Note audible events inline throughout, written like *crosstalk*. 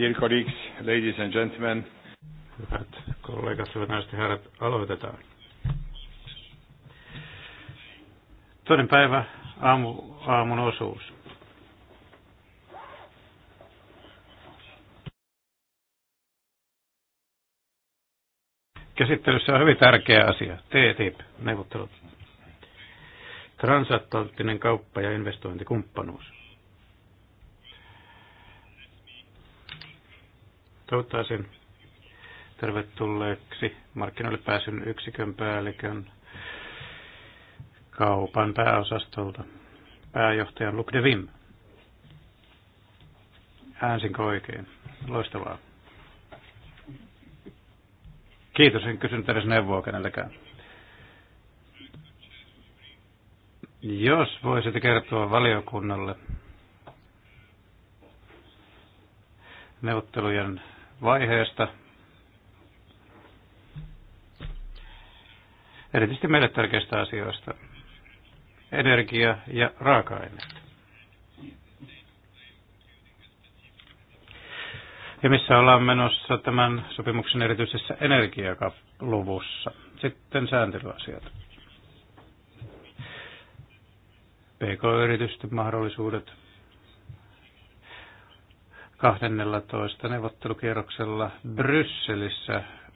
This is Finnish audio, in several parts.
Dear colleagues, ladies and gentlemen. Hyvät kollegat, hyvät naiset ja herrat, aloitetaan. Toinen päivä, aamu, aamun osuus. Käsittelyssä on hyvin tärkeä asia, TTIP-neuvottelut. Transatlanttinen kauppa- ja investointikumppanuus. Toivottaisin tervetulleeksi markkinoille pääsyn yksikön päällikön kaupan pääosastolta pääjohtajan Luke de Vim. Äänsinkö oikein? Loistavaa. Kiitos, en kysynyt edes neuvoa kenellekään. Jos voisit kertoa valiokunnalle neuvottelujen vaiheesta. Erityisesti meille tärkeistä asioista. Energia ja raaka-aineet. Ja missä ollaan menossa tämän sopimuksen erityisessä energiakaluvussa. Sitten sääntelyasiat. PK-yritysten mahdollisuudet 12. neuvottelukierroksella Brysselissä 22-26.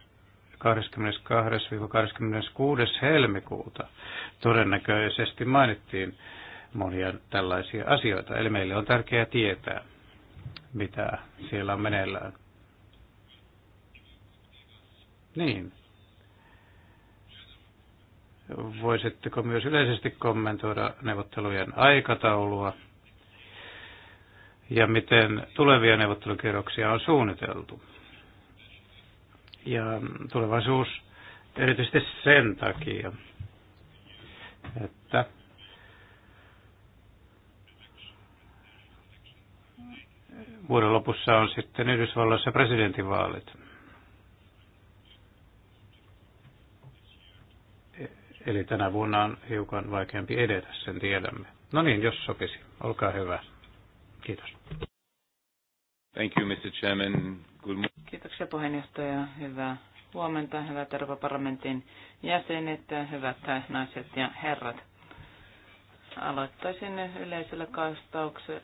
helmikuuta todennäköisesti mainittiin monia tällaisia asioita. Eli meille on tärkeää tietää, mitä siellä on meneillään. Niin. Voisitteko myös yleisesti kommentoida neuvottelujen aikataulua? ja miten tulevia neuvottelukierroksia on suunniteltu. Ja tulevaisuus erityisesti sen takia, että vuoden lopussa on sitten Yhdysvalloissa presidentinvaalit. Eli tänä vuonna on hiukan vaikeampi edetä, sen tiedämme. No niin, jos sopisi. Olkaa hyvä. Kiitos. Thank you, Mr. Chairman. Good Kiitoksia puheenjohtaja. Hyvää huomenta, hyvät Euroopan parlamentin jäsenet, hyvät naiset ja herrat. Aloittaisin yleisellä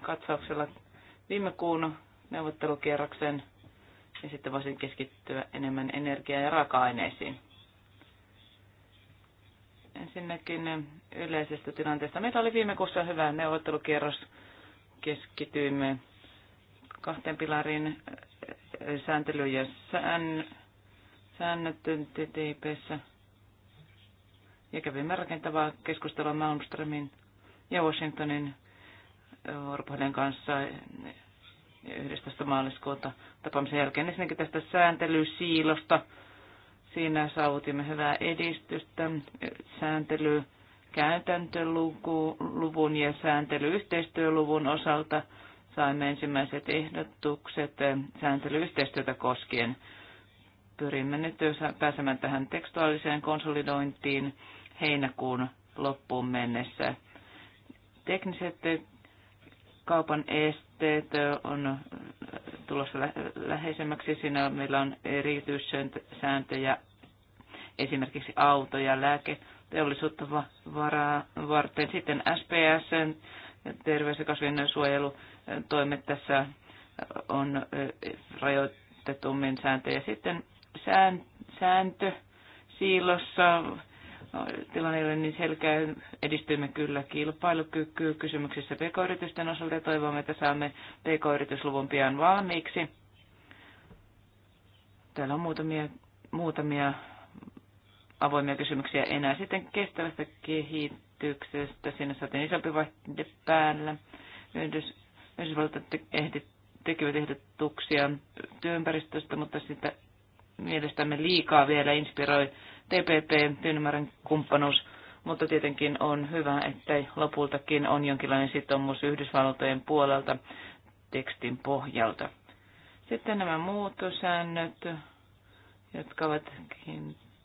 katsauksella viime kuun neuvottelukierroksen ja sitten voisin keskittyä enemmän energiaa ja raaka-aineisiin. Ensinnäkin yleisestä tilanteesta. Meillä oli viime kuussa hyvä neuvottelukierros keskityimme kahteen pilarin eh, sääntely ja sään, säännötön TTIPssä. Ja kävimme rakentavaa keskustelua Malmströmin ja Washingtonin eh, Orpohden kanssa 11. maaliskuuta tapaamisen jälkeen. Ensinnäkin tästä sääntelysiilosta. Siinä saavutimme hyvää edistystä. Eh, sääntely käytäntöluvun ja sääntelyyhteistyöluvun osalta saimme ensimmäiset ehdotukset sääntelyyhteistyötä koskien. Pyrimme nyt pääsemään tähän tekstuaaliseen konsolidointiin heinäkuun loppuun mennessä. Tekniset kaupan esteet on tulossa läheisemmäksi. Siinä meillä on erityissääntöjä esimerkiksi auto- ja lääke teollisuutta varaa varten. Sitten SPS, terveys- ja kasvien suojelutoimet tässä on rajoitetummin sääntöjä. Sitten sään, sääntö siilossa tilanne ei ole niin selkeä. Edistymme kyllä kilpailukykyä kysymyksissä pk-yritysten osalta ja toivomme, että saamme pk-yritysluvun pian valmiiksi. Täällä on muutamia, muutamia avoimia kysymyksiä enää. Sitten kestävästä kehityksestä. Siinä saatiin isompi vaihde päällä. Yhdys, Yhdysvallat ehdit, tekivät ehdotuksia työympäristöstä, mutta sitä mielestämme liikaa vielä inspiroi TPP, Tyynymärän kumppanuus. Mutta tietenkin on hyvä, että lopultakin on jonkinlainen sitoumus Yhdysvaltojen puolelta tekstin pohjalta. Sitten nämä muutosäännöt, jotka ovat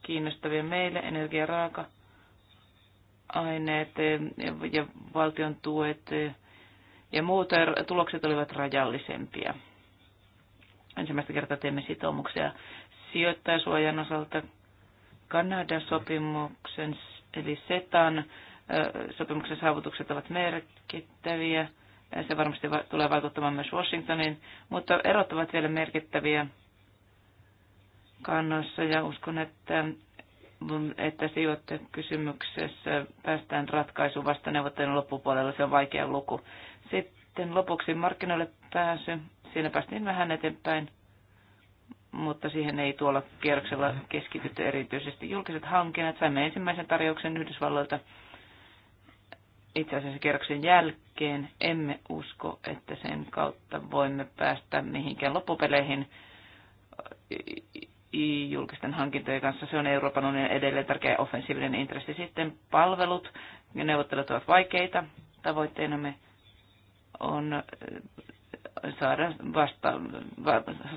kiinnostavia meille, energiaraaka aineet ja valtion tuet ja muut tulokset olivat rajallisempia. Ensimmäistä kertaa teemme sitoumuksia sijoittajasuojan osalta Kanadan sopimuksen eli SETAn sopimuksen saavutukset ovat merkittäviä. Se varmasti tulee vaikuttamaan myös Washingtonin, mutta erot ovat vielä merkittäviä kannassa ja uskon, että että sijoittajakysymyksessä päästään ratkaisuun vasta neuvottelun loppupuolella. Se on vaikea luku. Sitten lopuksi markkinoille pääsy. Siinä päästiin vähän eteenpäin, mutta siihen ei tuolla kierroksella keskitytty erityisesti. Julkiset hankinnat. Saimme ensimmäisen tarjouksen Yhdysvalloilta itse asiassa kierroksen jälkeen. Emme usko, että sen kautta voimme päästä mihinkään loppupeleihin julkisten hankintojen kanssa. Se on Euroopan unionin edelleen tärkeä offensiivinen intressi. Sitten palvelut. ja Neuvottelut ovat vaikeita. Tavoitteenamme on äh, saada vasta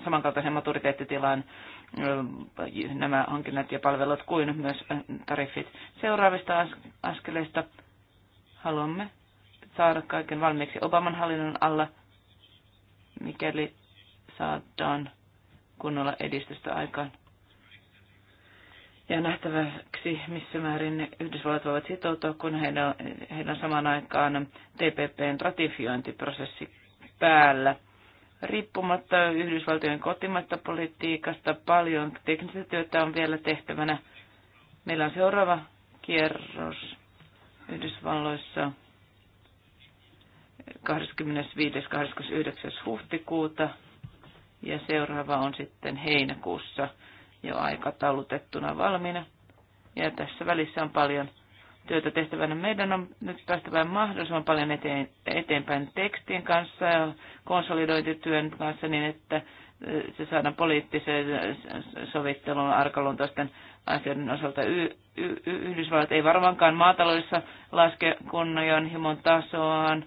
samankaltaisen maturiteettitilaan äh, nämä hankinnat ja palvelut kuin myös äh, tariffit. Seuraavista askeleista haluamme saada kaiken valmiiksi Obaman hallinnon alla, mikäli saadaan kunnolla edistystä aikaan. Ja nähtäväksi, missä määrin Yhdysvallat voivat sitoutua, kun heidän, heidän samaan aikaan TPPn ratifiointiprosessi päällä. Riippumatta Yhdysvaltojen kotimaista politiikasta, paljon teknistä työtä on vielä tehtävänä. Meillä on seuraava kierros Yhdysvalloissa 25.–29. huhtikuuta ja seuraava on sitten heinäkuussa jo aikataulutettuna valmiina. Ja tässä välissä on paljon työtä tehtävänä. Meidän on nyt päästävä mahdollisimman paljon eteen, eteenpäin tekstien kanssa ja konsolidointityön kanssa niin, että se saadaan poliittiseen sovitteluun arkaluontoisten asioiden osalta. Y- y- Yhdysvallat ei varmaankaan maataloudessa laske himon tasoaan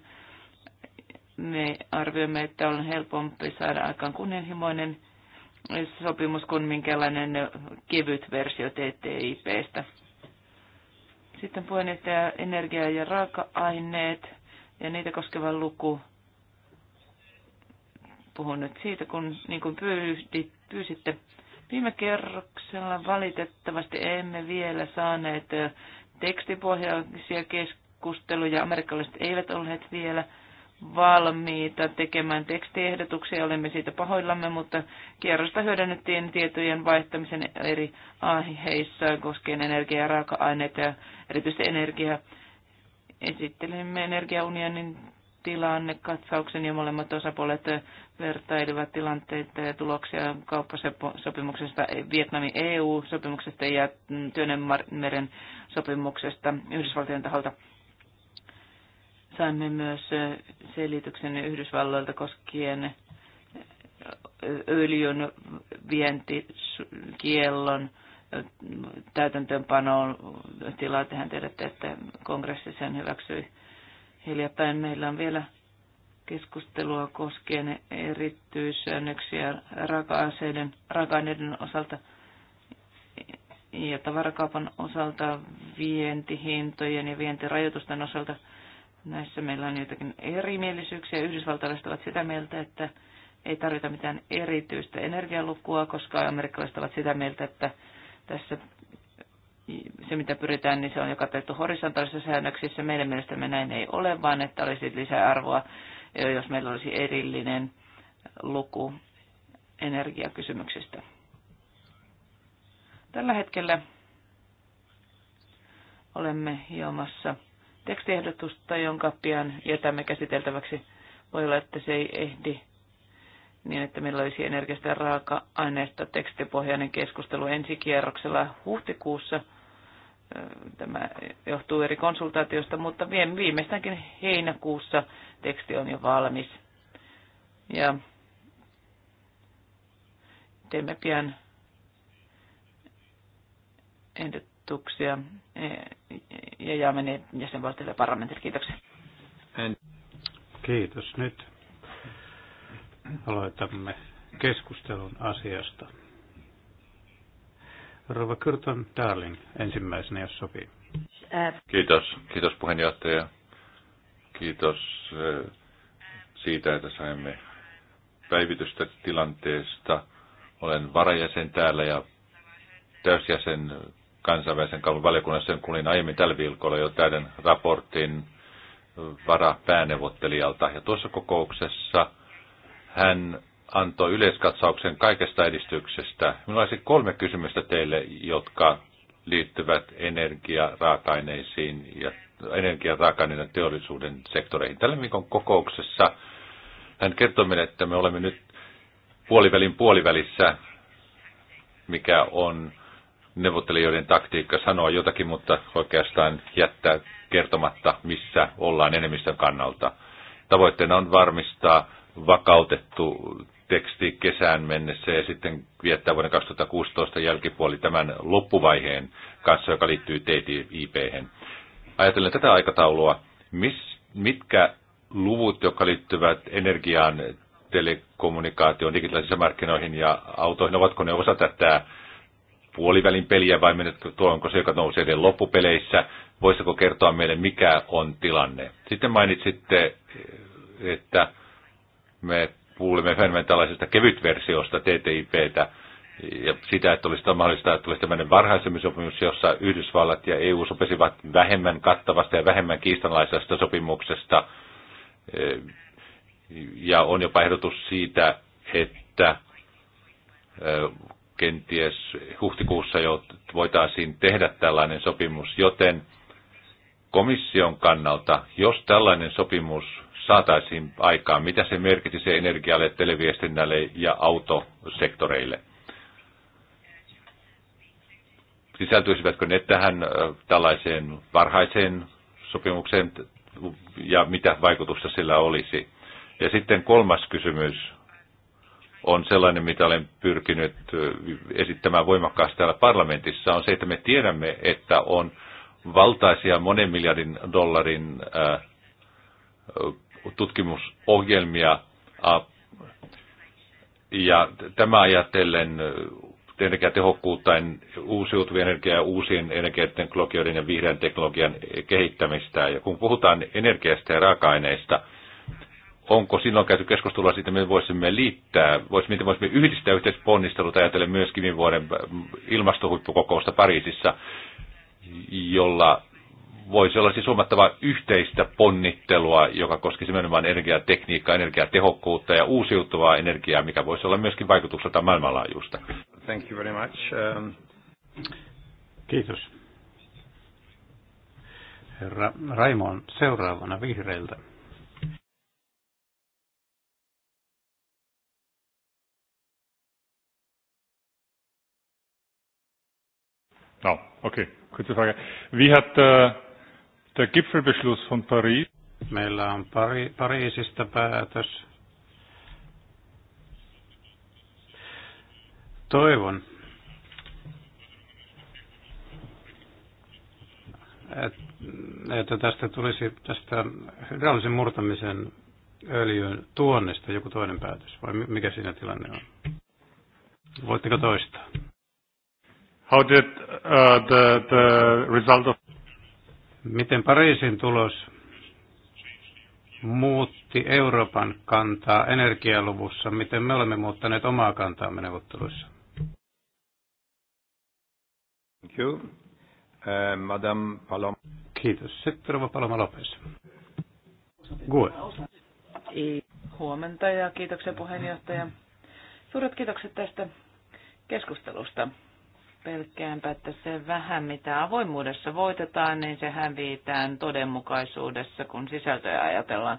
me arvioimme, että on helpompi saada aikaan kunnianhimoinen sopimus kuin minkälainen kevyt versio TTIPstä. Sitten puheenjohtaja energia- ja raaka-aineet ja niitä koskeva luku. Puhun nyt siitä, kun, niin kuin pyydit, pyysitte. Viime kerroksella valitettavasti emme vielä saaneet tekstipohjaisia keskusteluja. Amerikkalaiset eivät olleet vielä valmiita tekemään tekstiehdotuksia, olemme siitä pahoillamme, mutta kierrosta hyödynnettiin tietojen vaihtamisen eri aiheissa koskien energiaa, raaka-aineita ja erityisesti energiaa. Esittelimme energiaunionin tilannekatsauksen ja molemmat osapuolet vertailivat tilanteita ja tuloksia kauppasopimuksesta, Vietnamin EU-sopimuksesta ja Työnemeren sopimuksesta Yhdysvaltojen taholta. Saimme myös selityksen Yhdysvalloilta koskien öljyn vientikiellon täytäntöönpanoon tilaa. Tehän tiedätte, että kongressi sen hyväksyi hiljattain. Meillä on vielä keskustelua koskien erityissäännöksiä raaka-aseiden, raaka-aineiden osalta ja tavarakaupan osalta, vientihintojen ja vientirajoitusten osalta – Näissä meillä on jotakin erimielisyyksiä. Yhdysvaltalaiset ovat sitä mieltä, että ei tarvita mitään erityistä energialukua, koska amerikkalaiset ovat sitä mieltä, että tässä se, mitä pyritään, niin se on jo katettu horisontaalisissa säännöksissä. Meidän mielestämme näin ei ole, vaan että olisi lisäarvoa, jos meillä olisi erillinen luku energiakysymyksistä. Tällä hetkellä olemme hiomassa tekstiehdotusta, jonka pian jätämme käsiteltäväksi. Voi olla, että se ei ehdi niin, että meillä olisi energiasta ja raaka-aineesta tekstipohjainen keskustelu ensikierroksella huhtikuussa. Tämä johtuu eri konsultaatiosta, mutta viimeistäänkin heinäkuussa teksti on jo valmis. Ja teemme pian ehdot, ehdotuksia e, ja jaamme ne jäsenvaltioille parlamentille. Kiitoksia. Kiitos. Nyt aloitamme keskustelun asiasta. Rova Kyrton Darling ensimmäisenä, jos sopii. Kiitos. Kiitos puheenjohtaja. Kiitos e, siitä, että saimme päivitystä tilanteesta. Olen varajäsen täällä ja täysjäsen kansainvälisen kaupan valiokunnassa. Sen kuulin aiemmin tällä viikolla jo täyden raportin varapääneuvottelijalta. Ja tuossa kokouksessa hän antoi yleiskatsauksen kaikesta edistyksestä. Minulla olisi kolme kysymystä teille, jotka liittyvät energiaraaka-aineisiin ja energiaraaka-aineiden teollisuuden sektoreihin. Tällä viikon kokouksessa hän kertoi meille, että me olemme nyt puolivälin puolivälissä, mikä on neuvottelijoiden taktiikka sanoa jotakin, mutta oikeastaan jättää kertomatta, missä ollaan enemmistön kannalta. Tavoitteena on varmistaa vakautettu teksti kesään mennessä ja sitten viettää vuoden 2016 jälkipuoli tämän loppuvaiheen kanssa, joka liittyy ttip Ajatellen tätä aikataulua, mis, mitkä luvut, jotka liittyvät energiaan, telekommunikaatioon, digitaalisiin markkinoihin ja autoihin, ovatko ne osa tätä puolivälin peliä vai menetkö tuo, onko se, joka nousee vielä loppupeleissä? voisiko kertoa meille, mikä on tilanne? Sitten mainitsitte, että me kuulimme enemmän tällaisesta kevytversiosta TTIPtä ja sitä, että olisi mahdollista, että olisi tämmöinen varhaisemmin sopimus, jossa Yhdysvallat ja EU sopisivat vähemmän kattavasta ja vähemmän kiistanlaisesta sopimuksesta. Ja on jopa ehdotus siitä, että kenties huhtikuussa jo voitaisiin tehdä tällainen sopimus, joten komission kannalta, jos tällainen sopimus saataisiin aikaan, mitä se merkitsisi energialle, televiestinnälle ja autosektoreille? Sisältyisivätkö ne tähän tällaiseen varhaiseen sopimukseen ja mitä vaikutusta sillä olisi? Ja sitten kolmas kysymys on sellainen, mitä olen pyrkinyt esittämään voimakkaasti täällä parlamentissa, on se, että me tiedämme, että on valtaisia monen miljardin dollarin tutkimusohjelmia. Ja tämä ajatellen energiatehokkuutta, uusiutuvien energia- ja uusien energiateknologioiden ja vihreän teknologian kehittämistä. Ja kun puhutaan energiasta ja raaka-aineista, onko silloin käyty keskustelua siitä, miten voisimme liittää, vois, miten voisimme yhdistää yhteisponnistelut ajatellen myöskin viime vuoden ilmastohuippukokousta Pariisissa, jolla voisi olla siis huomattavaa yhteistä ponnittelua, joka koskisi nimenomaan energiatekniikkaa, energiatehokkuutta ja uusiutuvaa energiaa, mikä voisi olla myöskin vaikutukselta maailmanlaajuista. Thank you very much. Um... Kiitos. Herra Raimon seuraavana vihreiltä. Ja, okay. Kurze Frage. Wie hat der, äh, der Gipfelbeschluss von Paris? Meillä on Pari- Pariisista päätös. Toivon, että tästä tulisi tästä hydraulisen murtamisen öljyn tuonnista joku toinen päätös, vai mikä siinä tilanne on? Voitteko toistaa? How did uh, the, the result of... Miten Pariisin tulos muutti Euroopan kantaa energialuvussa? Miten me olemme muuttaneet omaa kantaamme neuvotteluissa? Thank you. Uh, Madame Paloma. Kiitos. Sitten Rova Paloma Lopes. Good. Huomenta ja kiitoksia puheenjohtaja. Suuret kiitokset tästä keskustelusta pelkäänpä, että se vähän mitä avoimuudessa voitetaan, niin se hävitään todenmukaisuudessa, kun sisältöjä ajatellaan.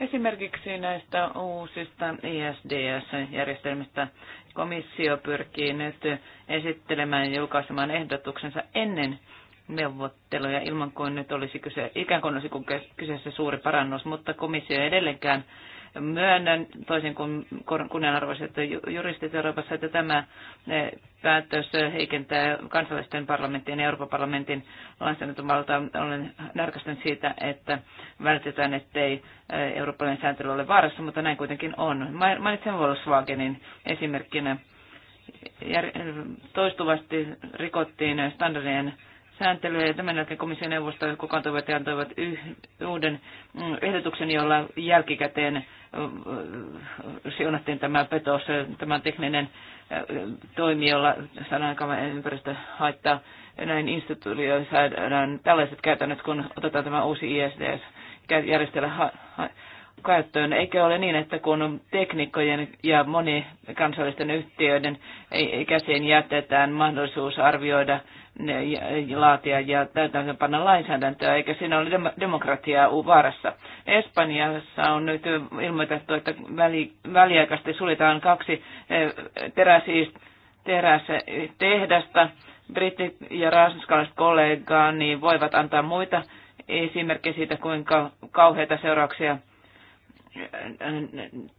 Esimerkiksi näistä uusista ISDS-järjestelmistä komissio pyrkii nyt esittelemään ja julkaisemaan ehdotuksensa ennen neuvotteluja ilman kuin nyt olisi kyse, ikään kuin olisi kyseessä suuri parannus, mutta komissio ei edelleenkään Myönnän toisin kuin kunnianarvoiset juristit Euroopassa, että tämä eh, päätös eh, heikentää kansallisten parlamenttien ja Euroopan parlamentin lainsäädäntömalta. Olen närkästynyt siitä, että vältetään, ettei eh, eurooppalainen sääntely ole vaarassa, mutta näin kuitenkin on. Mainitsen Volkswagenin esimerkkinä. Toistuvasti rikottiin standardien sääntelyä ja tämän jälkeen komission neuvosto kokoontuivat ja antoivat uuden mm, ehdotuksen, jolla jälkikäteen siunattiin tämä petos, tämä tekninen toimi, jolla saadaan aikaan haittaa Näin instituutioon saadaan tällaiset käytännöt, kun otetaan tämä uusi ISDS järjestelmä käyttöön. Eikö ole niin, että kun tekniikkojen ja monikansallisten yhtiöiden käsiin jätetään mahdollisuus arvioida laatia ja täytäntöönpanna lainsäädäntöä, eikä siinä ole demokratiaa vaarassa. Espanjassa on nyt ilmoitettu, että väli, väliaikaisesti suljetaan kaksi eh, teräs-tehdasta. Britit ja ranskalaiset kollegaani voivat antaa muita esimerkkejä siitä, kuinka kauheita seurauksia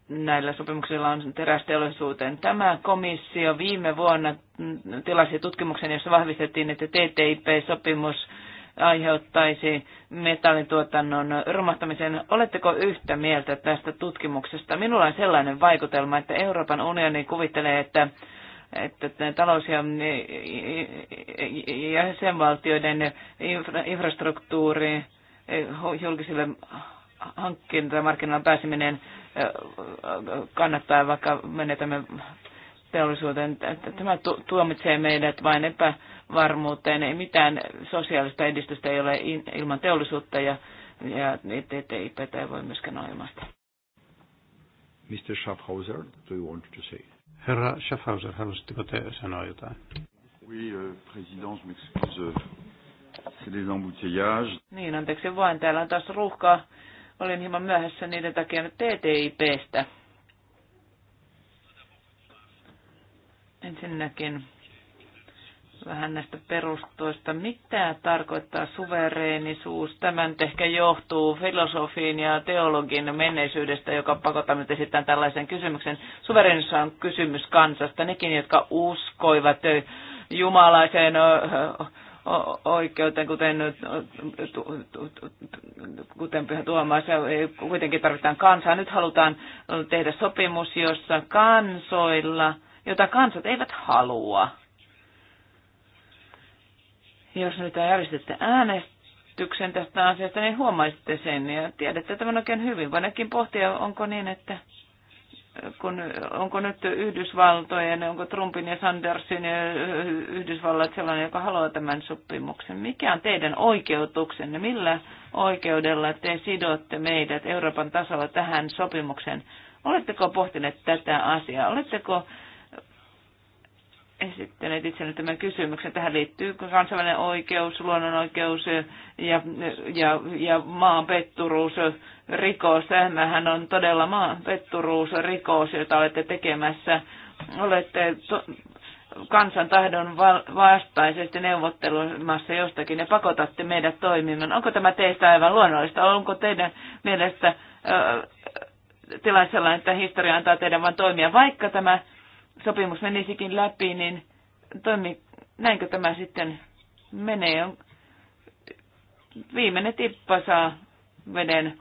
näillä sopimuksilla on terästeollisuuteen. Tämä komissio viime vuonna tilasi tutkimuksen, jossa vahvistettiin, että TTIP-sopimus aiheuttaisi metallituotannon romahtamisen. Oletteko yhtä mieltä tästä tutkimuksesta? Minulla on sellainen vaikutelma, että Euroopan unioni kuvittelee, että että talous- ja jäsenvaltioiden infrastruktuuri eh, julkisille markkinoilla pääseminen kannattaa, vaikka menetämme teollisuuteen. Tämä tuomitsee meidät vain epävarmuuteen. Ei mitään sosiaalista edistystä ei ole ilman teollisuutta ja, ja TTIP ei voi myöskään olla ilmasta. Mr. Schaffhauser, do you want to say? Herra Schaffhauser, haluaisitteko te sanoa jotain? Oui, uh, président, je m'excuse. C'est des embouteillages. Niin, anteeksi vain. Täällä on taas ruuhkaa. Olin hieman myöhässä niiden takia nyt TTIPstä. Ensinnäkin vähän näistä perustoista. Mitä tarkoittaa suvereenisuus? Tämän ehkä johtuu filosofiin ja teologin menneisyydestä, joka pakottaa nyt esittämään tällaisen kysymyksen. Suvereenisuus on kysymys kansasta. Nekin, jotka uskoivat jumalaiseen oikeuteen, kuten, kuten Pyhä Tuomas, kuitenkin tarvitaan kansaa. Nyt halutaan tehdä sopimus, jossa kansoilla, jota kansat eivät halua. Jos nyt järjestätte äänestyksen tästä asiasta, niin huomaisitte sen ja tiedätte tämän oikein hyvin. Voin pohtia, onko niin, että kun, onko nyt Yhdysvaltojen, onko Trumpin ja Sandersin ja Yhdysvallat sellainen, joka haluaa tämän sopimuksen? Mikä on teidän oikeutuksenne? Millä oikeudella te sidotte meidät Euroopan tasolla tähän sopimukseen? Oletteko pohtineet tätä asiaa? Oletteko esittäneet itselleni tämän kysymyksen. Tähän liittyy kansainvälinen oikeus, luonnonoikeus ja, ja, ja maanpetturuus, rikos. Tämähän on todella petturuus rikos, jota olette tekemässä. Olette to, kansan tahdon vastaisesti neuvottelumassa jostakin ja pakotatte meidät toimimaan. Onko tämä teistä aivan luonnollista? Onko teidän mielestä tilanne sellainen, että historia antaa teidän vain toimia? Vaikka tämä sopimus menisikin läpi, niin toimi, näinkö tämä sitten menee? viimeinen tippa saa veden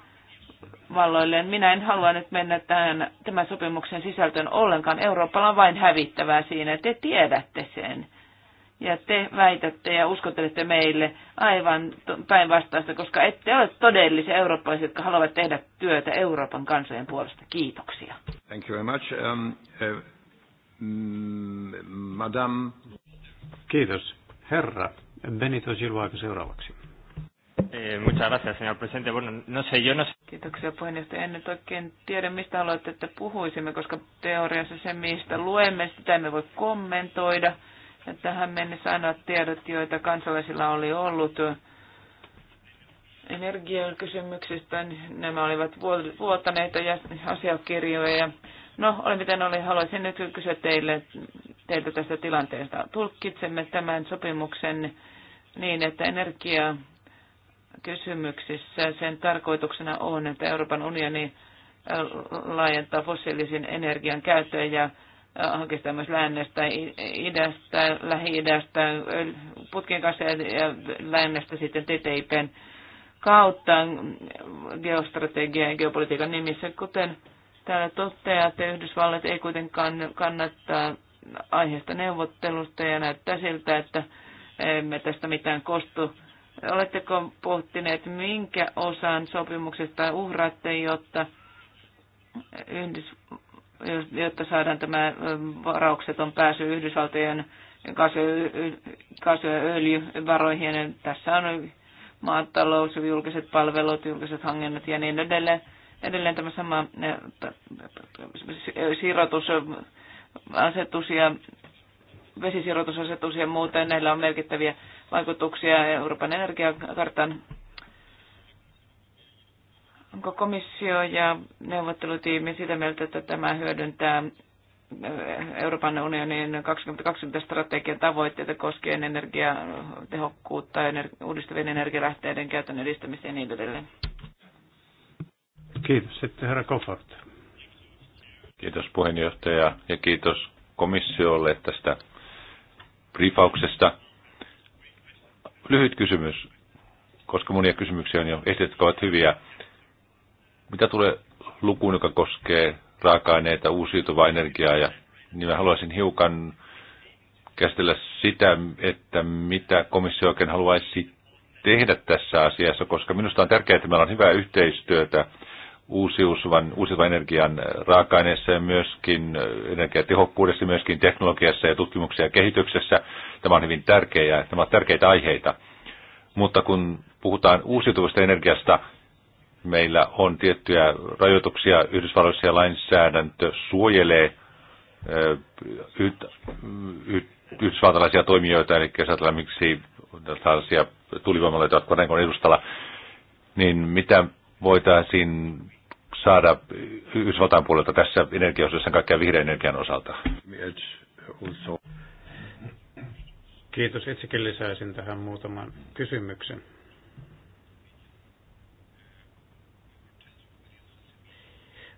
Yhdysvalloilleen. Minä en halua nyt mennä tähän, tämän sopimuksen sisältöön ollenkaan. Euroopalla on vain hävittävää siinä. Te tiedätte sen. Ja te väitätte ja uskottelette meille aivan päinvastaista, koska ette ole todellisia eurooppalaisia, jotka haluavat tehdä työtä Euroopan kansojen puolesta. Kiitoksia. Thank you very much. Um, uh, mm, madame. Kiitos. Herra Benito Silva seuraavaksi. Eh, muchas gracias, señor presidente. Bueno, no sé, yo no sé. Kiitoksia puheenjohtaja. En nyt oikein tiedä, mistä haluatte, että puhuisimme, koska teoriassa se, mistä luemme, sitä emme voi kommentoida. Ja tähän mennessä ainoat tiedot, joita kansalaisilla oli ollut energiakysymyksistä, niin nämä olivat vuotaneita ja asiakirjoja. No, oli miten oli, haluaisin nyt kysyä teille, teiltä tästä tilanteesta. Tulkitsemme tämän sopimuksen niin, että energia kysymyksissä. Sen tarkoituksena on, että Euroopan unioni äh, laajentaa fossiilisen energian käyttöä ja oikeastaan äh, myös lännestä, idästä, lähi-idästä, putkien kanssa ja lännestä sitten TTIPn kautta geostrategian ja geopolitiikan nimissä. Kuten täällä että Yhdysvallat ei kuitenkaan kannattaa aiheesta neuvottelusta ja näyttää siltä, että emme tästä mitään kostu Oletteko pohtineet, minkä osan sopimuksesta uhraatte, jotta, Yhdys, jotta saadaan tämä varaukseton pääsy Yhdysvaltojen kasvu- ja öljyvaroihin? Tässä on maatalous, julkiset palvelut, julkiset hankinnat ja niin edelleen. Edelleen tämä sama siirrotusasetus ja vesisirrotusasetus ja muuten, näillä on merkittäviä vaikutuksia Euroopan energiakartan. Onko komissio ja neuvottelutiimi sitä mieltä, että tämä hyödyntää eh, Euroopan unionin 2020-strategian tavoitteita koskien energiatehokkuutta, ener- uudistavien energialähteiden käytön edistämistä ja niin edelleen? Kiitos. Sitten herra Koffart. Kiitos puheenjohtaja ja kiitos komissiolle tästä briefauksesta. Lyhyt kysymys, koska monia kysymyksiä on jo esitetty, jotka ovat hyviä. Mitä tulee lukuun, joka koskee raaka-aineita, uusiutuvaa energiaa, ja, niin mä haluaisin hiukan käsitellä sitä, että mitä komissio oikein haluaisi tehdä tässä asiassa, koska minusta on tärkeää, että meillä on hyvää yhteistyötä uusiutuvan, uusiutuvan energian raaka-aineissa ja myöskin äh, energiatehokkuudessa, myöskin teknologiassa ja tutkimuksessa ja kehityksessä. Tämä on hyvin tärkeää, nämä ovat tärkeitä aiheita. Mutta kun puhutaan uusiutuvasta energiasta, meillä on tiettyjä rajoituksia Yhdysvalloissa ja lainsäädäntö suojelee äh, yhdysvaltalaisia toimijoita, eli jos ajatellaan miksi tällaisia tulivoimaloita, jotka on edustalla, niin mitä voitaisiin saada Yhdysvaltain puolelta tässä energiaosuudessa kaikkea vihreän energian osalta? Kiitos. Itsekin lisäisin tähän muutaman kysymyksen.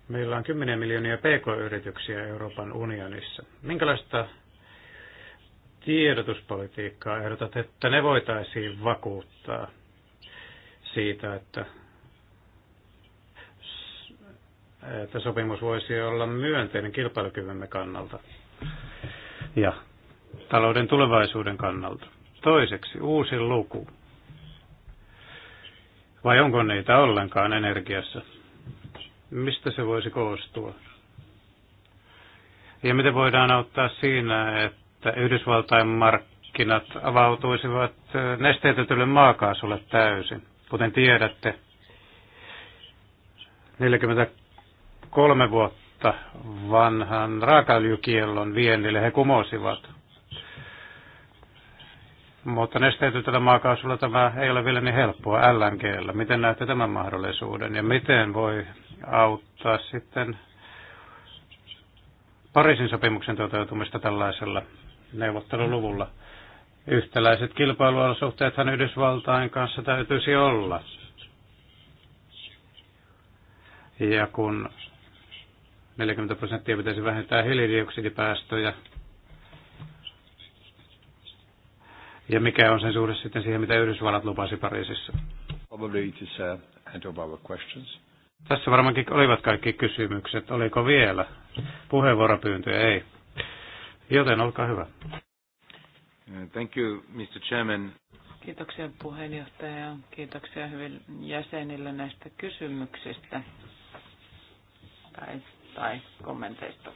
Meillä on 10 miljoonia pk-yrityksiä Euroopan unionissa. Minkälaista tiedotuspolitiikkaa ehdotat, että ne voitaisiin vakuuttaa siitä, että että sopimus voisi olla myönteinen kilpailukyvymme kannalta ja talouden tulevaisuuden kannalta. Toiseksi uusi luku. Vai onko niitä ollenkaan energiassa? Mistä se voisi koostua? Ja miten voidaan auttaa siinä, että Yhdysvaltain markkinat avautuisivat nesteytetylle maakaasulle täysin? Kuten tiedätte, 40 kolme vuotta vanhan raakaöljykiellon viennille. He kumosivat. Mutta nesteytetyllä maakaasulla tämä ei ole vielä niin helppoa LNGllä. Miten näette tämän mahdollisuuden ja miten voi auttaa sitten Pariisin sopimuksen toteutumista tällaisella neuvotteluluvulla? Yhtäläiset kilpailuolosuhteethan Yhdysvaltain kanssa täytyisi olla. Ja kun 40 prosenttia pitäisi vähentää hiilidioksidipäästöjä. Ja mikä on sen suhde sitten siihen, mitä Yhdysvallat lupasi Pariisissa? Uh, Tässä varmaankin olivat kaikki kysymykset. Oliko vielä puheenvuoropyyntöjä? Ei. Joten olkaa hyvä. Uh, thank you, Mr. Chairman. Kiitoksia puheenjohtaja. Kiitoksia hyvin jäsenille näistä kysymyksistä. Tai tai kommenteista.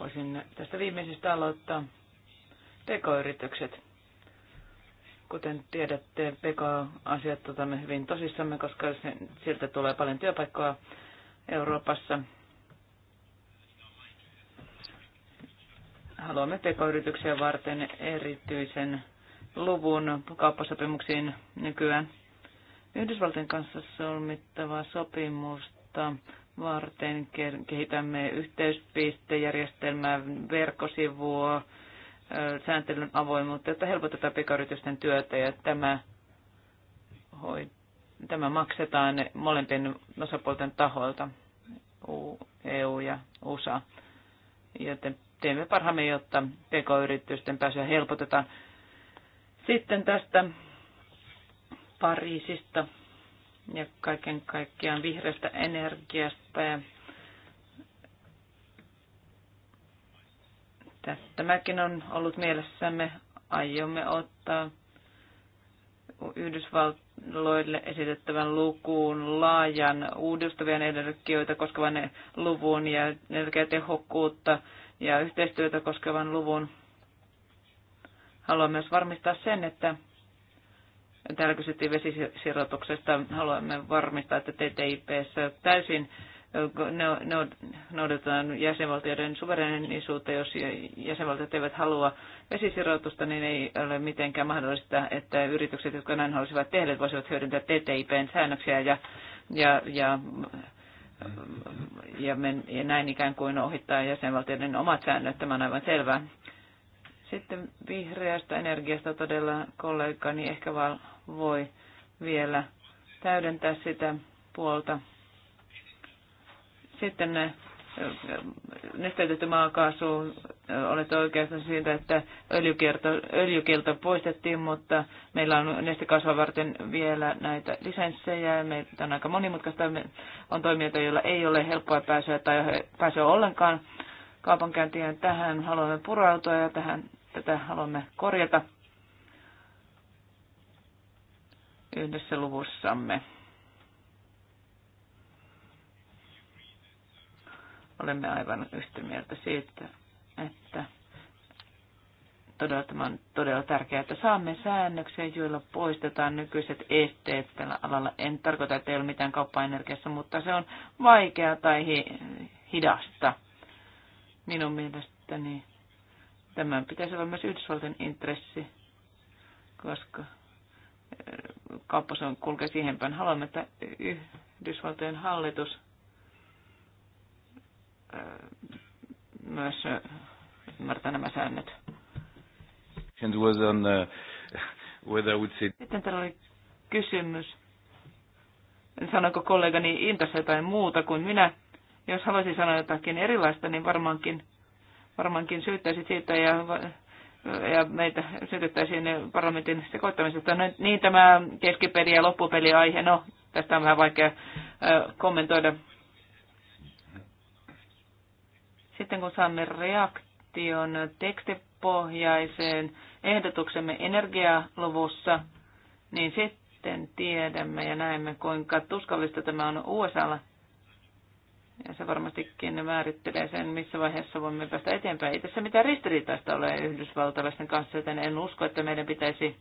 Voisin tästä viimeisestä aloittaa. PK-yritykset. Kuten tiedätte, PK-asiat otamme hyvin tosissamme, koska sieltä tulee paljon työpaikkoja Euroopassa. Haluamme PK-yrityksiä varten erityisen luvun kauppasopimuksiin nykyään. Yhdysvaltojen kanssa solmittavaa sopimusta varten kehitämme yhteyspistejärjestelmää, verkkosivua, sääntelyn avoimuutta, jotta helpotetaan pikayritysten työtä ja tämä, hoi, tämä maksetaan molempien osapuolten taholta, EU e ja USA. Joten teemme parhaamme, jotta pk-yritysten pääsyä helpotetaan. Sitten tästä Pariisista ja kaiken kaikkiaan vihreästä energiasta. Ja tämäkin on ollut mielessämme. Aiomme ottaa Yhdysvalloille esitettävän lukuun laajan uudistavia energioita koskevan luvun ja energiatehokkuutta ja yhteistyötä koskevan luvun. Haluan myös varmistaa sen, että Täällä kysyttiin vesisirotuksesta. Haluamme varmistaa, että TTIPssä täysin no- no- noudatetaan jäsenvaltioiden suverenisuutta. Jos jäsenvaltiot eivät halua vesisiroitusta, niin ei ole mitenkään mahdollista, että yritykset, jotka näin haluaisivat tehdä, voisivat hyödyntää TTIPn säännöksiä ja, ja, ja ja, men, ja näin ikään kuin ohittaa jäsenvaltioiden omat säännöt. Tämä on aivan selvää. Sitten vihreästä energiasta todella kollegani ehkä vaan voi vielä täydentää sitä puolta. Sitten ne äh, nesteytetty maakaasu, äh, olet oikeassa siitä, että öljykielto poistettiin, mutta meillä on nestekaasua varten vielä näitä lisenssejä. Meitä on aika monimutkaista. On toimijoita, joilla ei ole helppoa pääsyä tai pääsyä ollenkaan kaupankäyntiin. Tähän haluamme purautua ja tähän Tätä haluamme korjata yhdessä luvussamme. Olemme aivan yhtä mieltä siitä, että todella, tämä on todella tärkeää, että saamme säännöksiä, joilla poistetaan nykyiset esteet tällä alalla. En tarkoita, että ei ole mitään kauppaenergiassa, mutta se on vaikeaa tai hidasta. Minun mielestäni Tämän pitäisi olla myös Yhdysvaltain intressi, koska eh, kauppa on kulkee siihen päin. Haluamme, että Yhdysvaltojen hallitus eh, myös eh, ymmärtää nämä säännöt. And was on, uh, whether would say... Sitten täällä oli kysymys. Sanoiko kollegani Intossa jotain muuta kuin minä? Jos haluaisin sanoa jotakin erilaista, niin varmaankin varmaankin syyttäisi siitä ja, ja meitä syytettäisiin parlamentin sekoittamisesta. No, niin tämä keskipeli ja loppupeli aihe, no tästä on vähän vaikea kommentoida. Sitten kun saamme reaktion tekstipohjaiseen ehdotuksemme energialuvussa, niin sitten tiedämme ja näemme, kuinka tuskallista tämä on USAlla – ja se varmastikin määrittelee sen, missä vaiheessa voimme päästä eteenpäin. Ei tässä mitään ristiriitaista ole yhdysvaltalaisten kanssa, joten en usko, että meidän pitäisi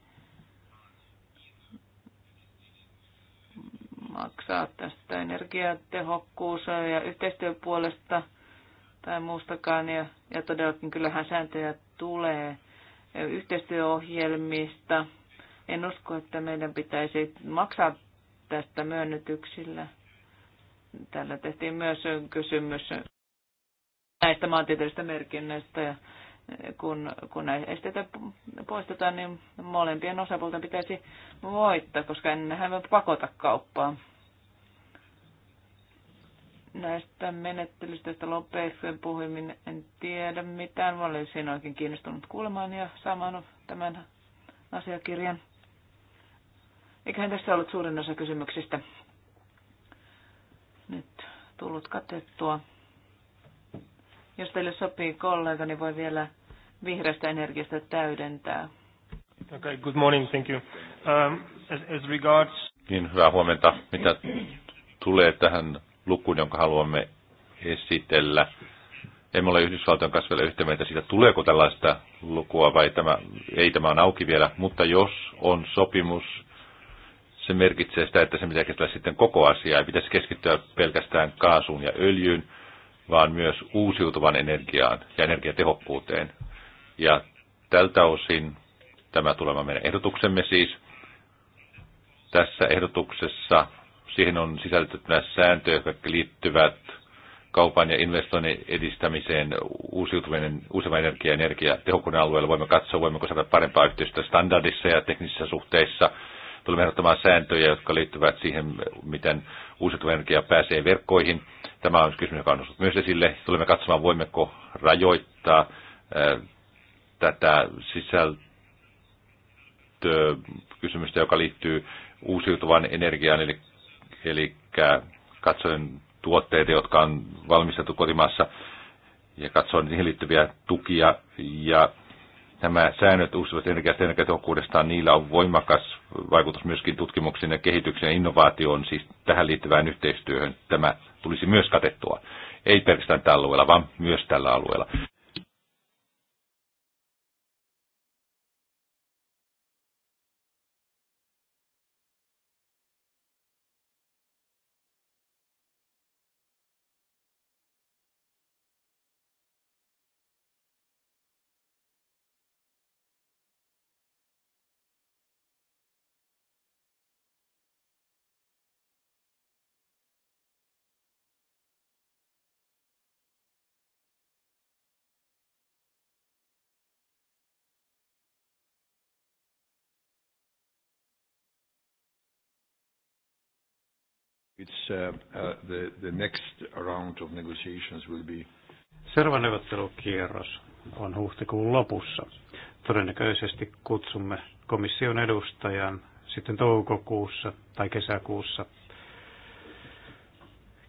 maksaa tästä energiatehokkuus- ja yhteistyöpuolesta tai muustakaan. Ja, ja todellakin kyllähän sääntöjä tulee yhteistyöohjelmista. En usko, että meidän pitäisi maksaa tästä myönnytyksillä – Täällä tehtiin myös kysymys näistä maantieteellisistä merkinnöistä. Kun, kun näitä esteitä poistetaan, niin molempien osapuolten pitäisi voittaa, koska ennenhän voi pakota kauppaa. Näistä menettelystä, joista Lopeksen puhuin, en tiedä mitään. Mä olisin oikein kiinnostunut kuulemaan ja saamaan tämän asiakirjan. Eiköhän tässä ollut suurin osa kysymyksistä nyt tullut katettua. Jos teille sopii kollega, niin voi vielä vihreästä energiasta täydentää. Okay, good morning, thank you. Um, as, as regards... Niin, hyvää huomenta. Mitä tulee tähän lukuun, jonka haluamme esitellä? Emme ole Yhdysvaltojen kanssa vielä yhtä mieltä siitä, tuleeko tällaista lukua vai tämä, ei tämä on auki vielä, mutta jos on sopimus se merkitsee sitä, että se pitää käsitellä sitten koko asiaa. Ei pitäisi keskittyä pelkästään kaasuun ja öljyyn, vaan myös uusiutuvan energiaan ja energiatehokkuuteen. Ja tältä osin tämä tulema meidän ehdotuksemme siis. Tässä ehdotuksessa siihen on nämä sääntöjä, jotka liittyvät kaupan ja investoinnin edistämiseen uusiutuvien, uusiutuvan energia ja energiatehokkuuden alueella. Voimme katsoa, voimmeko saada parempaa yhteistyötä standardissa ja teknisissä suhteissa – tulemme ehdottamaan sääntöjä, jotka liittyvät siihen, miten uusiutuva energia pääsee verkkoihin. Tämä on kysymys, joka on noussut myös esille. Tulemme katsomaan, voimmeko rajoittaa tätä sisältökysymystä, joka liittyy uusiutuvan energiaan, eli, eli katsoen tuotteita, jotka on valmistettu kotimaassa, ja katsoin niihin liittyviä tukia ja Nämä säännöt uusivat energiasta energiatehokkuudestaan, niillä on voimakas vaikutus myöskin tutkimuksen ja kehityksen ja innovaatioon, siis tähän liittyvään yhteistyöhön. Tämä tulisi myös katettua, ei pelkästään tällä alueella, vaan myös tällä alueella. Uh, uh, the next round of negotiations will be... Seuraava neuvottelukierros on huhtikuun lopussa. Todennäköisesti kutsumme komission edustajan sitten toukokuussa tai kesäkuussa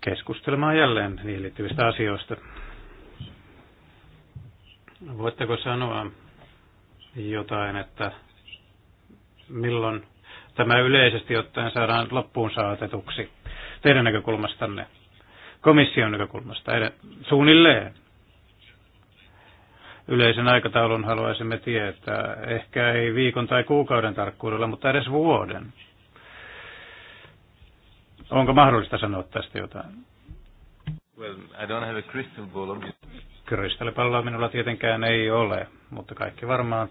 keskustelemaan jälleen niihin liittyvistä asioista. Voitteko sanoa jotain, että milloin tämä yleisesti ottaen saadaan loppuun saatetuksi? teidän näkökulmastanne, komission näkökulmasta, suunnilleen. Yleisen aikataulun haluaisimme tietää, ehkä ei viikon tai kuukauden tarkkuudella, mutta edes vuoden. Onko mahdollista sanoa tästä jotain? Well, I don't have a crystal ball. Kristallipalloa minulla tietenkään ei ole, mutta kaikki varmaan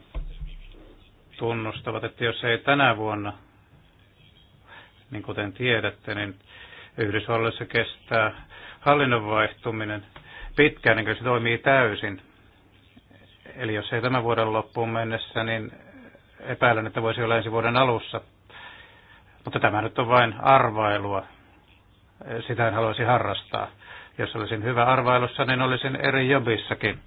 tunnustavat, että jos ei tänä vuonna, niin kuten tiedätte, niin Yhdysvalloissa kestää hallinnon vaihtuminen pitkään, niin kuin se toimii täysin. Eli jos ei tämän vuoden loppuun mennessä, niin epäilen, että voisi olla ensi vuoden alussa. Mutta tämä nyt on vain arvailua. Sitä en haluaisi harrastaa. Jos olisin hyvä arvailussa, niin olisin eri jobissakin.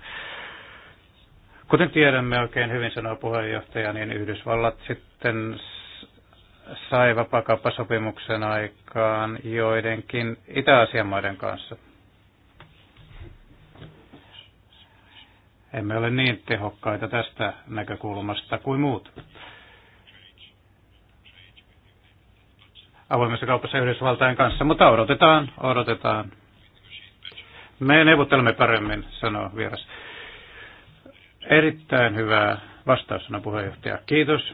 Kuten tiedämme oikein hyvin, sanoo puheenjohtaja, niin Yhdysvallat sitten sai vapakauppasopimuksen aikaan joidenkin Itä-Aasian maiden kanssa. Emme ole niin tehokkaita tästä näkökulmasta kuin muut. Avoimessa kaupassa Yhdysvaltain kanssa, mutta odotetaan, odotetaan. Me neuvottelemme paremmin, sanoo vieras. Erittäin hyvä vastaus, sanoo puheenjohtaja. Kiitos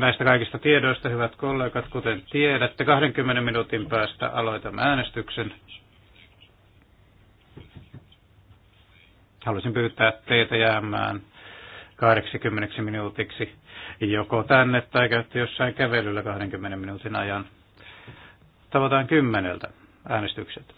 näistä kaikista tiedoista, hyvät kollegat, kuten tiedätte, 20 minuutin päästä aloitamme äänestyksen. Haluaisin pyytää teitä jäämään 80 minuutiksi joko tänne tai käytte jossain kävelyllä 20 minuutin ajan. Tavataan kymmeneltä äänestykset.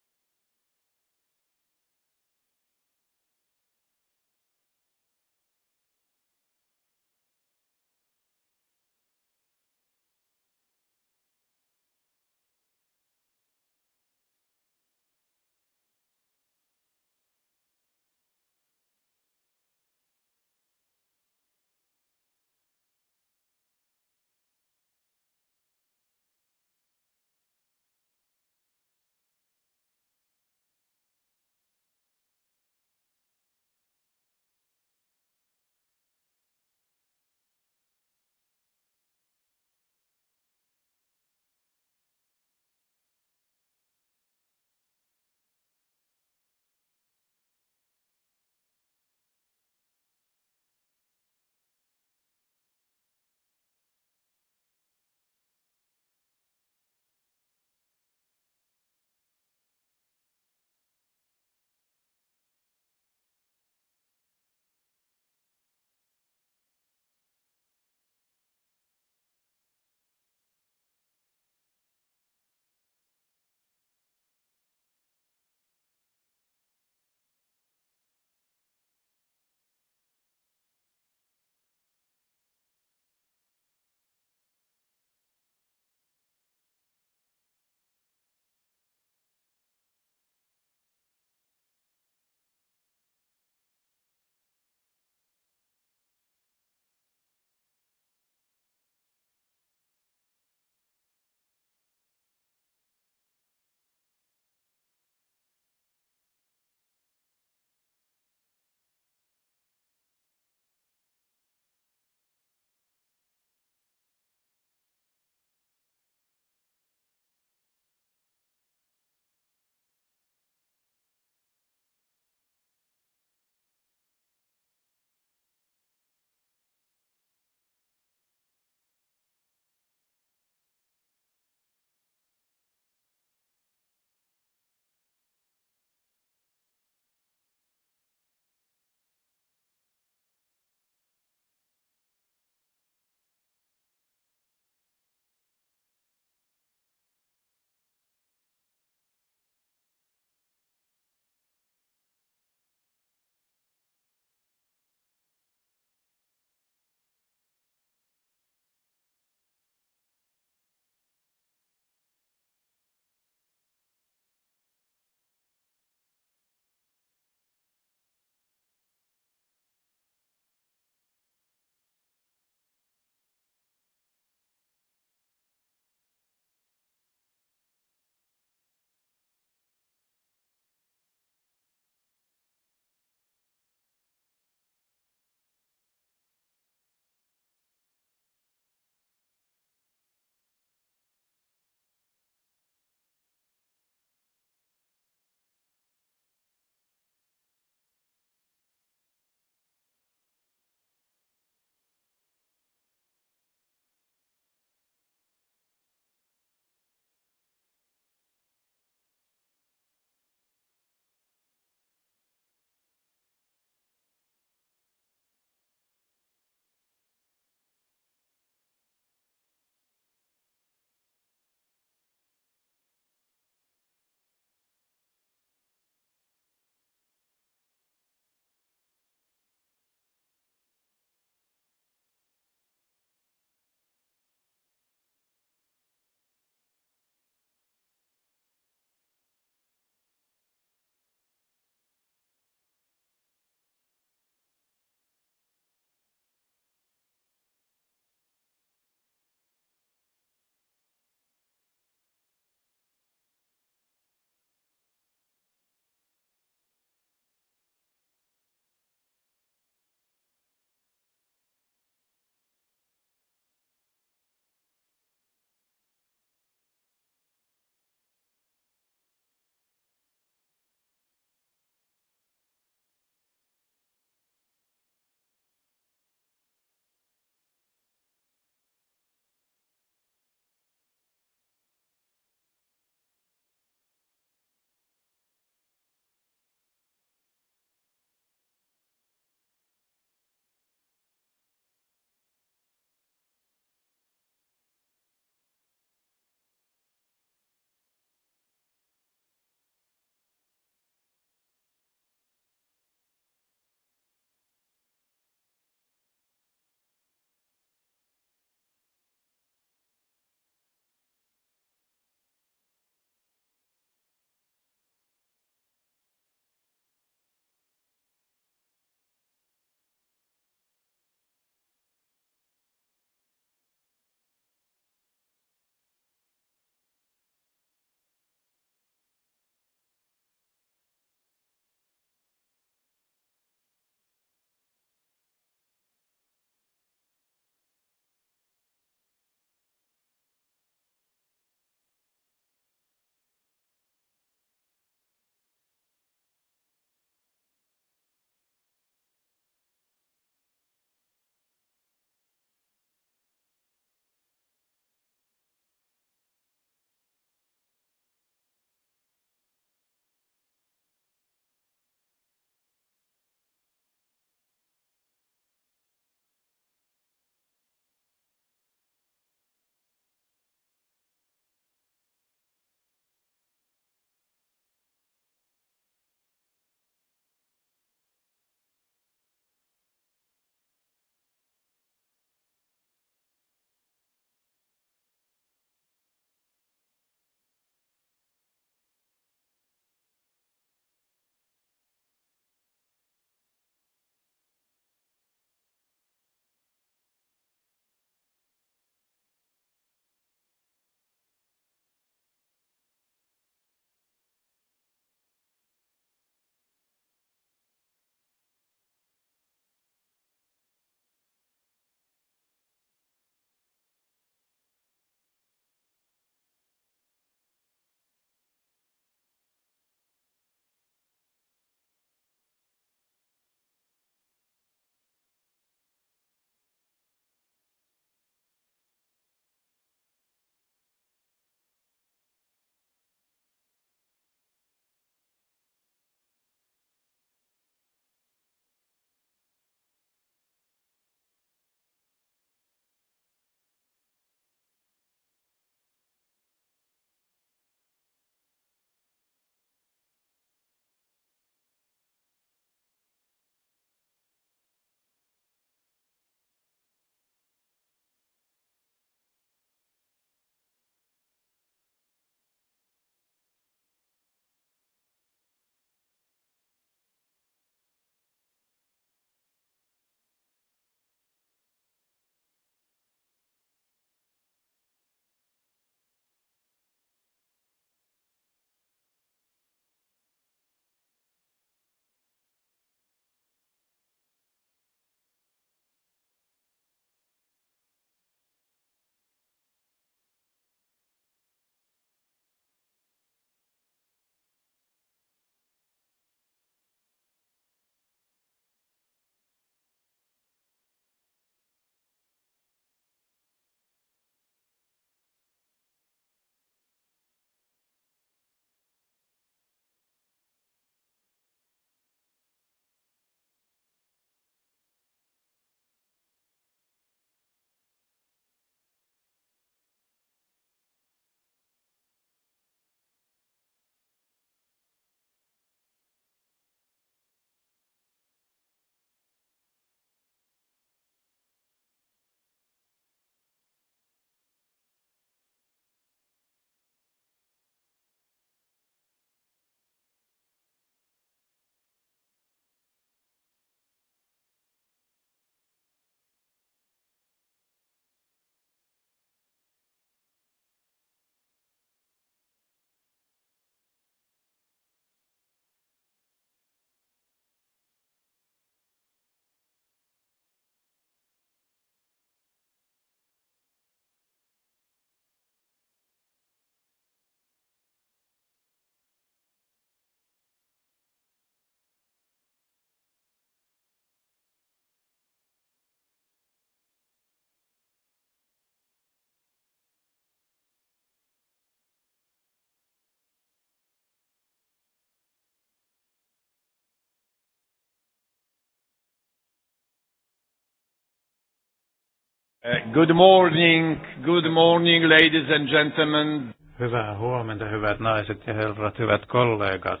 Uh, good morning, good morning ladies and gentlemen. Hyvää huomenta, hyvät naiset ja herrat, hyvät kollegat.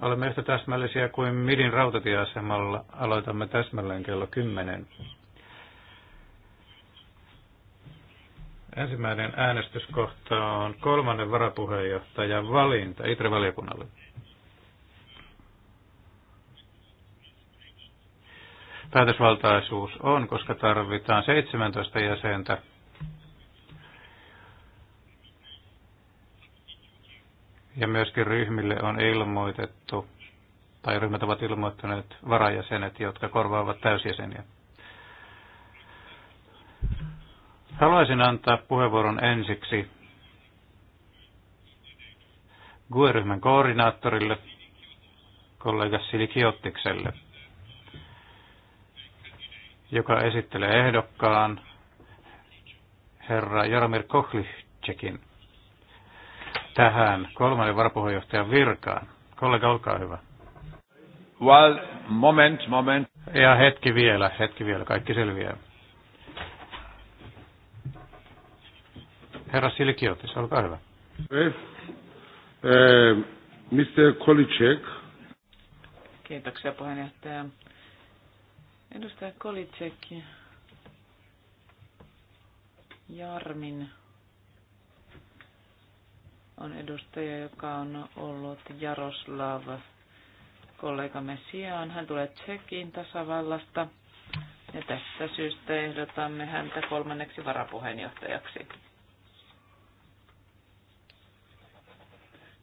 Olemme yhtä täsmällisiä kuin Midin rautatieasemalla. Aloitamme täsmälleen kello 10. Ensimmäinen äänestyskohta on kolmannen varapuheenjohtajan valinta Itre-valiokunnalle. päätösvaltaisuus on, koska tarvitaan 17 jäsentä. Ja myöskin ryhmille on ilmoitettu, tai ryhmät ovat ilmoittaneet varajäsenet, jotka korvaavat täysjäseniä. Haluaisin antaa puheenvuoron ensiksi GUE-ryhmän koordinaattorille, kollega Sili Kiottikselle joka esittelee ehdokkaan herra Jaromir Kohlitschekin tähän kolmannen varapuheenjohtajan virkaan. Kollega, olkaa hyvä. Well, moment, moment. Ja hetki vielä, hetki vielä, kaikki selviää. Herra Silikiotis, olkaa hyvä. Eh, eh, Mr. Kolicek. Kiitoksia puheenjohtaja. Edustaja Kolitsek Jarmin on edustaja, joka on ollut Jaroslav kollegamme sijaan. Hän tulee Tsekin tasavallasta ja tästä syystä ehdotamme häntä kolmanneksi varapuheenjohtajaksi.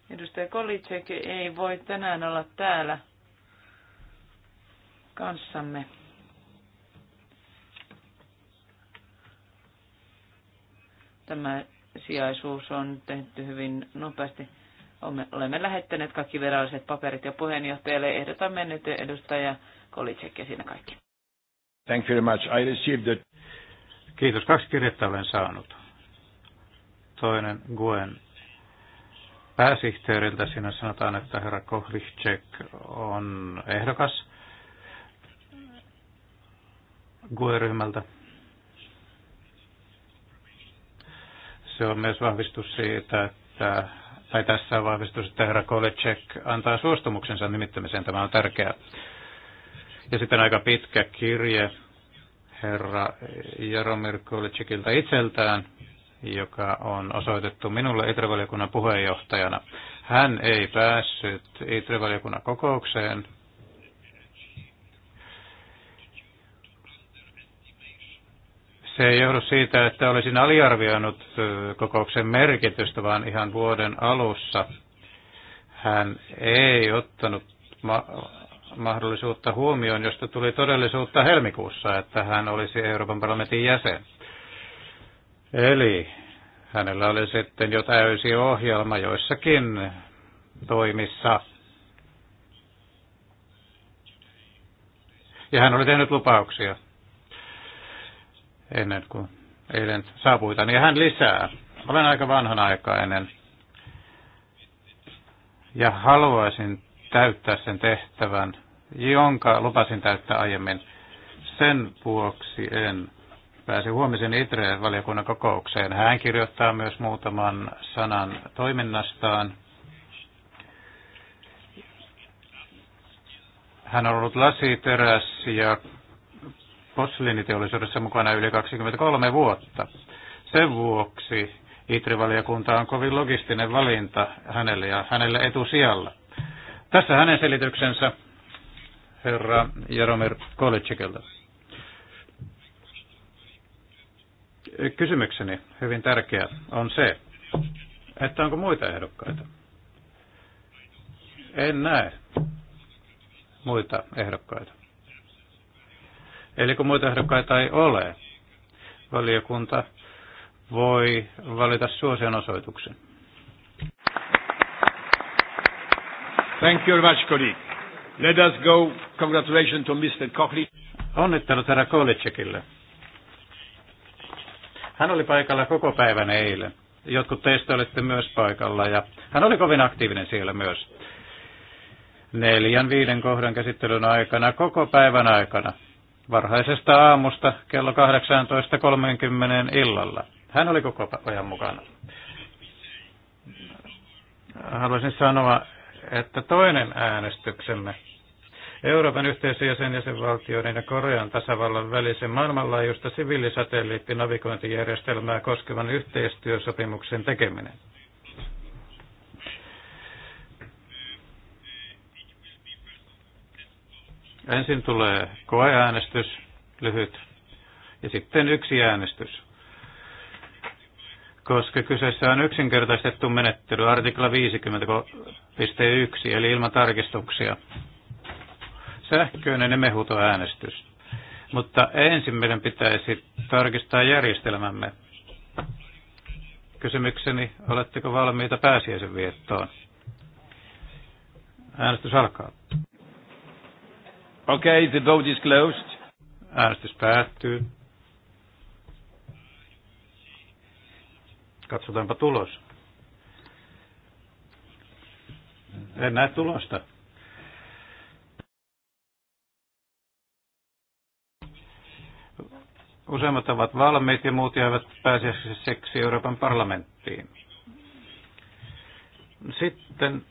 Edustaja Kolitsek ei voi tänään olla täällä kanssamme. Tämä sijaisuus on tehty hyvin nopeasti. Olemme lähettäneet kaikki viralliset paperit ja puheenjohtajalle ehdotamme nyt edustaja Kolitsek ja siinä kaikki. Thank you very much. I received the... Kiitos. Kaksi kirjettä olen saanut. Toinen Guen pääsihteeriltä. Siinä sanotaan, että herra Kohlichek on ehdokas GUE-ryhmältä. se on myös vahvistus siitä, että, tai tässä on vahvistus, että herra Kolecek antaa suostumuksensa nimittämiseen. Tämä on tärkeää. Ja sitten aika pitkä kirje herra Jaromir Kolecekilta itseltään, joka on osoitettu minulle Itrevaliokunnan puheenjohtajana. Hän ei päässyt Itrevaliokunnan kokoukseen Se ei johdu siitä, että olisin aliarvioinut kokouksen merkitystä, vaan ihan vuoden alussa hän ei ottanut ma- mahdollisuutta huomioon, josta tuli todellisuutta helmikuussa, että hän olisi Euroopan parlamentin jäsen. Eli hänellä oli sitten jo täysi ohjelma joissakin toimissa. Ja hän oli tehnyt lupauksia ennen kuin eilen saapui tänne. Ja hän lisää. Olen aika vanhan ennen ja haluaisin täyttää sen tehtävän, jonka lupasin täyttää aiemmin. Sen vuoksi en pääsi huomisen Itreen valiokunnan kokoukseen. Hän kirjoittaa myös muutaman sanan toiminnastaan. Hän on ollut lasiteräs ja posliiniteollisuudessa mukana yli 23 vuotta. Sen vuoksi Itrivaliokunta on kovin logistinen valinta hänelle ja hänelle etusijalla. Tässä hänen selityksensä herra Jaromir Kolitsikilta. Kysymykseni, hyvin tärkeä, on se, että onko muita ehdokkaita? En näe muita ehdokkaita. Eli kun muita ehdokkaita ei ole, valiokunta voi valita suosionosoituksen. Thank you very much, colleague. Let us go. Congratulations to Mr. Kohli. Onnittelut herra Kohlitsekille. Hän oli paikalla koko päivän eilen. Jotkut teistä olitte myös paikalla ja hän oli kovin aktiivinen siellä myös. Neljän viiden kohdan käsittelyn aikana, koko päivän aikana varhaisesta aamusta kello 18.30 illalla. Hän oli koko ajan mukana. Haluaisin sanoa, että toinen äänestyksemme Euroopan ja sen jäsenvaltioiden ja Korean tasavallan välisen maailmanlaajuista siviilisatelliittinavigointijärjestelmää koskevan yhteistyösopimuksen tekeminen. Ensin tulee koeäänestys, lyhyt, ja sitten yksi äänestys. Koska kyseessä on yksinkertaistettu menettely, artikla 50.1, eli ilman tarkistuksia. Sähköinen ja mehutoäänestys. Mutta ensin meidän pitäisi tarkistaa järjestelmämme. Kysymykseni, oletteko valmiita pääsiäisen viettoon? Äänestys alkaa. Okay, the vote is closed. Äänestys päättyy. Katsotaanpa tulos. En näe tulosta. Useimmat ovat valmiit ja muut jäävät pääsiäiseksi Euroopan parlamenttiin. Sitten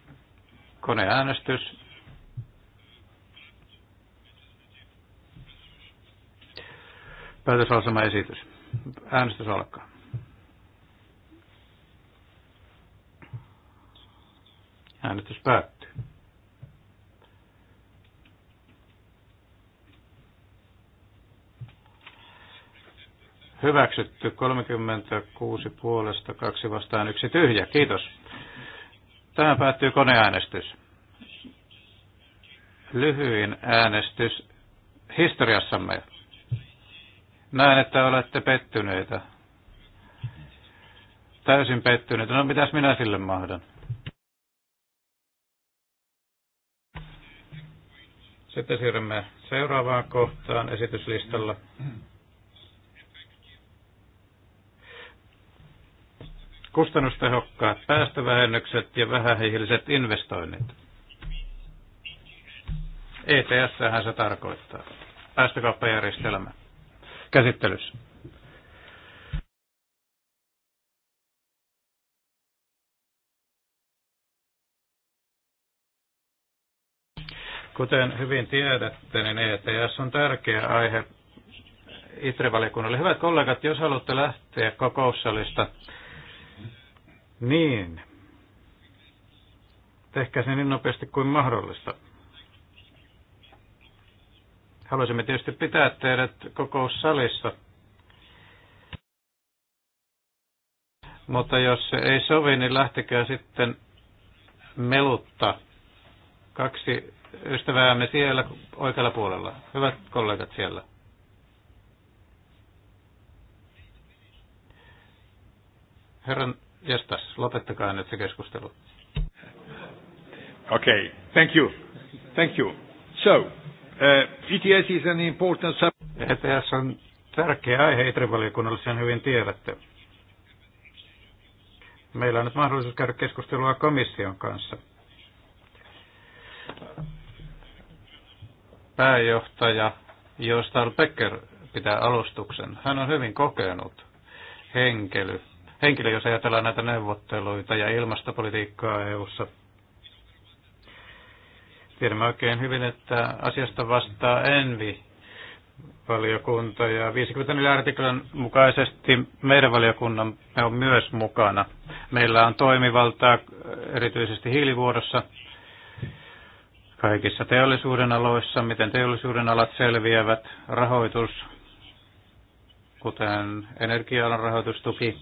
koneäänestys. Päätösasema esitys. Äänestys alkaa. Äänestys päättyy. Hyväksytty 36 puolesta, kaksi vastaan, yksi tyhjä. Kiitos. Tämä päättyy koneäänestys. Lyhyin äänestys historiassamme. Näen, että olette pettyneitä. Täysin pettyneitä. No mitäs minä sille mahdan? Sitten siirrymme seuraavaan kohtaan esityslistalla. Kustannustehokkaat päästövähennykset ja vähähiiliset investoinnit. ETS-hän se tarkoittaa. Päästökauppajärjestelmä käsittelyssä. Kuten hyvin tiedätte, niin ETS on tärkeä aihe itre valikunnalle Hyvät kollegat, jos haluatte lähteä kokoussalista, niin tehkää se niin nopeasti kuin mahdollista. Haluaisimme tietysti pitää teidät kokoussalissa, mutta jos se ei sovi, niin lähtekää sitten melutta. Kaksi ystäväämme siellä oikealla puolella. Hyvät kollegat siellä. Herran jestas, lopettakaa nyt se keskustelu. Okei, okay. thank you. Thank you. So, ETS eh, e is an important ETS on tärkeä aihe Itrivaliokunnalle, sen hyvin tiedätte. Meillä on nyt mahdollisuus käydä keskustelua komission kanssa. Pääjohtaja Jostal Becker pitää alustuksen. Hän on hyvin kokenut henkilö, henkilö jos ajatellaan näitä neuvotteluita ja ilmastopolitiikkaa EU:ssa. Tiedämme oikein hyvin, että asiasta vastaa Envi valiokunta ja 54 artiklan mukaisesti meidän valiokunnan on myös mukana. Meillä on toimivaltaa erityisesti hiilivuodossa kaikissa teollisuuden aloissa, miten teollisuuden alat selviävät, rahoitus, kuten energia-alan rahoitustuki,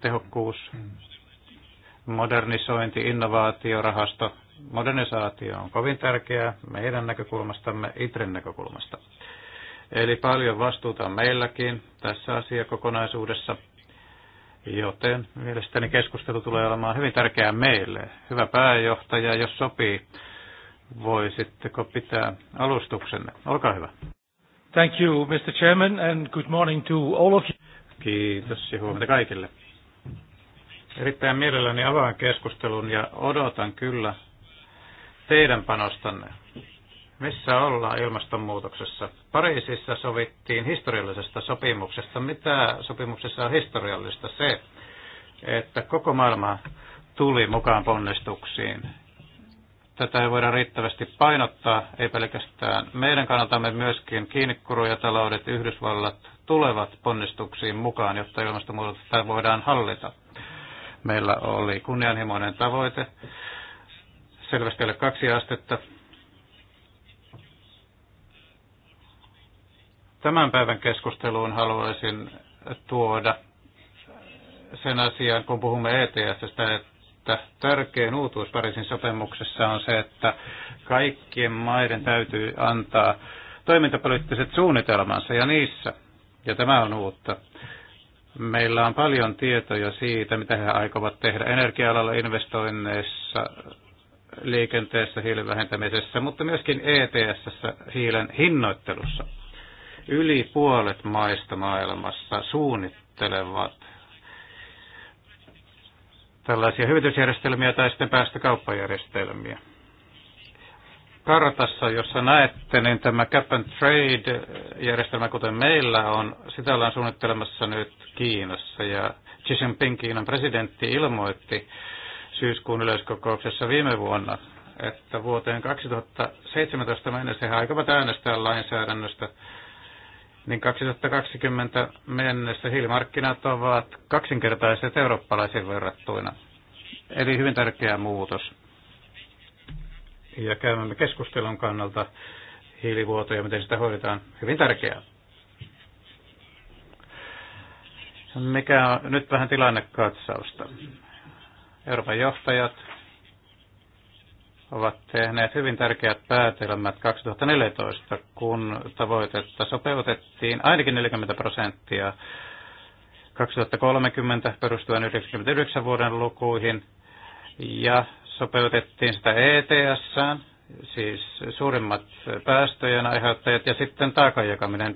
tehokkuus, modernisointi, innovaatiorahasto, modernisaatio on kovin tärkeää meidän näkökulmastamme, ITREn näkökulmasta. Eli paljon vastuuta on meilläkin tässä asiakokonaisuudessa, joten mielestäni keskustelu tulee olemaan hyvin tärkeää meille. Hyvä pääjohtaja, jos sopii, voisitteko pitää alustuksenne? Olkaa hyvä. Thank you, Mr. Chairman, and good morning to all of you. Kiitos ja huomenta kaikille. Erittäin mielelläni avaan keskustelun ja odotan kyllä teidän panostanne. Missä ollaan ilmastonmuutoksessa? Pariisissa sovittiin historiallisesta sopimuksesta. Mitä sopimuksessa on historiallista? Se, että koko maailma tuli mukaan ponnistuksiin. Tätä ei voida riittävästi painottaa, ei pelkästään meidän kannaltamme myöskin ja taloudet Yhdysvallat tulevat ponnistuksiin mukaan, jotta ilmastonmuutosta voidaan hallita. Meillä oli kunnianhimoinen tavoite selvästi alle kaksi astetta. Tämän päivän keskusteluun haluaisin tuoda sen asian, kun puhumme ETSstä, että tärkein uutuus Pariisin sopimuksessa on se, että kaikkien maiden täytyy antaa toimintapoliittiset suunnitelmansa ja niissä, ja tämä on uutta, meillä on paljon tietoja siitä, mitä he aikovat tehdä energia-alalla investoinneissa, liikenteessä hiilen vähentämisessä, mutta myöskin ETS hiilen hinnoittelussa. Yli puolet maista maailmassa suunnittelevat tällaisia hyvitysjärjestelmiä tai sitten päästökauppajärjestelmiä. Kartassa, jossa näette, niin tämä cap and trade-järjestelmä, kuten meillä on, sitä ollaan suunnittelemassa nyt Kiinassa. Ja Xi Jinping, Kiinan presidentti, ilmoitti, syyskuun yleiskokouksessa viime vuonna, että vuoteen 2017 mennessä he aikovat äänestää lainsäädännöstä, niin 2020 mennessä hiilimarkkinat ovat kaksinkertaiset eurooppalaisiin verrattuina. Eli hyvin tärkeä muutos. Ja käymämme keskustelun kannalta hiilivuotoja, miten sitä hoidetaan, hyvin tärkeää. Mikä on nyt vähän tilannekatsausta? Euroopan johtajat ovat tehneet hyvin tärkeät päätelmät 2014, kun tavoitetta sopeutettiin ainakin 40 prosenttia 2030 perustuen 99 vuoden lukuihin ja sopeutettiin sitä ets siis suurimmat päästöjen aiheuttajat ja sitten taakan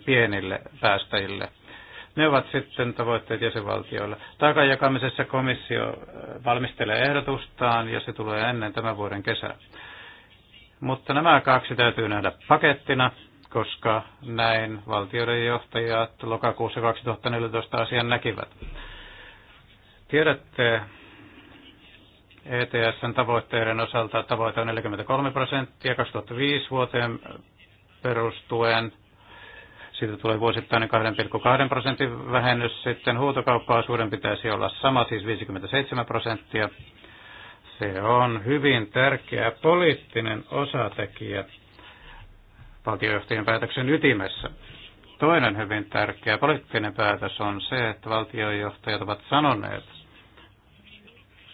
pienille päästäjille – ne ovat sitten tavoitteet jäsenvaltioilla. Taakanjakamisessa jakamisessa komissio äh, valmistelee ehdotustaan ja se tulee ennen tämän vuoden kesää. Mutta nämä kaksi täytyy nähdä pakettina, koska näin valtioiden johtajat lokakuussa 2014 asian näkivät. Tiedätte, ETSn tavoitteiden osalta tavoite on 43 prosenttia 2005 vuoteen perustuen siitä tulee vuosittainen 2,2 prosentin vähennys. Sitten huutokauppaosuuden pitäisi olla sama, siis 57 prosenttia. Se on hyvin tärkeä poliittinen osatekijä valtiojohtajien päätöksen ytimessä. Toinen hyvin tärkeä poliittinen päätös on se, että valtiojohtajat ovat sanoneet,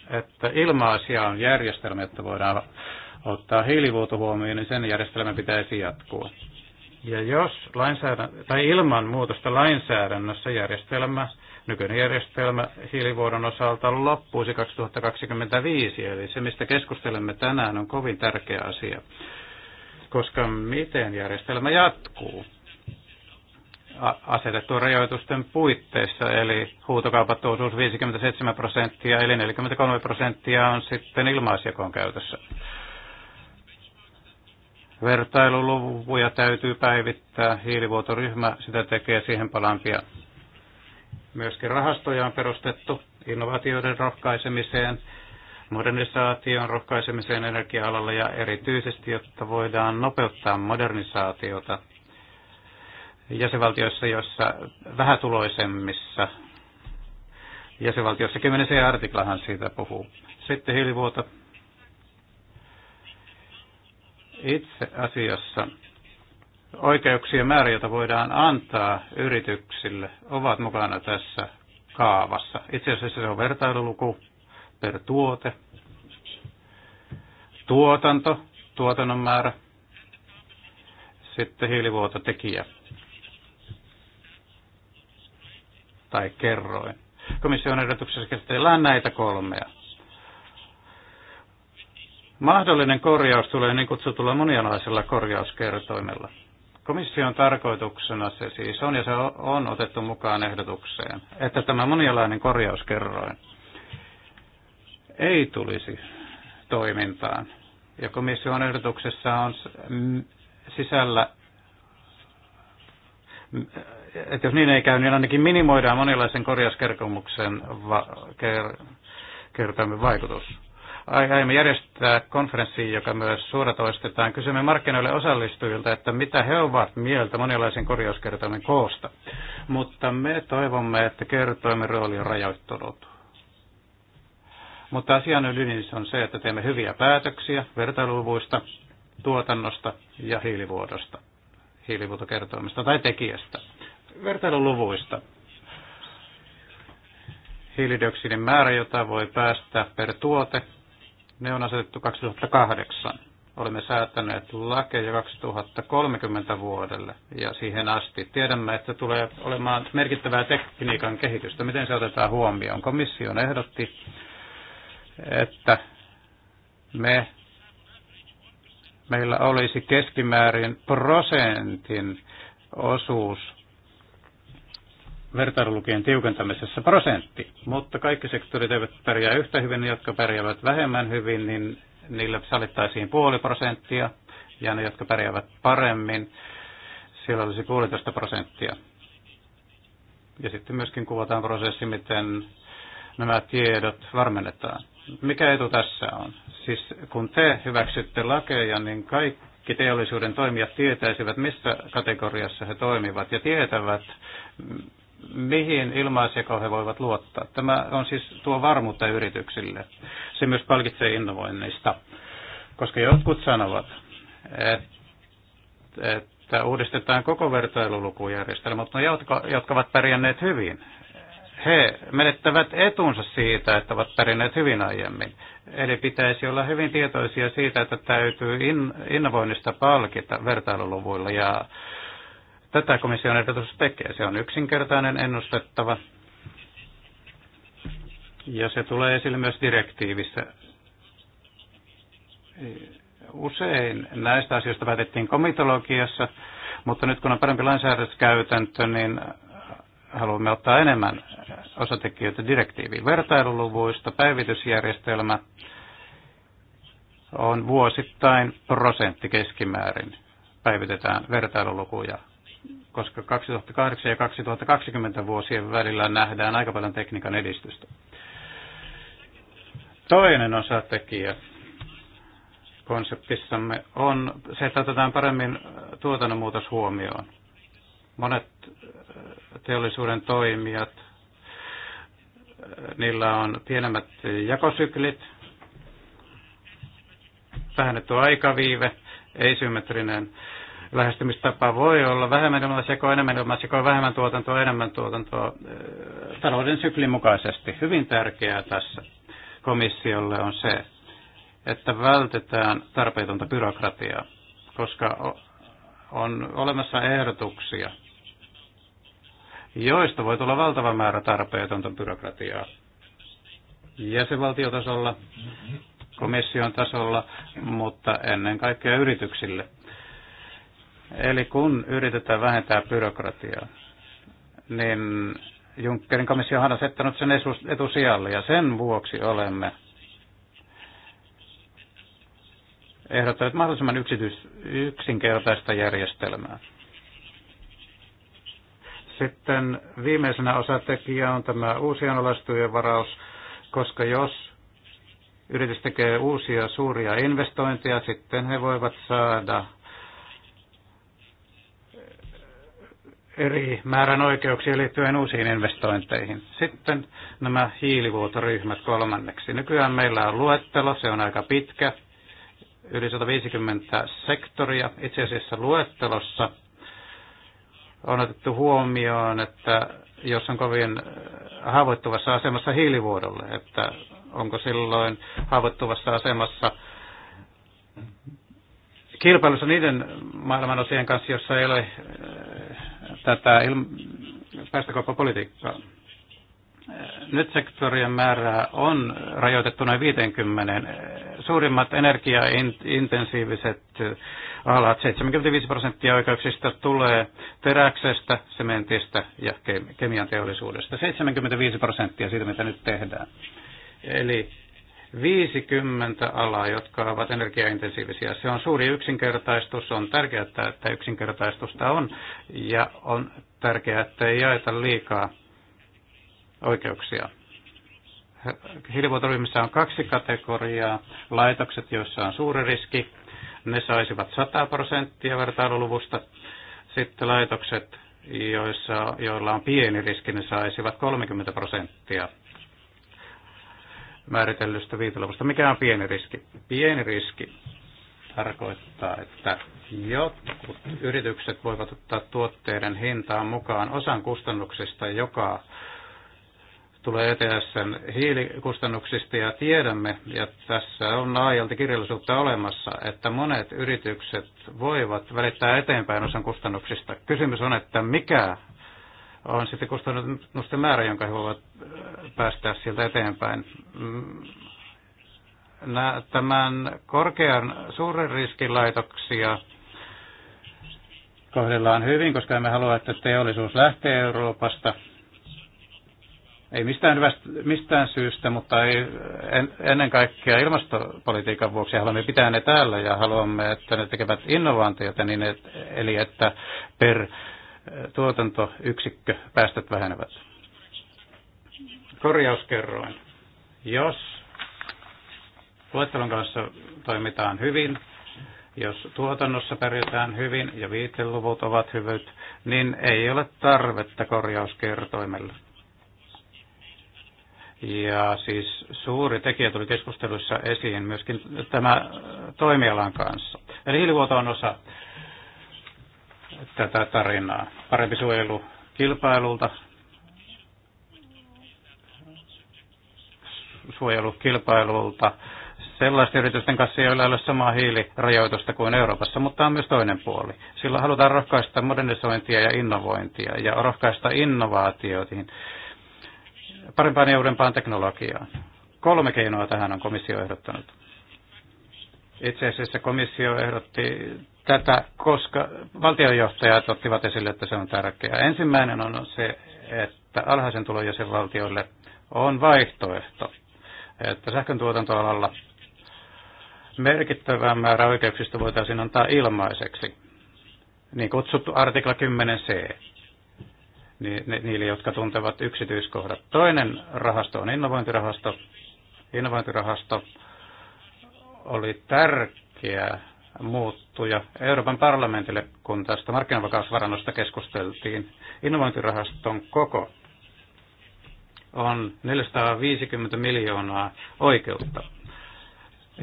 että ilmaisia on järjestelmä, että voidaan ottaa hiilivuoto huomioon, niin sen järjestelmän pitäisi jatkua. Ja jos tai ilman muutosta lainsäädännössä järjestelmä, nykyinen järjestelmä hiilivuodon osalta loppuisi 2025, eli se mistä keskustelemme tänään on kovin tärkeä asia, koska miten järjestelmä jatkuu asetettujen rajoitusten puitteissa, eli huutokaupattuosuus 57 prosenttia, eli 43 prosenttia on sitten ilmaisjakoon käytössä. Vertailuluvuja täytyy päivittää. Hiilivuotoryhmä sitä tekee, siihen palaan pian. Myöskin rahastoja on perustettu innovaatioiden rohkaisemiseen, modernisaation rohkaisemiseen energia-alalla ja erityisesti, jotta voidaan nopeuttaa modernisaatiota jäsenvaltioissa, joissa vähätuloisemmissa jäsenvaltioissa 10 artiklahan siitä puhuu. Sitten hiilivuoto itse asiassa oikeuksien määrä, jota voidaan antaa yrityksille, ovat mukana tässä kaavassa. Itse asiassa se on vertailuluku per tuote, tuotanto, tuotannon määrä, sitten hiilivuototekijä tai kerroin. Komission ehdotuksessa käsitellään näitä kolmea. Mahdollinen korjaus tulee niin kutsutulla monialaisella korjauskertoimella. Komission tarkoituksena se siis on, ja se on otettu mukaan ehdotukseen, että tämä monialainen korjauskerroin ei tulisi toimintaan. Ja komission ehdotuksessa on sisällä, että jos niin ei käy, niin ainakin minimoidaan monialaisen korjauskertomuksen va- ker- kertoimen vaikutus aiemmin järjestää konferenssi, joka myös suoratoistetaan. Kysymme markkinoille osallistujilta, että mitä he ovat mieltä monialaisen korjauskertoimen koosta. Mutta me toivomme, että kertoimen rooli on rajoittunut. Mutta asian ydin on se, että teemme hyviä päätöksiä vertailuluvuista, tuotannosta ja hiilivuodosta, hiilivuotokertoimista tai tekijästä. Vertailuluvuista hiilidioksidin määrä, jota voi päästä per tuote ne on asetettu 2008. Olemme säätäneet lakeja 2030 vuodelle ja siihen asti. Tiedämme, että tulee olemaan merkittävää tekniikan kehitystä. Miten se otetaan huomioon? Komission ehdotti, että me, meillä olisi keskimäärin prosentin osuus vertailulukien tiukentamisessa prosentti, mutta kaikki sektorit eivät pärjää yhtä hyvin, ne jotka pärjäävät vähemmän hyvin, niin niillä salittaisiin puoli prosenttia, ja ne, jotka pärjäävät paremmin, siellä olisi puolitoista prosenttia. Ja sitten myöskin kuvataan prosessi, miten nämä tiedot varmennetaan. Mikä etu tässä on? Siis kun te hyväksytte lakeja, niin kaikki teollisuuden toimijat tietäisivät, missä kategoriassa he toimivat ja tietävät, mihin ilmaisjako he voivat luottaa. Tämä on siis tuo varmuutta yrityksille. Se myös palkitsee innovoinnista, koska jotkut sanovat, että uudistetaan koko vertailulukujärjestelmä, mutta ne, jotka, jotka ovat pärjänneet hyvin, he menettävät etunsa siitä, että ovat pärjänneet hyvin aiemmin. Eli pitäisi olla hyvin tietoisia siitä, että täytyy innovoinnista palkita vertailuluvuilla ja Tätä komission ehdotus tekee. Se on yksinkertainen, ennustettava ja se tulee esille myös direktiivissä. Usein näistä asioista päätettiin komitologiassa, mutta nyt kun on parempi lainsäädäntökäytäntö, niin haluamme ottaa enemmän osatekijöitä direktiiviin. Vertailuluvuista päivitysjärjestelmä on vuosittain prosentti keskimäärin. Päivitetään vertailulukuja koska 2008 ja 2020 vuosien välillä nähdään aika paljon tekniikan edistystä. Toinen tekijä konseptissamme on se, että otetaan paremmin tuotannon muutos huomioon. Monet äh, teollisuuden toimijat, äh, niillä on pienemmät jakosyklit, vähennetty aikaviive, ei-symmetrinen lähestymistapa voi olla vähemmän ilmaisjakoa, enemmän ilmaisjakoa, vähemmän tuotantoa, enemmän tuotantoa eh, talouden syklin mukaisesti. Hyvin tärkeää tässä komissiolle on se, että vältetään tarpeetonta byrokratiaa, koska on olemassa ehdotuksia, joista voi tulla valtava määrä tarpeetonta byrokratiaa jäsenvaltiotasolla, komission tasolla, mutta ennen kaikkea yrityksille – Eli kun yritetään vähentää byrokratiaa, niin Junckerin komissio on asettanut sen etusijalle ja sen vuoksi olemme ehdottaneet mahdollisimman yksityis- yksinkertaista järjestelmää. Sitten viimeisenä osatekijä on tämä uusien olastujen varaus, koska jos yritys tekee uusia suuria investointeja, sitten he voivat saada eri määrän oikeuksia liittyen uusiin investointeihin. Sitten nämä hiilivuotoryhmät kolmanneksi. Nykyään meillä on luettelo, se on aika pitkä, yli 150 sektoria. Itse asiassa luettelossa on otettu huomioon, että jos on kovin haavoittuvassa asemassa hiilivuodolle, että onko silloin haavoittuvassa asemassa kilpailussa niiden maailmanosien kanssa, jossa ei ole tätä il- päästökauppapolitiikkaa. Nyt sektorien määrää on rajoitettu noin 50. Suurimmat energiaintensiiviset alat, 75 prosenttia oikeuksista tulee teräksestä, sementistä ja kemian teollisuudesta. 75 prosenttia siitä, mitä nyt tehdään. Eli 50 alaa, jotka ovat energiaintensiivisiä. Se on suuri yksinkertaistus, on tärkeää, että yksinkertaistusta on, ja on tärkeää, että ei jaeta liikaa oikeuksia. Hiilivuotoryhmissä on kaksi kategoriaa. Laitokset, joissa on suuri riski, ne saisivat 100 prosenttia vertailuluvusta. Sitten laitokset, joissa, joilla on pieni riski, ne saisivat 30 prosenttia määritellystä viitelopusta. Mikä on pieni riski? Pieni riski tarkoittaa, että jotkut yritykset voivat ottaa tuotteiden hintaan mukaan osan kustannuksista, joka tulee ETSn hiilikustannuksista ja tiedämme, ja tässä on laajalti kirjallisuutta olemassa, että monet yritykset voivat välittää eteenpäin osan kustannuksista. Kysymys on, että mikä on sitten kustannusten määrä, jonka he voivat äh, päästää sieltä eteenpäin. Mm. Tämän korkean suuren riskin laitoksia kohdellaan hyvin, koska emme halua, että teollisuus lähtee Euroopasta. Ei mistään, hyvästä, mistään syystä, mutta ei, en, ennen kaikkea ilmastopolitiikan vuoksi haluamme pitää ne täällä ja haluamme, että ne tekevät innovaatioita, niin et, eli että per tuotantoyksikkö päästöt vähenevät. Korjauskerroin. Jos luettelon kanssa toimitaan hyvin, jos tuotannossa pärjätään hyvin ja viiteluvut ovat hyvät, niin ei ole tarvetta korjauskertoimelle. Ja siis suuri tekijä tuli keskusteluissa esiin myöskin tämä toimialan kanssa. Eli hiilivuoto on osa tätä tarinaa. Parempi suojelu kilpailulta, suojelu kilpailulta sellaisten yritysten kanssa, joilla ei ole samaa hiilirajoitusta kuin Euroopassa, mutta on myös toinen puoli. Sillä halutaan rohkaista modernisointia ja innovointia ja rohkaista innovaatioihin, parempaan ja uudempaan teknologiaan. Kolme keinoa tähän on komissio ehdottanut. Itse asiassa komissio ehdotti tätä, koska valtiojohtajat ottivat esille, että se on tärkeää. Ensimmäinen on se, että alhaisen tulon jäsenvaltioille on vaihtoehto, että sähkön tuotantoalalla merkittävä määrä oikeuksista voitaisiin antaa ilmaiseksi, niin kutsuttu artikla 10c, niille, jotka tuntevat yksityiskohdat. Toinen rahasto on innovointirahasto. Innovointirahasto oli tärkeä muuttuja Euroopan parlamentille, kun tästä markkinavakausvarannosta keskusteltiin. Innovointirahaston koko on 450 miljoonaa oikeutta.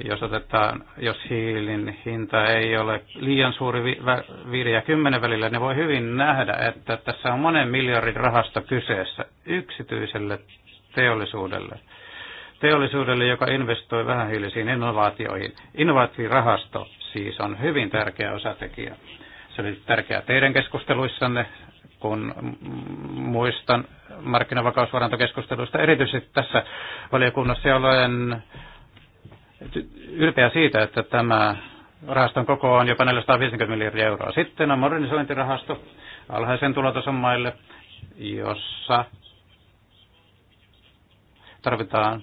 Jos, otetaan, jos hiilin hinta ei ole liian suuri 5 ja 10 välillä, niin voi hyvin nähdä, että tässä on monen miljardin rahasta kyseessä yksityiselle teollisuudelle. Teollisuudelle, joka investoi vähän hiilisiin innovaatioihin. Innovaatiorahasto siis on hyvin tärkeä osatekijä. Se oli tärkeää teidän keskusteluissanne, kun muistan markkinavakausvarantokeskusteluista erityisesti tässä valiokunnassa, olen ylpeä siitä, että tämä rahaston koko on jopa 450 miljardia euroa. Sitten on modernisointirahasto alhaisen tulotason maille, jossa tarvitaan,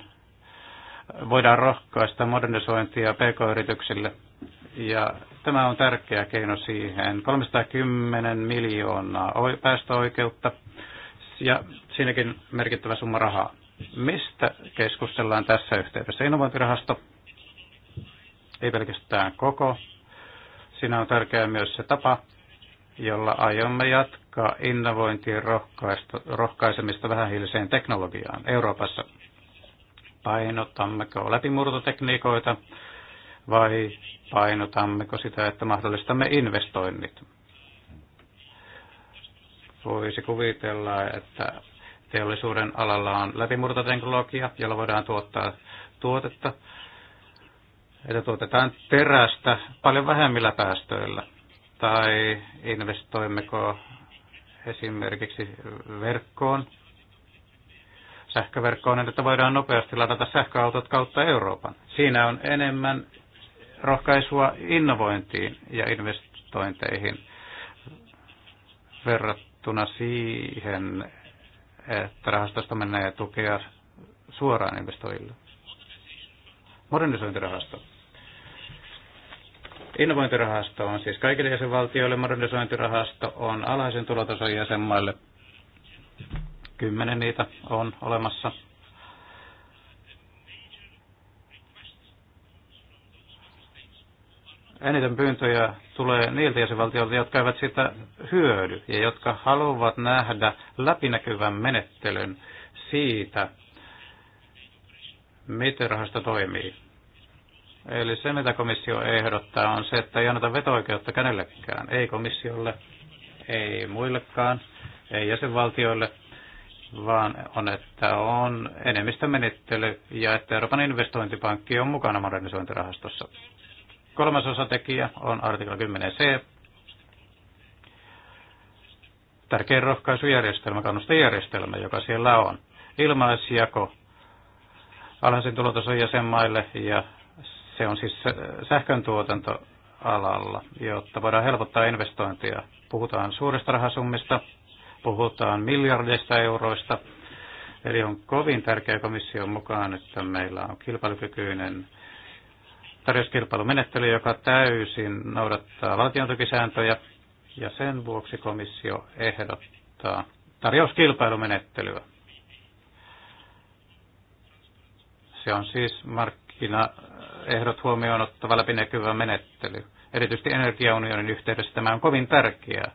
voidaan rohkaista modernisointia pk-yrityksille – ja tämä on tärkeä keino siihen. 310 miljoonaa päästöoikeutta ja siinäkin merkittävä summa rahaa. Mistä keskustellaan tässä yhteydessä? Innovointirahasto, ei pelkästään koko. Siinä on tärkeää myös se tapa, jolla aiomme jatkaa innovointien rohkaisemista vähähiiliseen teknologiaan Euroopassa. Painotammeko läpimurtotekniikoita, vai painotammeko sitä, että mahdollistamme investoinnit? Voisi kuvitella, että teollisuuden alalla on läpimurtoteknologia, jolla voidaan tuottaa tuotetta, että tuotetaan terästä paljon vähemmillä päästöillä. Tai investoimmeko esimerkiksi verkkoon, sähköverkkoon, että voidaan nopeasti ladata sähköautot kautta Euroopan. Siinä on enemmän rohkaisua innovointiin ja investointeihin verrattuna siihen, että rahastosta ja tukea suoraan investoijille. Modernisointirahasto. Innovointirahasto on siis kaikille jäsenvaltioille, modernisointirahasto on alhaisen tulotason jäsenmaille. Kymmenen niitä on olemassa eniten pyyntöjä tulee niiltä jäsenvaltioilta, jotka eivät sitä hyödy ja jotka haluavat nähdä läpinäkyvän menettelyn siitä, miten rahasto toimii. Eli se, mitä komissio ehdottaa, on se, että ei anneta veto-oikeutta kenellekään, ei komissiolle, ei muillekaan, ei jäsenvaltioille, vaan on, että on enemmistömenettely ja että Euroopan investointipankki on mukana modernisointirahastossa. Kolmas osatekijä on artikla 10c. Tärkein rohkaisujärjestelmä, kannustajärjestelmä, joka siellä on. Ilmaisjako alhaisen tulotason jäsenmaille ja se on siis sähkön tuotantoalalla, jotta voidaan helpottaa investointia. Puhutaan suurista rahasummista, puhutaan miljardeista euroista. Eli on kovin tärkeä komission mukaan, että meillä on kilpailukykyinen tarjouskilpailumenettely, joka täysin noudattaa valtiontukisääntöjä, ja sen vuoksi komissio ehdottaa tarjouskilpailumenettelyä. Se on siis markkinaehdot huomioon ottava läpinäkyvä menettely. Erityisesti energiaunionin yhteydessä tämä on kovin tärkeää.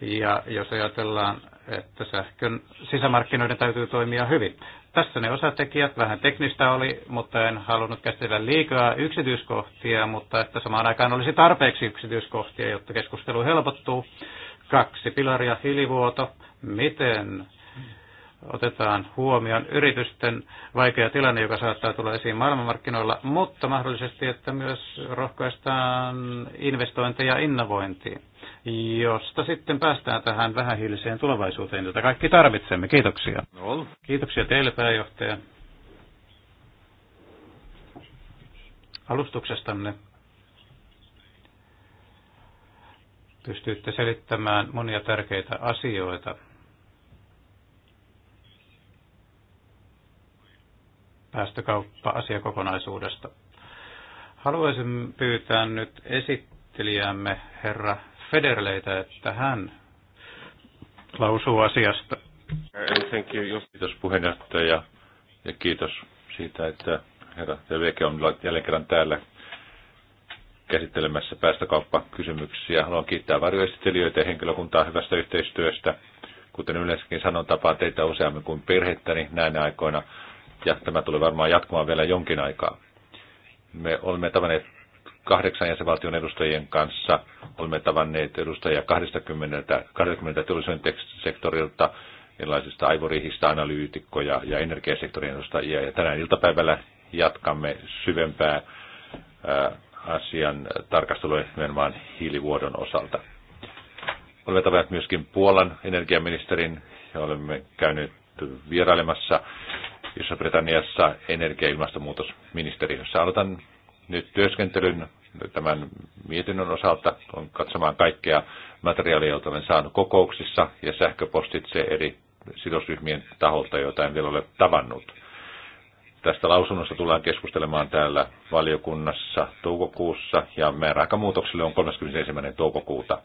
Ja jos ajatellaan että sähkön sisämarkkinoiden täytyy toimia hyvin. Tässä ne osatekijät, vähän teknistä oli, mutta en halunnut käsitellä liikaa yksityiskohtia, mutta että samaan aikaan olisi tarpeeksi yksityiskohtia, jotta keskustelu helpottuu. Kaksi pilaria, hiilivuoto, miten otetaan huomioon yritysten vaikea tilanne, joka saattaa tulla esiin maailmanmarkkinoilla, mutta mahdollisesti, että myös rohkaistaan investointeja innovointiin josta sitten päästään tähän vähähiiliseen tulevaisuuteen, jota kaikki tarvitsemme. Kiitoksia. No. Kiitoksia teille pääjohtaja alustuksestanne. Pystyitte selittämään monia tärkeitä asioita. päästökauppa-asiakokonaisuudesta. Haluaisin pyytää nyt esittelijämme herra Federleitä, että hän lausuu asiasta. Kiitos puheenjohtaja ja kiitos siitä, että herra TVK on jälleen kerran täällä käsittelemässä päästökauppakysymyksiä. Haluan kiittää varjoesittelijöitä ja henkilökuntaa hyvästä yhteistyöstä. Kuten yleensäkin sanon, tapaan teitä useammin kuin perhettäni näinä aikoina, ja tämä tulee varmaan jatkumaan vielä jonkin aikaa. Me olemme tavanneet kahdeksan jäsenvaltion edustajien kanssa. Olemme tavanneet edustajia 20, 20 teollisuuden sektorilta, erilaisista aivorihistä, analyytikkoja ja energiasektorin edustajia. Ja tänään iltapäivällä jatkamme syvempää asian tarkastelua nimenomaan hiilivuodon osalta. Olemme tavanneet myöskin Puolan energiaministerin ja olemme käyneet vierailemassa Iso-Britanniassa energia- ja ilmastonmuutosministeriössä. Aloitan nyt työskentelyn tämän mietinnön osalta on katsomaan kaikkea materiaalia, jota olen saanut kokouksissa ja sähköpostitse eri sidosryhmien taholta, joita en vielä ole tavannut. Tästä lausunnosta tullaan keskustelemaan täällä valiokunnassa toukokuussa ja määräaikamuutokselle on 31. toukokuuta.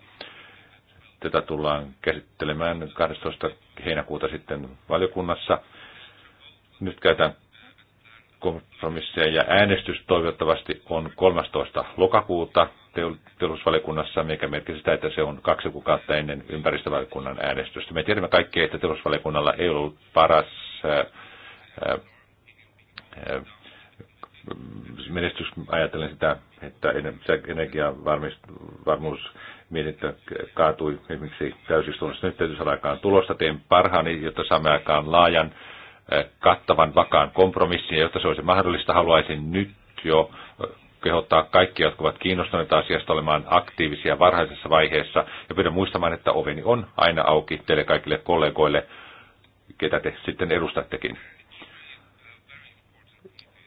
Tätä tullaan käsittelemään 12. heinäkuuta sitten valiokunnassa. Nyt käytän kompromisseja ja äänestys toivottavasti on 13. lokakuuta teollisuusvaliokunnassa, mikä merkitsee sitä, että se on kaksi kuukautta ennen ympäristövaliokunnan äänestystä. Me tiedämme kaikki, että teollisuusvaliokunnalla ei ollut paras ää, ää, menestys, ajatellen sitä, että energiavarmuus mietintö kaatui esimerkiksi täysistunnossa. Nyt täytyy saada aikaan tulosta. Teen parhaani, jotta saamme aikaan laajan kattavan vakaan kompromissin, jotta se olisi mahdollista, haluaisin nyt jo kehottaa kaikkia, jotka ovat kiinnostuneita asiasta olemaan aktiivisia varhaisessa vaiheessa. Ja pyydän muistamaan, että oveni on aina auki teille kaikille kollegoille, ketä te sitten edustattekin.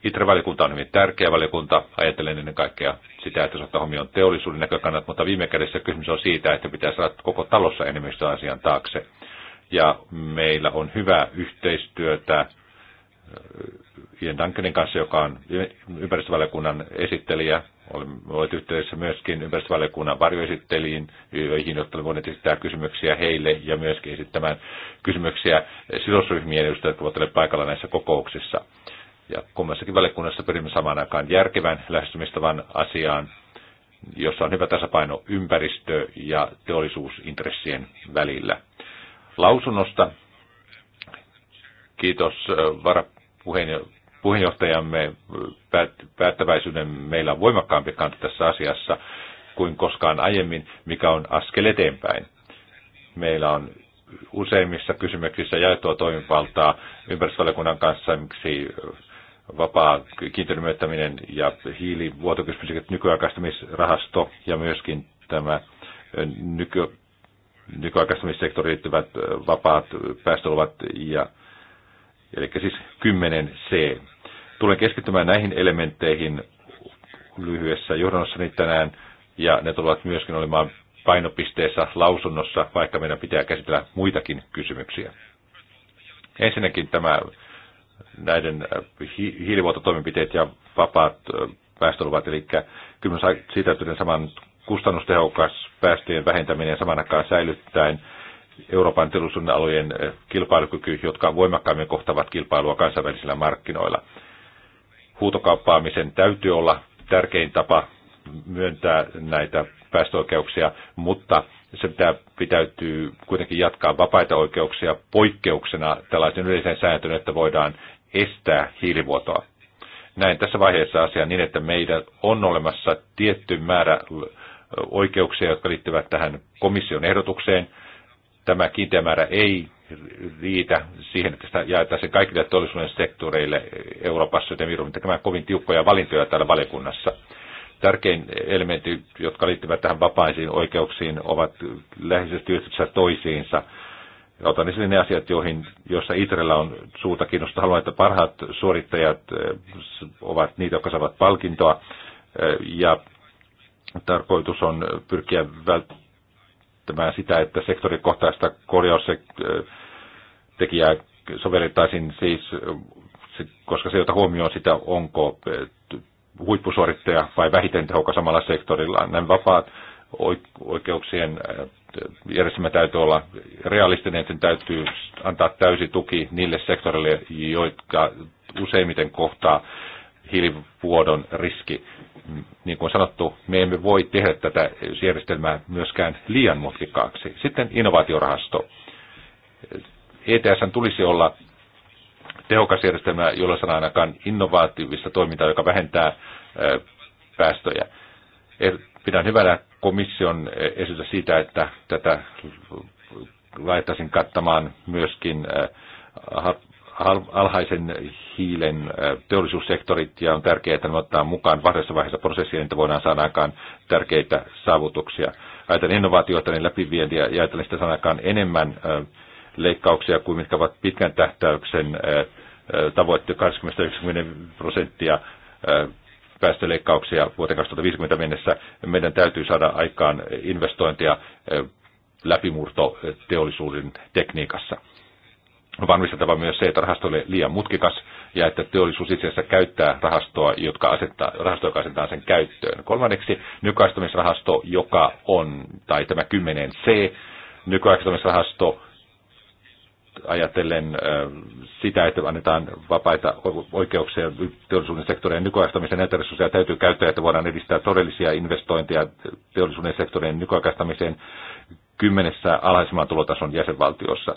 ITRE-valiokunta on hyvin tärkeä valiokunta, ajattelen ennen kaikkea sitä, että se ottaa huomioon teollisuuden näkökannat, mutta viime kädessä kysymys on siitä, että pitää saada koko talossa enemmistö asian taakse ja meillä on hyvää yhteistyötä äh, Ian Duncanin kanssa, joka on ympäristövaliokunnan esittelijä. Olemme olleet yhteydessä myöskin ympäristövaliokunnan varjoesittelijin, joihin olemme voineet esittää kysymyksiä heille ja myöskin esittämään kysymyksiä sidosryhmien edustajat, jotka ovat paikalla näissä kokouksissa. Ja kummassakin valiokunnassa pyrimme samaan aikaan järkevän lähestymistavan asiaan, jossa on hyvä tasapaino ympäristö- ja teollisuusintressien välillä lausunnosta. Kiitos varapuheenjohtajamme päättäväisyyden. Meillä on voimakkaampi kanta tässä asiassa kuin koskaan aiemmin, mikä on askel eteenpäin. Meillä on useimmissa kysymyksissä jaettua toimivaltaa ympäristövaliokunnan kanssa, miksi vapaa kiinteilyn ja hiilivuotokysymykset nykyaikaistamisrahasto ja myöskin tämä nyky, nykyaikaistamissektoriin liittyvät vapaat päästöluvat ja eli siis 10 C. Tulen keskittymään näihin elementteihin lyhyessä johdannossani tänään, ja ne tulevat myöskin olemaan painopisteessä lausunnossa, vaikka meidän pitää käsitellä muitakin kysymyksiä. Ensinnäkin tämä näiden hiilivuototoimenpiteet ja vapaat päästöluvat, eli kysymys siitä, saman kustannustehokas päästöjen vähentäminen saman aikaan säilyttäen Euroopan teollisuuden alojen eh, kilpailukyky, jotka voimakkaammin kohtavat kilpailua kansainvälisillä markkinoilla. Huutokauppaamisen täytyy olla tärkein tapa myöntää näitä päästöoikeuksia, mutta se pitää, pitäytyy kuitenkin jatkaa vapaita oikeuksia poikkeuksena tällaisen yleisen sääntön, että voidaan estää hiilivuotoa. Näin tässä vaiheessa asia niin, että meidän on olemassa tietty määrä oikeuksia, jotka liittyvät tähän komission ehdotukseen. Tämä kiinteä määrä ei riitä siihen, että sitä se kaikille teollisuuden sektoreille Euroopassa, joten joudumme tekemään kovin tiukkoja valintoja täällä valiokunnassa. Tärkein elementti, jotka liittyvät tähän vapaisiin oikeuksiin, ovat läheisesti yhteydessä toisiinsa. Otan esille ne asiat, joihin, joissa Itrellä on suurta kiinnostusta. Haluan, että parhaat suorittajat eh, ovat niitä, jotka saavat palkintoa. Eh, ja Tarkoitus on pyrkiä välttämään sitä, että sektorikohtaista korjaustekijää sovellettaisiin siis, koska se, jota huomioon sitä, onko eh, huippusuorittaja vai vähiten tehokas samalla sektorilla. Näin vapaat oikeuksien eh, järjestelmä täytyy olla realistinen, sen täytyy antaa täysi tuki niille sektoreille, jotka useimmiten kohtaa hiilivuodon riski. Niin kuin sanottu, me emme voi tehdä tätä järjestelmää myöskään liian mutkikkaaksi. Sitten innovaatiorahasto. ETS tulisi olla tehokas järjestelmä, jolla sanotaan ainakaan innovatiivista toimintaa, joka vähentää päästöjä. E, pidän hyvänä komission esitystä siitä, että tätä laittaisin kattamaan myöskin alhaisen hiilen äh, teollisuussektorit ja on tärkeää, että ne ottaa mukaan varhaisessa vaiheessa prosessia, että voidaan saada aikaan tärkeitä saavutuksia. Ajatellen innovaatioita, niin läpivientiä ja ajatellen sitä sanakaan enemmän äh, leikkauksia kuin mitkä ovat pitkän tähtäyksen äh, tavoitte 80 90 prosenttia päästöleikkauksia vuoteen 2050 mennessä. Meidän täytyy saada aikaan investointia läpimurto teollisuuden tekniikassa varmistettava myös se, että rahasto oli liian mutkikas ja että teollisuus itse asiassa käyttää rahastoa, jotka asettaa, rahasto, joka asettaa sen käyttöön. Kolmanneksi nykyaistamisrahasto, joka on, tai tämä 10C, nykyaistamisrahasto, ajatellen sitä, että annetaan vapaita oikeuksia teollisuuden sektorien nykyaikaistamisen etäresursseja täytyy käyttää, että voidaan edistää todellisia investointeja teollisuuden sektorien nykyaikaistamiseen kymmenessä alhaisemman tulotason jäsenvaltiossa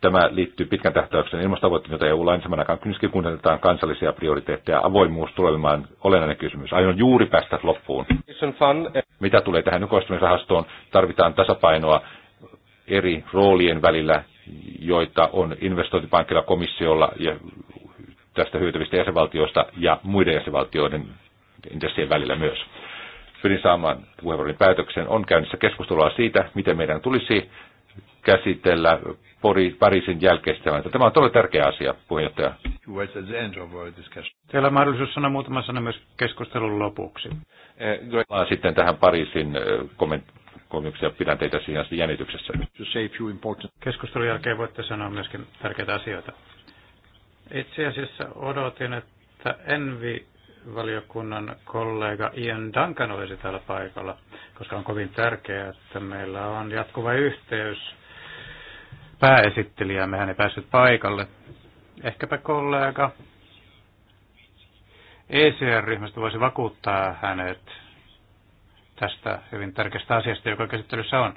Tämä liittyy pitkän tähtäyksen ilmastotavoitteen, jota EU-lainsäädännön aikaan kynskin kunnioitetaan kansallisia prioriteetteja. Avoimuus tulee olemaan olennainen kysymys. Aion juuri päästä loppuun. Mitä tulee tähän nykoistumisrahastoon, tarvitaan tasapainoa eri roolien välillä, joita on investointipankilla, komissiolla ja tästä hyötyvistä jäsenvaltioista ja muiden jäsenvaltioiden intressien välillä myös. Pyrin saamaan puheenvuoron päätöksen. On käynnissä keskustelua siitä, miten meidän tulisi käsitellä Pariisin jälkeistä. Tämä on todella tärkeä asia, puheenjohtaja. Teillä on mahdollisuus sanoa muutama sana myös keskustelun lopuksi. Eh, sitten tähän Pariisin eh, ja pidän teitä siinä jännityksessä. Keskustelun jälkeen voitte sanoa myöskin tärkeitä asioita. Itse asiassa odotin, että Envi valiokunnan kollega Ian Duncan olisi täällä paikalla, koska on kovin tärkeää, että meillä on jatkuva yhteys pääesittelijää, mehän ei päässyt paikalle. Ehkäpä kollega ECR-ryhmästä voisi vakuuttaa hänet tästä hyvin tärkeästä asiasta, joka käsittelyssä on.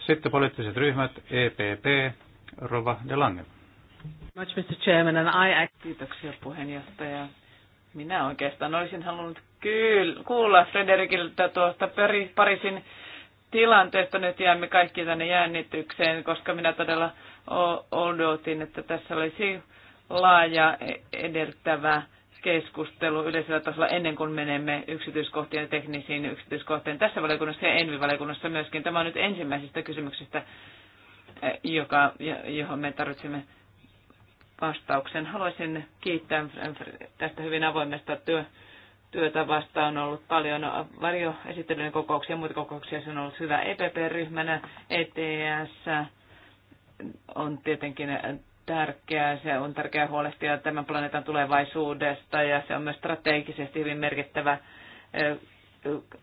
Sitten poliittiset ryhmät, EPP, Rova de Lange. Much, Mr. Chairman, and I... Kiitoksia puheenjohtaja. Minä oikeastaan olisin halunnut kyllä kuulla Frederikiltä tuosta Pariisin tilanteesta nyt jäämme kaikki tänne jännitykseen, koska minä todella odotin, että tässä olisi laaja e- edeltävä keskustelu yleisellä tasolla ennen kuin menemme yksityiskohtien ja teknisiin yksityiskohtiin tässä valiokunnassa ja Envi-valiokunnassa myöskin. Tämä on nyt ensimmäisistä kysymyksistä, e- joka, johon me tarvitsemme vastauksen. Haluaisin kiittää tästä hyvin avoimesta työ, työtä vastaan on ollut paljon varjoesittelyjen kokouksia ja muita kokouksia. Se on ollut hyvä EPP-ryhmänä. ETS on tietenkin tärkeää. Se on tärkeää huolehtia tämän planeetan tulevaisuudesta ja se on myös strategisesti hyvin merkittävä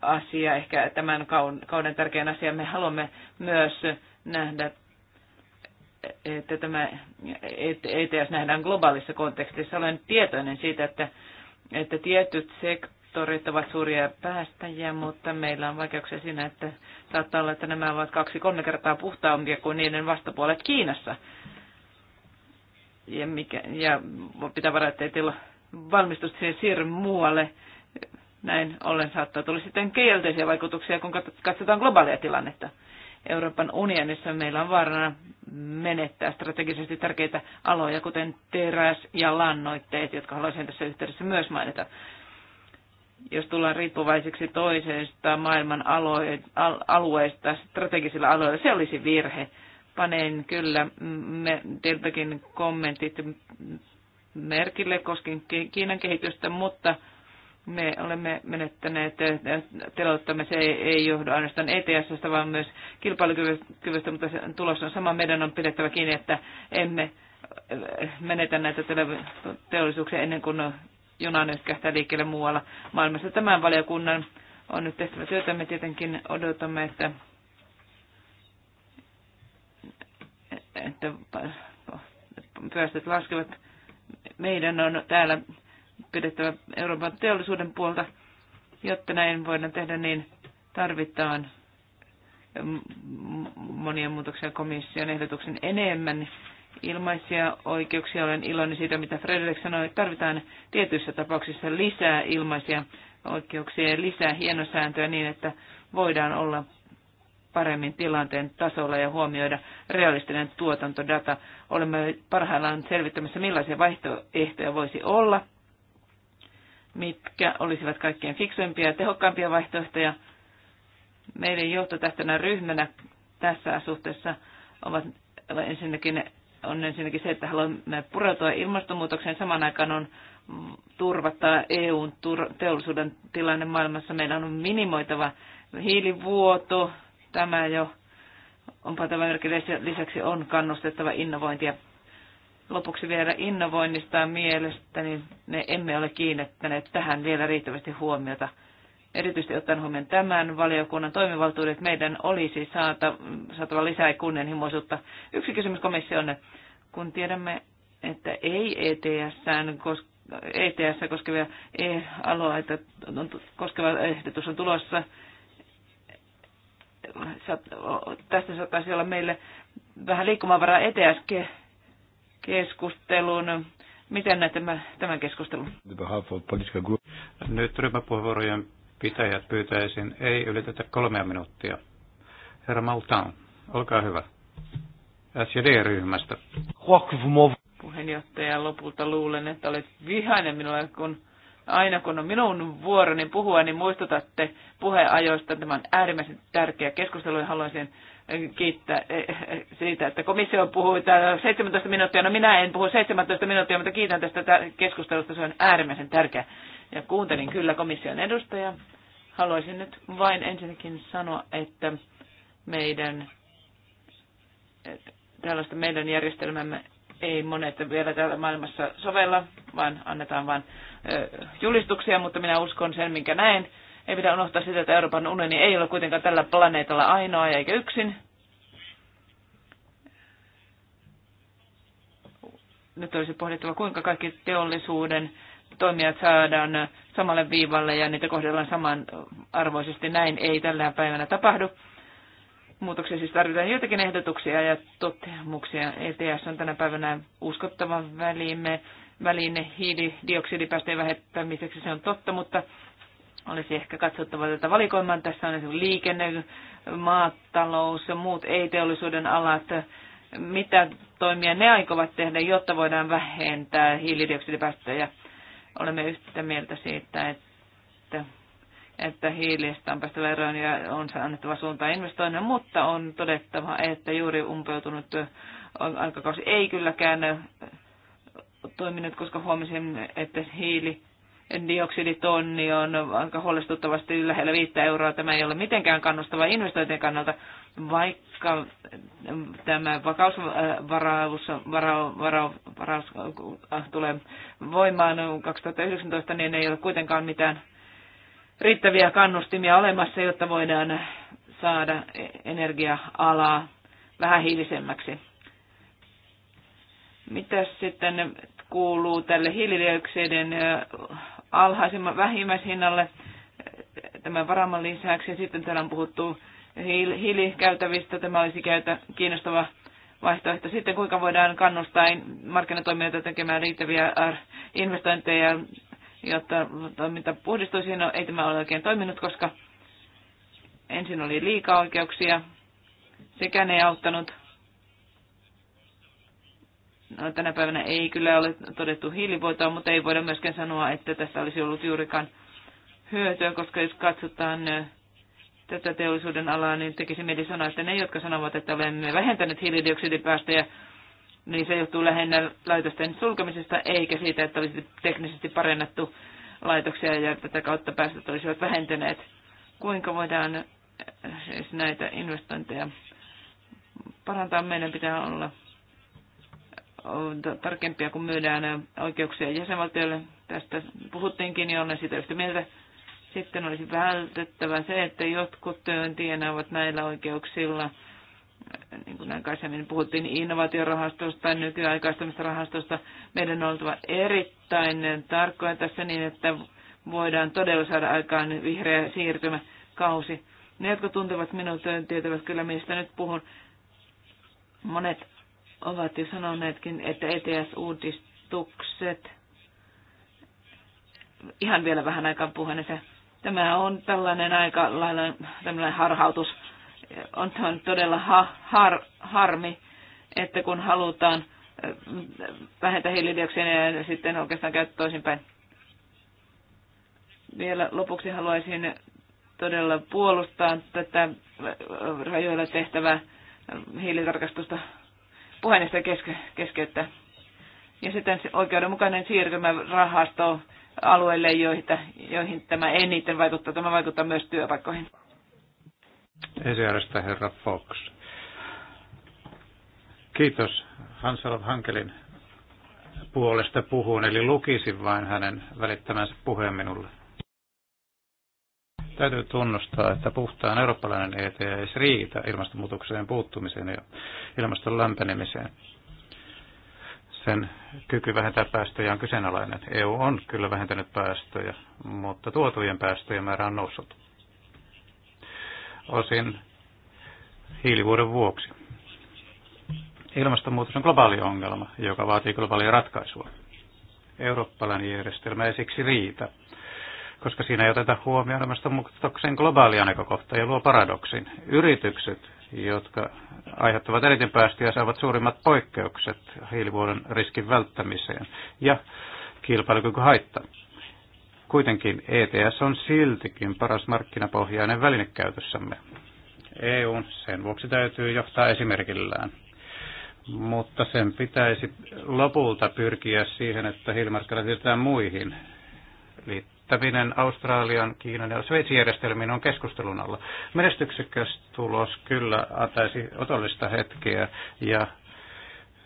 asia, ehkä tämän kauden tärkein asia. Me haluamme myös nähdä, että tämä ETS nähdään globaalissa kontekstissa. Olen tietoinen siitä, että että tietyt sektorit ovat suuria päästäjiä, mutta meillä on vaikeuksia siinä, että saattaa olla, että nämä ovat kaksi-kolme kertaa puhtaampia kuin niiden vastapuolet Kiinassa. Ja, mikä, ja pitää että ei tilo valmistusta siihen siirry muualle. Näin ollen saattaa tulla sitten kielteisiä vaikutuksia, kun katsotaan globaalia tilannetta. Euroopan unionissa meillä on vaarana menettää strategisesti tärkeitä aloja, kuten teräs ja lannoitteet, jotka haluaisin tässä yhteydessä myös mainita. Jos tullaan riippuvaisiksi toisesta maailman alueesta strategisilla aloilla, se olisi virhe. Panen kyllä me, teiltäkin kommentit merkille koskien Kiinan kehitystä, mutta me olemme menettäneet teloittamme, Se ei, ei johdu ainoastaan ets vaan myös kilpailukyvystä, mutta se tulos on sama. Meidän on pidettävä kiinni, että emme äh, menetä näitä teollisuuksia ennen kuin juna nytkähtää liikkeelle muualla maailmassa. Tämän valiokunnan on nyt tehtävä työtä. Me tietenkin odotamme, että, että päästöt laskevat. Meidän on täällä pidettävä Euroopan teollisuuden puolta, jotta näin voidaan tehdä, niin tarvitaan mm, mm, monia muutoksia komission ehdotuksen enemmän. Ilmaisia oikeuksia, olen iloinen siitä, mitä Frederik sanoi, tarvitaan tietyissä tapauksissa lisää ilmaisia oikeuksia ja lisää hienosääntöä niin, että voidaan olla paremmin tilanteen tasolla ja huomioida realistinen tuotantodata. Olemme parhaillaan selvittämässä, millaisia vaihtoehtoja voisi olla mitkä olisivat kaikkein fiksuimpia ja tehokkaimpia vaihtoehtoja. Meidän johtotähtönä ryhmänä tässä suhteessa ovat ensinnäkin, on ensinnäkin se, että haluamme pureutua ilmastonmuutokseen. Samaan aikaan on turvata EUn teollisuuden tilanne maailmassa. Meidän on minimoitava hiilivuoto. Tämä jo on pantava Lisäksi on kannustettava innovointia. Lopuksi vielä innovoinnista niin ne emme ole kiinnittäneet tähän vielä riittävästi huomiota. Erityisesti ottaen huomioon tämän valiokunnan toimivaltuudet, meidän olisi saata, saatava lisää kunnianhimoisuutta. Yksi kysymys komissiolle. Kun tiedämme, että ei ets koska ETS koskevia e-alueita koskeva ehdotus on tulossa. Tästä saattaisi olla meille vähän liikkumavaraa ETS keskustelun. Miten näet tämän keskustelun? Nyt ryhmäpuheenvuorojen pitäjät pyytäisin, ei ylitetä kolmea minuuttia. Herra Maltan, olkaa hyvä. SJD-ryhmästä. Puheenjohtaja, lopulta luulen, että olet vihainen minulle, kun aina kun on minun vuoroni puhua, niin muistutatte puheajoista. Tämä on äärimmäisen tärkeä keskustelu ja haluaisin kiittää eh, eh, siitä, että komissio puhui täällä 17 minuuttia. No minä en puhu 17 minuuttia, mutta kiitän tästä keskustelusta. Se on äärimmäisen tärkeä. Ja kuuntelin kyllä komission edustajaa. Haluaisin nyt vain ensinnäkin sanoa, että meidän, tällaista meidän järjestelmämme ei monet vielä täällä maailmassa sovella, vaan annetaan vain julistuksia, mutta minä uskon sen, minkä näen ei pidä unohtaa sitä, että Euroopan unioni ei ole kuitenkaan tällä planeetalla ainoa eikä yksin. Nyt olisi pohdittava, kuinka kaikki teollisuuden toimijat saadaan samalle viivalle ja niitä kohdellaan samanarvoisesti. Näin ei tällä päivänä tapahdu. Muutoksia siis tarvitaan joitakin ehdotuksia ja toteamuksia. ETS on tänä päivänä uskottava väline, väline hiilidioksidipäästöjen vähettämiseksi. se on totta, mutta olisi ehkä katsottava tätä valikoimaa. Tässä on esimerkiksi liikenne, maatalous ja muut ei-teollisuuden alat. Mitä toimia ne aikovat tehdä, jotta voidaan vähentää hiilidioksidipäästöjä? Olemme yhtä mieltä siitä, että että hiilistä on päästävä eroon ja on annettava suuntaan investoinnin, mutta on todettava, että juuri umpeutunut aikakausi ei kylläkään toiminut, koska huomasin, että hiili dioksiditonni on aika huolestuttavasti lähellä 5 euroa. Tämä ei ole mitenkään kannustava investointien kannalta, vaikka tämä vakausvaraus vara, vara, vara, tulee voimaan 2019, niin ei ole kuitenkaan mitään riittäviä kannustimia olemassa, jotta voidaan saada energia-alaa vähähiilisemmäksi. Mitä sitten kuuluu tälle hiilidioksidin alhaisimman vähimmäishinnalle tämän varaman lisäksi. Ja sitten täällä on puhuttu hiilikäytävistä. Tämä olisi käytä, kiinnostava vaihtoehto. Sitten kuinka voidaan kannustaa markkinatoimijoita tekemään riittäviä äh, investointeja, jotta toiminta puhdistuisi. No ei tämä ole oikein toiminut, koska ensin oli liikaa oikeuksia. Sekään ei auttanut no, tänä päivänä ei kyllä ole todettu hiilivuotoa, mutta ei voida myöskään sanoa, että tästä olisi ollut juurikaan hyötyä, koska jos katsotaan tätä teollisuuden alaa, niin tekisi mieli sanoa, että ne, jotka sanovat, että olemme vähentäneet hiilidioksidipäästöjä, niin se johtuu lähinnä laitosten sulkemisesta, eikä siitä, että olisi teknisesti parannettu laitoksia ja tätä kautta päästöt olisivat vähentyneet. Kuinka voidaan siis näitä investointeja parantaa? Meidän pitää olla tarkempia, kun myydään oikeuksia jäsenvaltioille. Tästä puhuttiinkin, niin olen sitä yhtä mieltä. Sitten olisi vältettävä se, että jotkut työntienaavat näillä oikeuksilla – niin kuin aikaisemmin puhuttiin innovaatiorahastosta tai nykyaikaistamista rahastosta, meidän on oltava erittäin tarkkoja tässä niin, että voidaan todella saada aikaan vihreä siirtymäkausi. Ne, jotka tuntevat minut, tietävät kyllä, mistä nyt puhun. Monet ovat jo sanoneetkin, että ETS-uudistukset, ihan vielä vähän aikaa että tämä on tällainen aika lailla tämmöinen harhautus. On todella ha, har, harmi, että kun halutaan äh, vähentää hiilidioksidia ja sitten oikeastaan käyttää toisinpäin. Vielä lopuksi haluaisin todella puolustaa tätä rajoilla tehtävää hiilitarkastusta puheenjohtaja keske, keskeyttää. Ja sitten se oikeudenmukainen siirtymä rahasto alueille, joita, joihin tämä eniten vaikuttaa. Tämä vaikuttaa myös työpaikkoihin. Esijärjestä herra Fox. Kiitos Hansalov Hankelin puolesta puhun, eli lukisin vain hänen välittämänsä puheen minulle. Täytyy tunnustaa, että puhtaan eurooppalainen ETS riitä ilmastonmuutokseen puuttumiseen ja ilmaston lämpenemiseen. Sen kyky vähentää päästöjä on kyseenalainen. EU on kyllä vähentänyt päästöjä, mutta tuotujen päästöjen määrä on noussut. Osin hiilivuoden vuoksi. Ilmastonmuutos on globaali ongelma, joka vaatii globaalia ratkaisua. Eurooppalainen järjestelmä ei siksi riitä koska siinä ei oteta huomioon ilmastonmuutoksen globaalia näkökohtaa ja luo paradoksin. Yritykset, jotka aiheuttavat eniten päästöjä, saavat suurimmat poikkeukset hiilivuodon riskin välttämiseen ja kilpailukyky haittaa. Kuitenkin ETS on siltikin paras markkinapohjainen väline käytössämme. EU sen vuoksi täytyy johtaa esimerkillään. Mutta sen pitäisi lopulta pyrkiä siihen, että hiilimarkkinat siirretään muihin liittäminen Australian, Kiinan ja Sveitsin järjestelmiin on keskustelun alla. Menestyksekäs tulos kyllä antaisi otollista hetkeä ja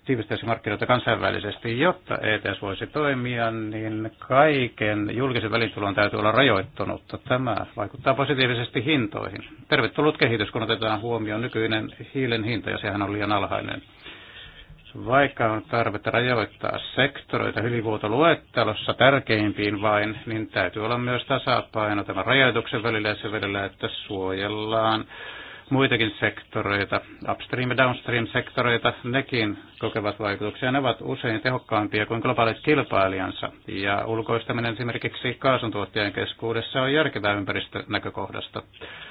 tiivistäisi markkinoita kansainvälisesti. Jotta ETS voisi toimia, niin kaiken julkisen välitulon täytyy olla rajoittunutta. Tämä vaikuttaa positiivisesti hintoihin. Tervetullut kehitys, kun otetaan huomioon nykyinen hiilen hinta, ja sehän on liian alhainen. Vaikka on tarvetta rajoittaa sektoreita hyvinvuotoluettelossa tärkeimpiin vain, niin täytyy olla myös tasapaino tämän rajoituksen välillä ja sen välillä, että suojellaan muitakin sektoreita, upstream- ja downstream-sektoreita, nekin kokevat vaikutuksia. Ne ovat usein tehokkaampia kuin globaalit kilpailijansa. Ja ulkoistaminen esimerkiksi kaasuntuottajien keskuudessa on järkevää ympäristönäkökohdasta. näkökohdasta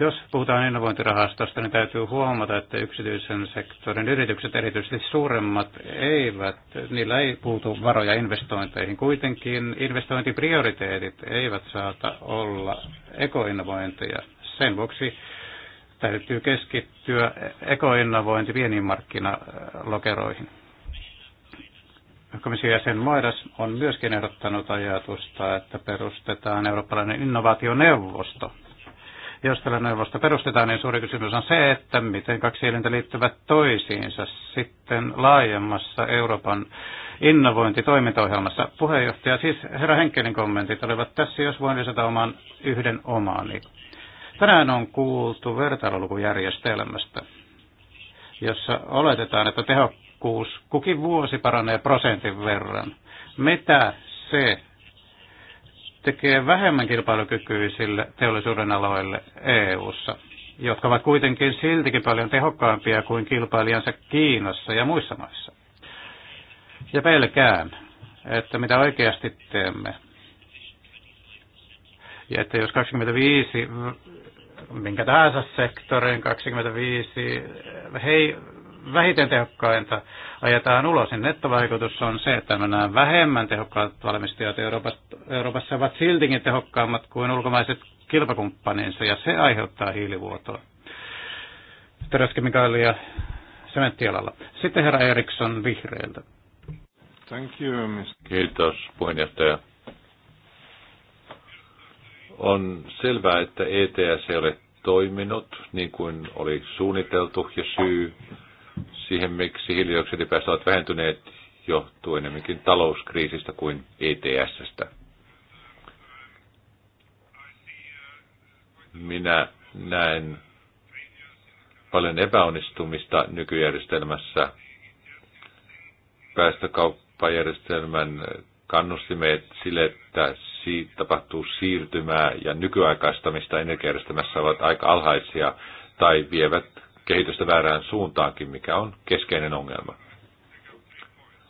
jos puhutaan innovointirahastosta, niin täytyy huomata, että yksityisen sektorin yritykset, erityisesti suuremmat, eivät, niillä ei puutu varoja investointeihin. Kuitenkin investointiprioriteetit eivät saata olla ekoinnovointeja. Sen vuoksi täytyy keskittyä ekoinnovointi pieniin markkinalokeroihin. Komission jäsen Moidas on myöskin ehdottanut ajatusta, että perustetaan eurooppalainen innovaationeuvosto – jos tällainen neuvosto perustetaan, niin suuri kysymys on se, että miten kaksi elintä liittyvät toisiinsa sitten laajemmassa Euroopan innovointitoimintaohjelmassa. Puheenjohtaja, siis herra Henkelin kommentit olivat tässä, jos voin lisätä oman yhden omaani. Tänään on kuultu vertailulukujärjestelmästä, jossa oletetaan, että tehokkuus kukin vuosi paranee prosentin verran. Mitä se tekee vähemmän kilpailukykyisille teollisuuden aloille EU-ssa, jotka ovat kuitenkin siltikin paljon tehokkaampia kuin kilpailijansa Kiinassa ja muissa maissa. Ja pelkään, että mitä oikeasti teemme. Ja että jos 25, minkä tahansa sektorin 25 hei, vähiten tehokkainta ajetaan ulos, niin nettovaikutus on se, että nämä vähemmän tehokkaat valmistajat Euroopassa, Euroopassa ovat siltikin tehokkaammat kuin ulkomaiset kilpakumppaninsa, ja se aiheuttaa hiilivuotoa Teräskemikaalia sementtialalla. Sitten herra Eriksson vihreiltä. Thank you, Mr. Kiitos, puheenjohtaja. On selvää, että ETS ei ole toiminut niin kuin oli suunniteltu ja syy siihen, miksi hiilidioksidipäästöt ovat vähentyneet, johtuu enemmänkin talouskriisistä kuin ETSstä. Minä näen paljon epäonnistumista nykyjärjestelmässä. Päästökauppajärjestelmän kannustimet sille, että siitä tapahtuu siirtymää ja nykyaikaistamista energiajärjestelmässä ovat aika alhaisia tai vievät kehitystä väärään suuntaankin, mikä on keskeinen ongelma.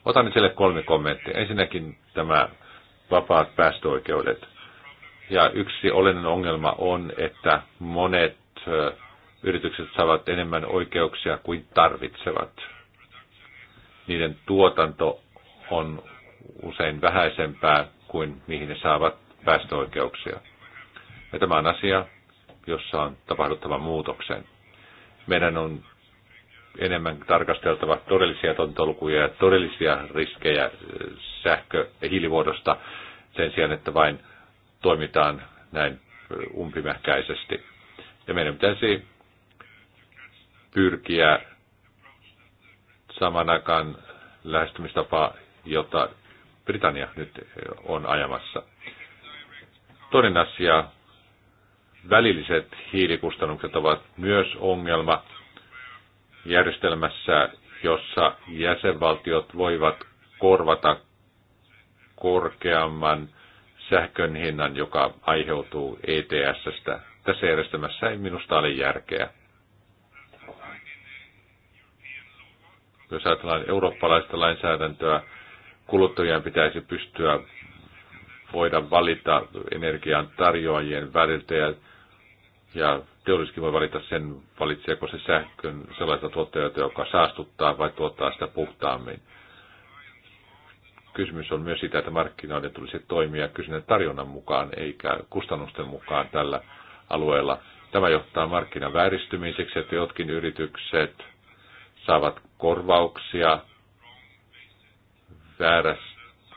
Otan itselle kolme kommenttia. Ensinnäkin tämä vapaat päästöoikeudet. Ja yksi olennainen ongelma on, että monet yritykset saavat enemmän oikeuksia kuin tarvitsevat. Niiden tuotanto on usein vähäisempää kuin mihin ne saavat päästöoikeuksia. Ja tämä on asia, jossa on tapahduttava muutoksen. Meidän on enemmän tarkasteltava todellisia tontolukuja ja todellisia riskejä äh, sähkö- ja hiilivuodosta sen sijaan, että vain toimitaan näin äh, umpimähkäisesti. Ja meidän pitäisi pyrkiä saman aikaan lähestymistapa, jota Britannia nyt äh, on ajamassa. Toinen asia välilliset hiilikustannukset ovat myös ongelma järjestelmässä, jossa jäsenvaltiot voivat korvata korkeamman sähkön hinnan, joka aiheutuu ETS-stä. Tässä järjestelmässä ei minusta ole järkeä. Jos ajatellaan eurooppalaista lainsäädäntöä, kuluttajien pitäisi pystyä voida valita energian tarjoajien väliltä ja ja teollisuuskin voi valita sen, valitseeko se sähkön sellaista tuottajalta, joka saastuttaa vai tuottaa sitä puhtaammin. Kysymys on myös sitä, että markkinoiden tulisi toimia kysynnän tarjonnan mukaan eikä kustannusten mukaan tällä alueella. Tämä johtaa markkinan vääristymiseksi, että jotkin yritykset saavat korvauksia väärästä,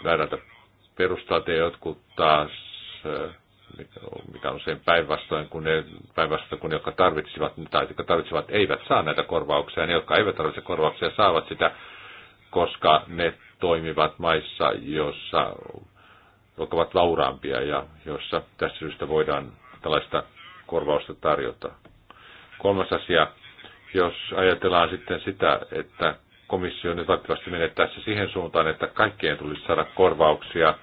väärältä perustalta ja jotkut taas mikä on usein päinvastoin, kun ne, päinvastoin, kun ne, jotka tarvitsivat, tai jotka tarvitsivat, eivät saa näitä korvauksia, ne, jotka eivät tarvitse korvauksia, saavat sitä, koska ne toimivat maissa, joissa jotka ovat vauraampia ja joissa tässä syystä voidaan tällaista korvausta tarjota. Kolmas asia, jos ajatellaan sitten sitä, että komissio nyt valitettavasti menee tässä siihen suuntaan, että kaikkien tulisi saada korvauksia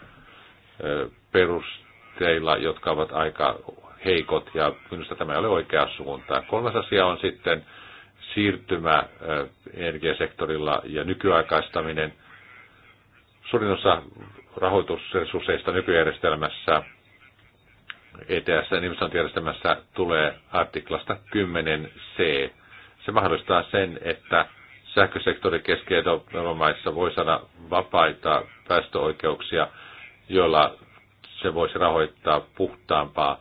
perus teillä, jotka ovat aika heikot, ja minusta tämä ei ole oikea suunta. Kolmas asia on sitten siirtymä energiasektorilla ja nykyaikaistaminen. Suurin osa rahoitusresursseista nykyjärjestelmässä ETS-investointijärjestelmässä tulee artiklasta 10c. Se mahdollistaa sen, että sähkösektori keski maissa voi saada vapaita päästöoikeuksia, joilla se voisi rahoittaa puhtaampaa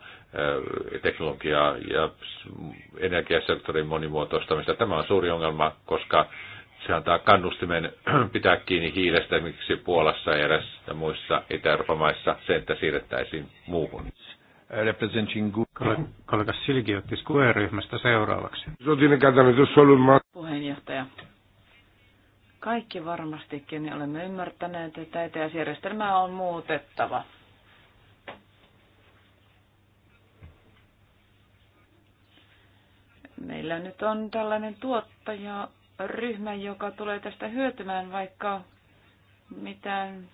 teknologiaa ja energiasektorin monimuotoistamista. Tämä on suuri ongelma, koska se antaa kannustimen *clears throat* pitää kiinni hiilestä, miksi Puolassa ja ja muissa Itä-Euroopan maissa se, että siirrettäisiin muuhun. Kollega Silki otti Square-ryhmästä seuraavaksi. Puheenjohtaja. Kaikki varmastikin olemme ymmärtäneet, että ETS-järjestelmää on muutettava. Meillä nyt on tällainen tuottajaryhmä, joka tulee tästä hyötymään, vaikka mitään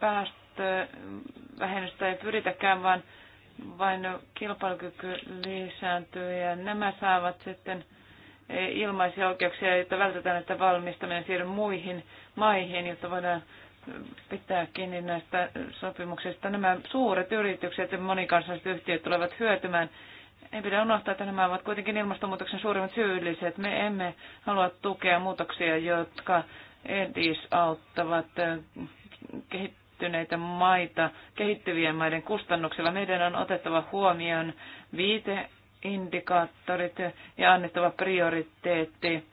päästövähennystä ei pyritäkään, vaan vain kilpailukyky lisääntyy ja nämä saavat sitten ilmaisia oikeuksia, jotta vältetään, että valmistaminen siirry muihin maihin, jotta voidaan pitää kiinni näistä sopimuksista. Nämä suuret yritykset ja monikansalliset yhtiöt tulevat hyötymään ei pidä unohtaa, että nämä ovat kuitenkin ilmastonmuutoksen suurimmat syylliset. Me emme halua tukea muutoksia, jotka edisauttavat kehittyneitä maita kehittyvien maiden kustannuksella. Meidän on otettava huomioon viiteindikaattorit ja annettava prioriteetti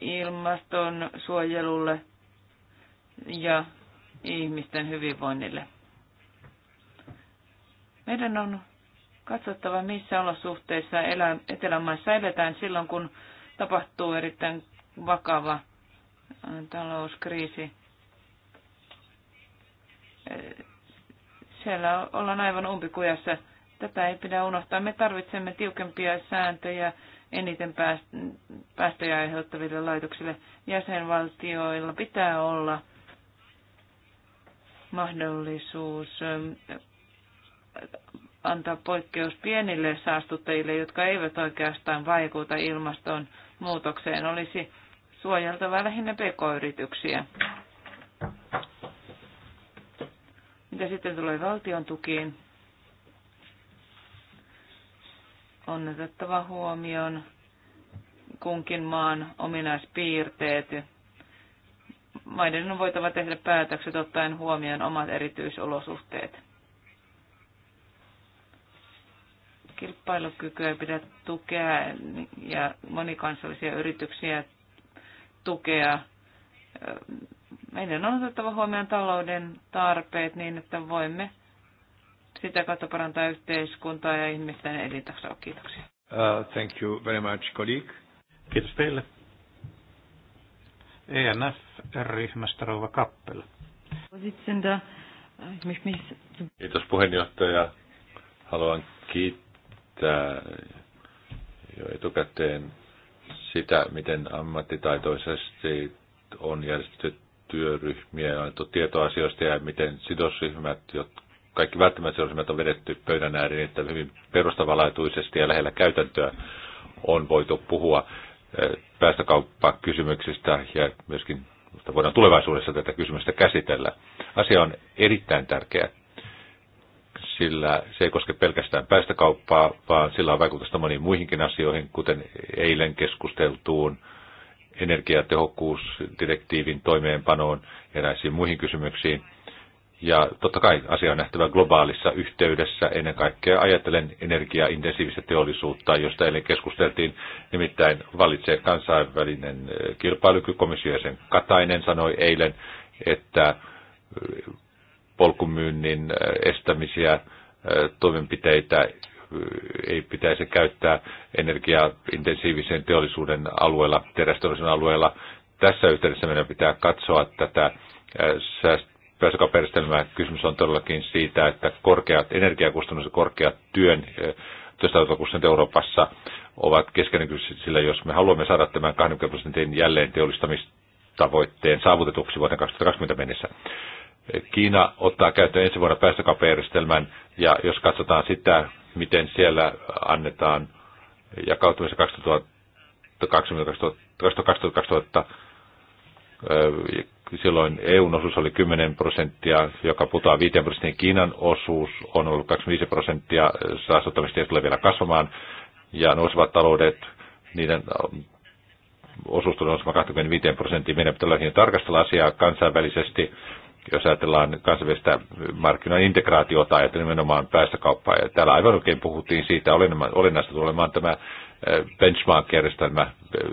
ilmaston suojelulle ja ihmisten hyvinvoinnille. Meidän on katsottava, missä olosuhteissa elä, Etelämaissa eletään silloin, kun tapahtuu erittäin vakava äh, talouskriisi. Äh, siellä ollaan aivan umpikujassa. Tätä ei pidä unohtaa. Me tarvitsemme tiukempia sääntöjä eniten päästöjä aiheuttaville laitoksille. Jäsenvaltioilla pitää olla mahdollisuus äh, antaa poikkeus pienille saastuttajille, jotka eivät oikeastaan vaikuta ilmaston muutokseen. Olisi suojeltava lähinnä pk-yrityksiä. Mitä sitten tulee valtion tukiin? On otettava huomioon kunkin maan ominaispiirteet. Maiden on voitava tehdä päätökset ottaen huomioon omat erityisolosuhteet. kilpailukykyä ei pidä tukea ja monikansallisia yrityksiä tukea. Meidän on otettava huomioon talouden tarpeet niin, että voimme sitä kautta parantaa yhteiskuntaa ja ihmisten elintasoa. Kiitoksia. Uh, thank you very much, colleague. Kiitos teille. ENF-ryhmästä rouva Kappel. Kiitos puheenjohtaja. Haluan kiittää että jo etukäteen sitä, miten ammattitaitoisesti on järjestetty työryhmiä ja annettu tietoasioista ja miten sidosryhmät, jotka kaikki välttämättä sidosryhmät on vedetty pöydän ääriin, että hyvin perustavanlaatuisesti ja lähellä käytäntöä on voitu puhua eh, päästökauppakysymyksistä ja myöskin voidaan tulevaisuudessa tätä kysymystä käsitellä. Asia on erittäin tärkeä sillä se ei koske pelkästään päästökauppaa, vaan sillä on vaikutusta moniin muihinkin asioihin, kuten eilen keskusteltuun energiatehokkuusdirektiivin toimeenpanoon ja näisiin muihin kysymyksiin. Ja totta kai asia on nähtävä globaalissa yhteydessä, ennen kaikkea ajatellen energiaintensiivistä teollisuutta, josta eilen keskusteltiin, nimittäin valitsee kansainvälinen eh, kilpailukykomissio ja sen Katainen sanoi eilen, että eh, polkumyynnin äh, estämisiä, äh, toimenpiteitä äh, ei pitäisi käyttää energiaintensiivisen teollisuuden alueella, terästeollisuuden alueella. Tässä yhteydessä meidän pitää katsoa tätä päästökauppajärjestelmää. Kysymys on todellakin siitä, että korkeat energiakustannukset, korkeat työn työstäytökustannukset Euroopassa ovat keskeinen kysymys, sillä jos me haluamme saada tämän 20 prosentin jälleen teollistamistavoitteen saavutetuksi vuoteen 2020 mennessä, Kiina ottaa käyttöön ensi vuonna päästökauppajärjestelmän, ja jos katsotaan sitä, miten siellä annetaan jakautumista 2020-2020, silloin EUn osuus oli 10 prosenttia, joka putoaa 5 prosenttia. Kiinan osuus on ollut 25 prosenttia, saastuttamista tulee vielä kasvamaan, ja nousevat taloudet, niiden osuus tulee nousemaan 25 prosenttia, Meidän pitää tarkastella asiaa kansainvälisesti jos ajatellaan kansainvälistä markkinaintegraatiota ja nimenomaan päästökauppaa. Ja täällä aivan oikein puhuttiin siitä, olennaista tulemaan tämä eh, benchmark-järjestelmä, eh,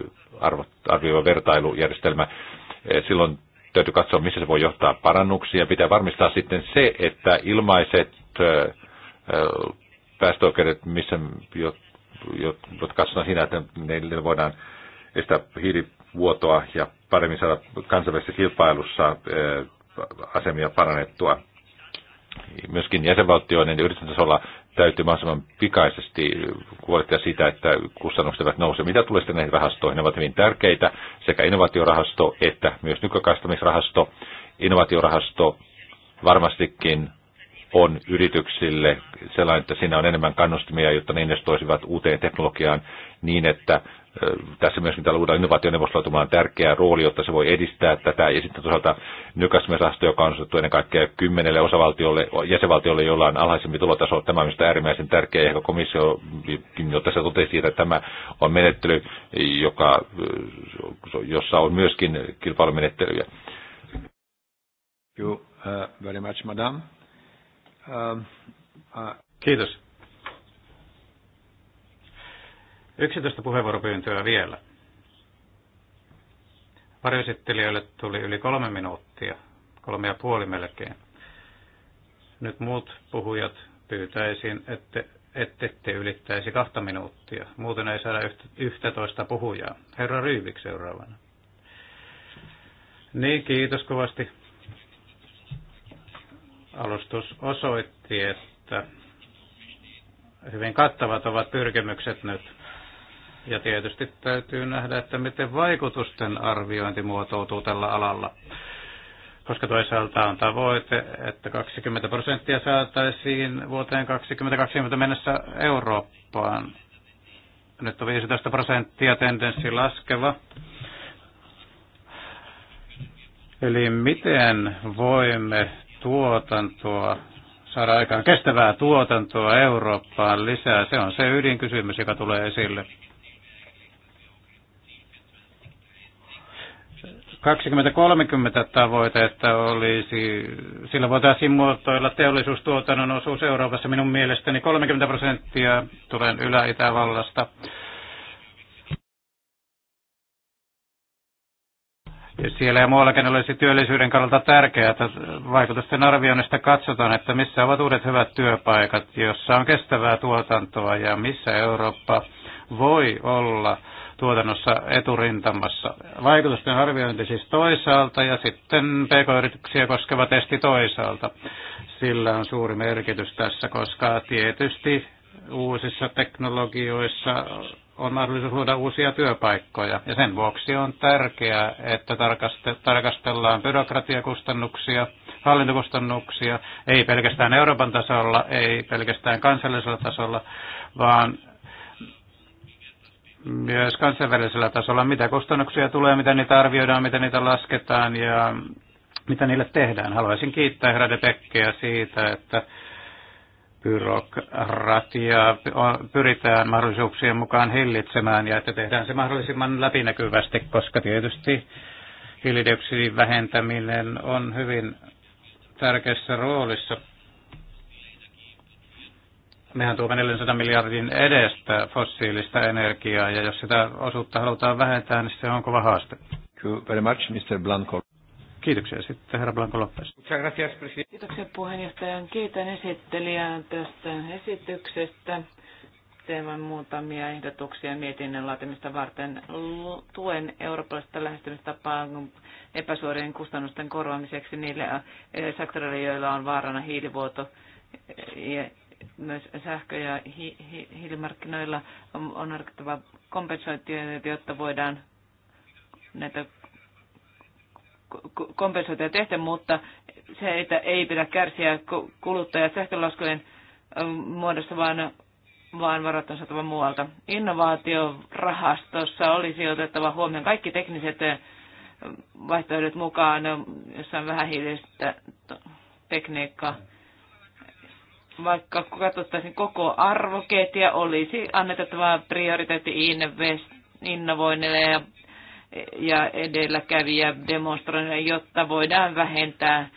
arvioiva vertailujärjestelmä. Eh, silloin täytyy katsoa, missä se voi johtaa parannuksia. ja Pitää varmistaa sitten se, että ilmaiset päästöoikeudet, missä, jotka katsotaan siinä, että ne voidaan estää hiilivuotoa ja paremmin saada kansainvälisessä kilpailussa asemia parannettua. Myöskin jäsenvaltioiden ja yritysten tasolla täytyy mahdollisimman pikaisesti huolehtia sitä, että kustannukset eivät nouse. Mitä tulee sitten näihin rahastoihin? Ne ovat hyvin tärkeitä, sekä innovaatiorahasto että myös nykykaistamisrahasto. Innovaatiorahasto varmastikin on yrityksille sellainen, että siinä on enemmän kannustimia, jotta ne investoisivat uuteen teknologiaan niin, että tässä myöskin tällä uudella innovaationeuvostolla on tärkeä rooli, jotta se voi edistää tätä. Ja sitten toisaalta nykäsmesasto, joka on osoitettu ennen kaikkea kymmenelle osavaltiolle, jäsenvaltiolle, jolla on alhaisempi tulotaso. Tämä on minusta äärimmäisen tärkeä, ehkä komissio, jotta se totesi, että tämä on menettely, joka, jossa on myöskin kilpailumenettelyjä. Kiitos. uh, very much, madam. Uh, uh, Kiitos. 11 puheenvuoropyyntöä vielä. Varjoesittelijöille tuli yli kolme minuuttia, kolme ja puoli melkein. Nyt muut puhujat pyytäisin, että ette ylittäisi kahta minuuttia. Muuten ei saada yhtä toista puhujaa. Herra Ryyvik seuraavana. Niin, kiitos kovasti. Alustus osoitti, että hyvin kattavat ovat pyrkimykset nyt ja tietysti täytyy nähdä, että miten vaikutusten arviointi muotoutuu tällä alalla. Koska toisaalta on tavoite, että 20 prosenttia saataisiin vuoteen 2020 mennessä Eurooppaan. Nyt on 15 prosenttia tendenssi laskeva. Eli miten voimme tuotantoa saada aikaan kestävää tuotantoa Eurooppaan lisää, se on se ydinkysymys, joka tulee esille. 2030 tavoite, että olisi, sillä voitaisiin muotoilla teollisuustuotannon osuus Euroopassa minun mielestäni 30 prosenttia tulen Ylä-Itävallasta. siellä ja muuallakin olisi työllisyyden kannalta tärkeää, että vaikutusten arvioinnista katsotaan, että missä ovat uudet hyvät työpaikat, jossa on kestävää tuotantoa ja missä Eurooppa voi olla tuotannossa eturintamassa. Vaikutusten arviointi siis toisaalta ja sitten pk-yrityksiä koskeva testi toisaalta. Sillä on suuri merkitys tässä, koska tietysti uusissa teknologioissa on mahdollisuus luoda uusia työpaikkoja. Ja sen vuoksi on tärkeää, että tarkastellaan byrokratiakustannuksia, hallintokustannuksia, ei pelkästään Euroopan tasolla, ei pelkästään kansallisella tasolla, vaan myös kansainvälisellä tasolla, mitä kustannuksia tulee, mitä niitä arvioidaan, mitä niitä lasketaan ja mitä niille tehdään. Haluaisin kiittää herra de Beckeä siitä, että byrokratia pyritään mahdollisuuksien mukaan hillitsemään ja että tehdään se mahdollisimman läpinäkyvästi, koska tietysti hiilidioksidin vähentäminen on hyvin tärkeässä roolissa Nehän tuomme 400 miljardin edestä fossiilista energiaa, ja jos sitä osuutta halutaan vähentää, niin se on kova haaste. very much, Mr. Blanco. Kiitoksia sitten, herra Blanco Lopes. Kiitoksia puheenjohtajan. Kiitän esittelijää tästä esityksestä. Teemme muutamia ehdotuksia mietinnön laatimista varten. Tuen eurooppalaista lähestymistapaa epäsuorien kustannusten korvaamiseksi niille eh, sektoreille, joilla on vaarana hiilivuoto myös sähkö- ja hi- hi- hiilimarkkinoilla on harkittava kompensaatioita, jotta voidaan näitä kompensoituja tehdä, mutta se, että ei pidä kärsiä kuluttaja sähkölaskujen muodossa, vaan, vaan varat on saatava muualta. Innovaatiorahastossa olisi otettava huomioon kaikki tekniset vaihtoehdot mukaan, jossa on vähän hiilistä tekniikkaa vaikka katsottaisiin koko arvoketja, olisi annettava prioriteetti innovoinnille ja, ja edelläkävijä demonstroinnille, jotta voidaan vähentää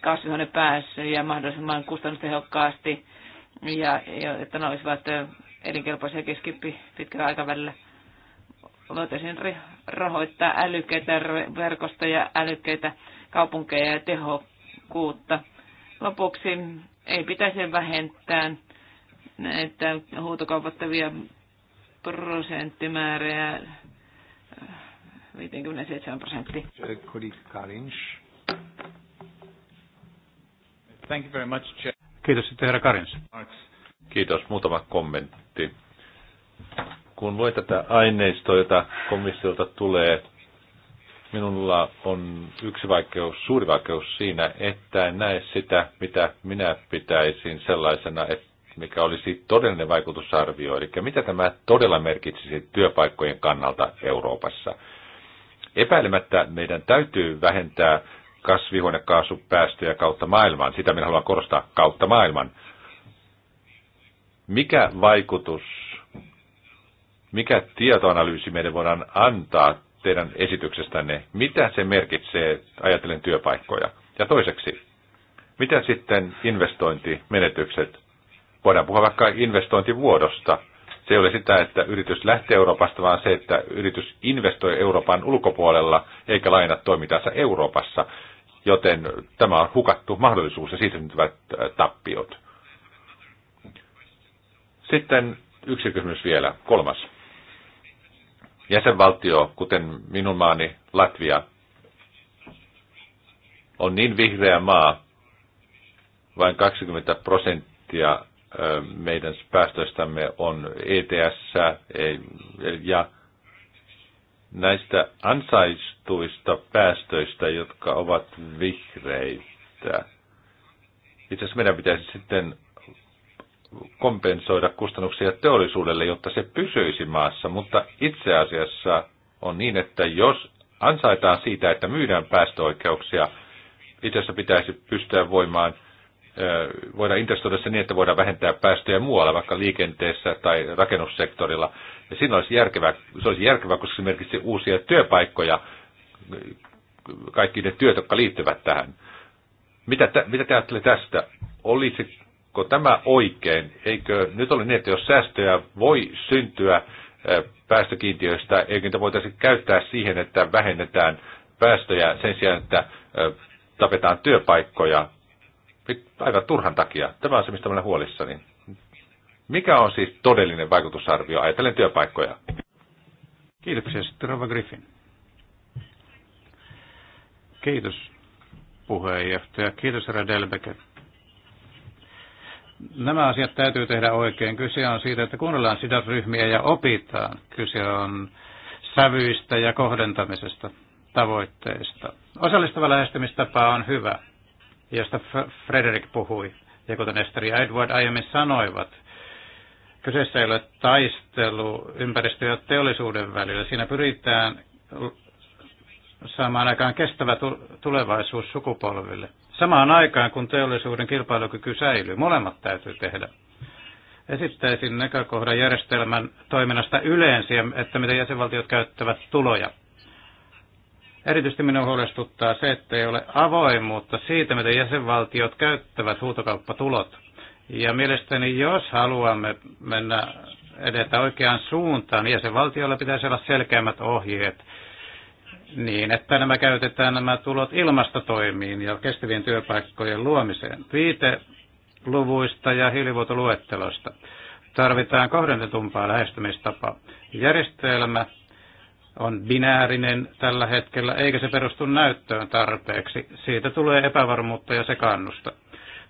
kasvihuonepäästöjä mahdollisimman kustannustehokkaasti ja, ja että ne olisivat elinkelpoisia keskipi pitkällä aikavälillä. Voitaisiin rahoittaa älykkäitä verkostoja, älykkäitä kaupunkeja ja tehokkuutta Lopuksi ei pitäisi vähentää näitä huutokaupattavia prosenttimääriä 57 äh, prosenttia. Thank you very much, Chair. Kiitos sitten herra Karins. Kiitos. Muutama kommentti. Kun luen tätä aineistoa, jota komissiolta tulee Minulla on yksi vaikeus, suuri vaikeus siinä, että en näe sitä, mitä minä pitäisin sellaisena, että mikä olisi todellinen vaikutusarvio, eli mitä tämä todella merkitsisi työpaikkojen kannalta Euroopassa. Epäilemättä meidän täytyy vähentää kasvihuonekaasupäästöjä kautta maailman. Sitä minä haluan korostaa kautta maailman. Mikä vaikutus, mikä tietoanalyysi meidän voidaan antaa teidän esityksestänne, mitä se merkitsee ajatellen työpaikkoja? Ja toiseksi, mitä sitten investointimenetykset? Voidaan puhua vaikka investointivuodosta. Se ei ole sitä, että yritys lähtee Euroopasta, vaan se, että yritys investoi Euroopan ulkopuolella eikä laina toimintansa Euroopassa. Joten tämä on hukattu mahdollisuus ja siitä syntyvät äh, tappiot. Sitten yksi kysymys vielä, kolmas jäsenvaltio, kuten minun maani Latvia, on niin vihreä maa, vain 20 prosenttia meidän päästöistämme on ETS e, ja näistä ansaistuista päästöistä, jotka ovat vihreitä. Itse asiassa meidän pitäisi sitten kompensoida kustannuksia teollisuudelle, jotta se pysyisi maassa, mutta itse asiassa on niin, että jos ansaitaan siitä, että myydään päästöoikeuksia, itse asiassa pitäisi pystyä voimaan, voida investoida se niin, että voidaan vähentää päästöjä muualla, vaikka liikenteessä tai rakennussektorilla. Ja siinä olisi järkevää, se olisi järkevää, koska se merkitsisi uusia työpaikkoja, kaikki ne työt, jotka liittyvät tähän. Mitä, te, mitä te ajattelette tästä? Olisi Onko tämä oikein? Eikö nyt ole niin, että jos säästöjä voi syntyä eh, päästökiintiöistä, eikö niitä voitaisiin käyttää siihen, että vähennetään päästöjä sen sijaan, että eh, tapetaan työpaikkoja aivan turhan takia. Tämä on se, mistä olen huolissani. Mikä on siis todellinen vaikutusarvio ajatellen työpaikkoja? Kiitoksia sitten Rova Griffin. Kiitos puheenjohtaja. Kiitos herra Delbeke Nämä asiat täytyy tehdä oikein. Kyse on siitä, että kuunnellaan sidosryhmiä ja opitaan. Kyse on sävyistä ja kohdentamisesta tavoitteista. Osallistava lähestymistapa on hyvä, josta Frederik puhui. Ja kuten Esteri ja Edward aiemmin sanoivat, kyseessä ei ole taistelu ympäristö- ja teollisuuden välillä. Siinä pyritään saamaan aikaan kestävä tulevaisuus sukupolville samaan aikaan, kun teollisuuden kilpailukyky säilyy. Molemmat täytyy tehdä. Esittäisin näkökohdan järjestelmän toiminnasta yleensä, että miten jäsenvaltiot käyttävät tuloja. Erityisesti minua huolestuttaa se, että ei ole avoimuutta siitä, miten jäsenvaltiot käyttävät huutokauppatulot. Ja mielestäni, jos haluamme mennä edetä oikeaan suuntaan, niin jäsenvaltioilla pitäisi olla selkeämmät ohjeet niin, että nämä käytetään nämä tulot ilmastotoimiin ja kestävien työpaikkojen luomiseen. Viite luvuista ja hiilivuotoluettelosta. Tarvitaan kohdennetumpaa lähestymistapaa. Järjestelmä on binäärinen tällä hetkellä, eikä se perustu näyttöön tarpeeksi. Siitä tulee epävarmuutta ja sekannusta.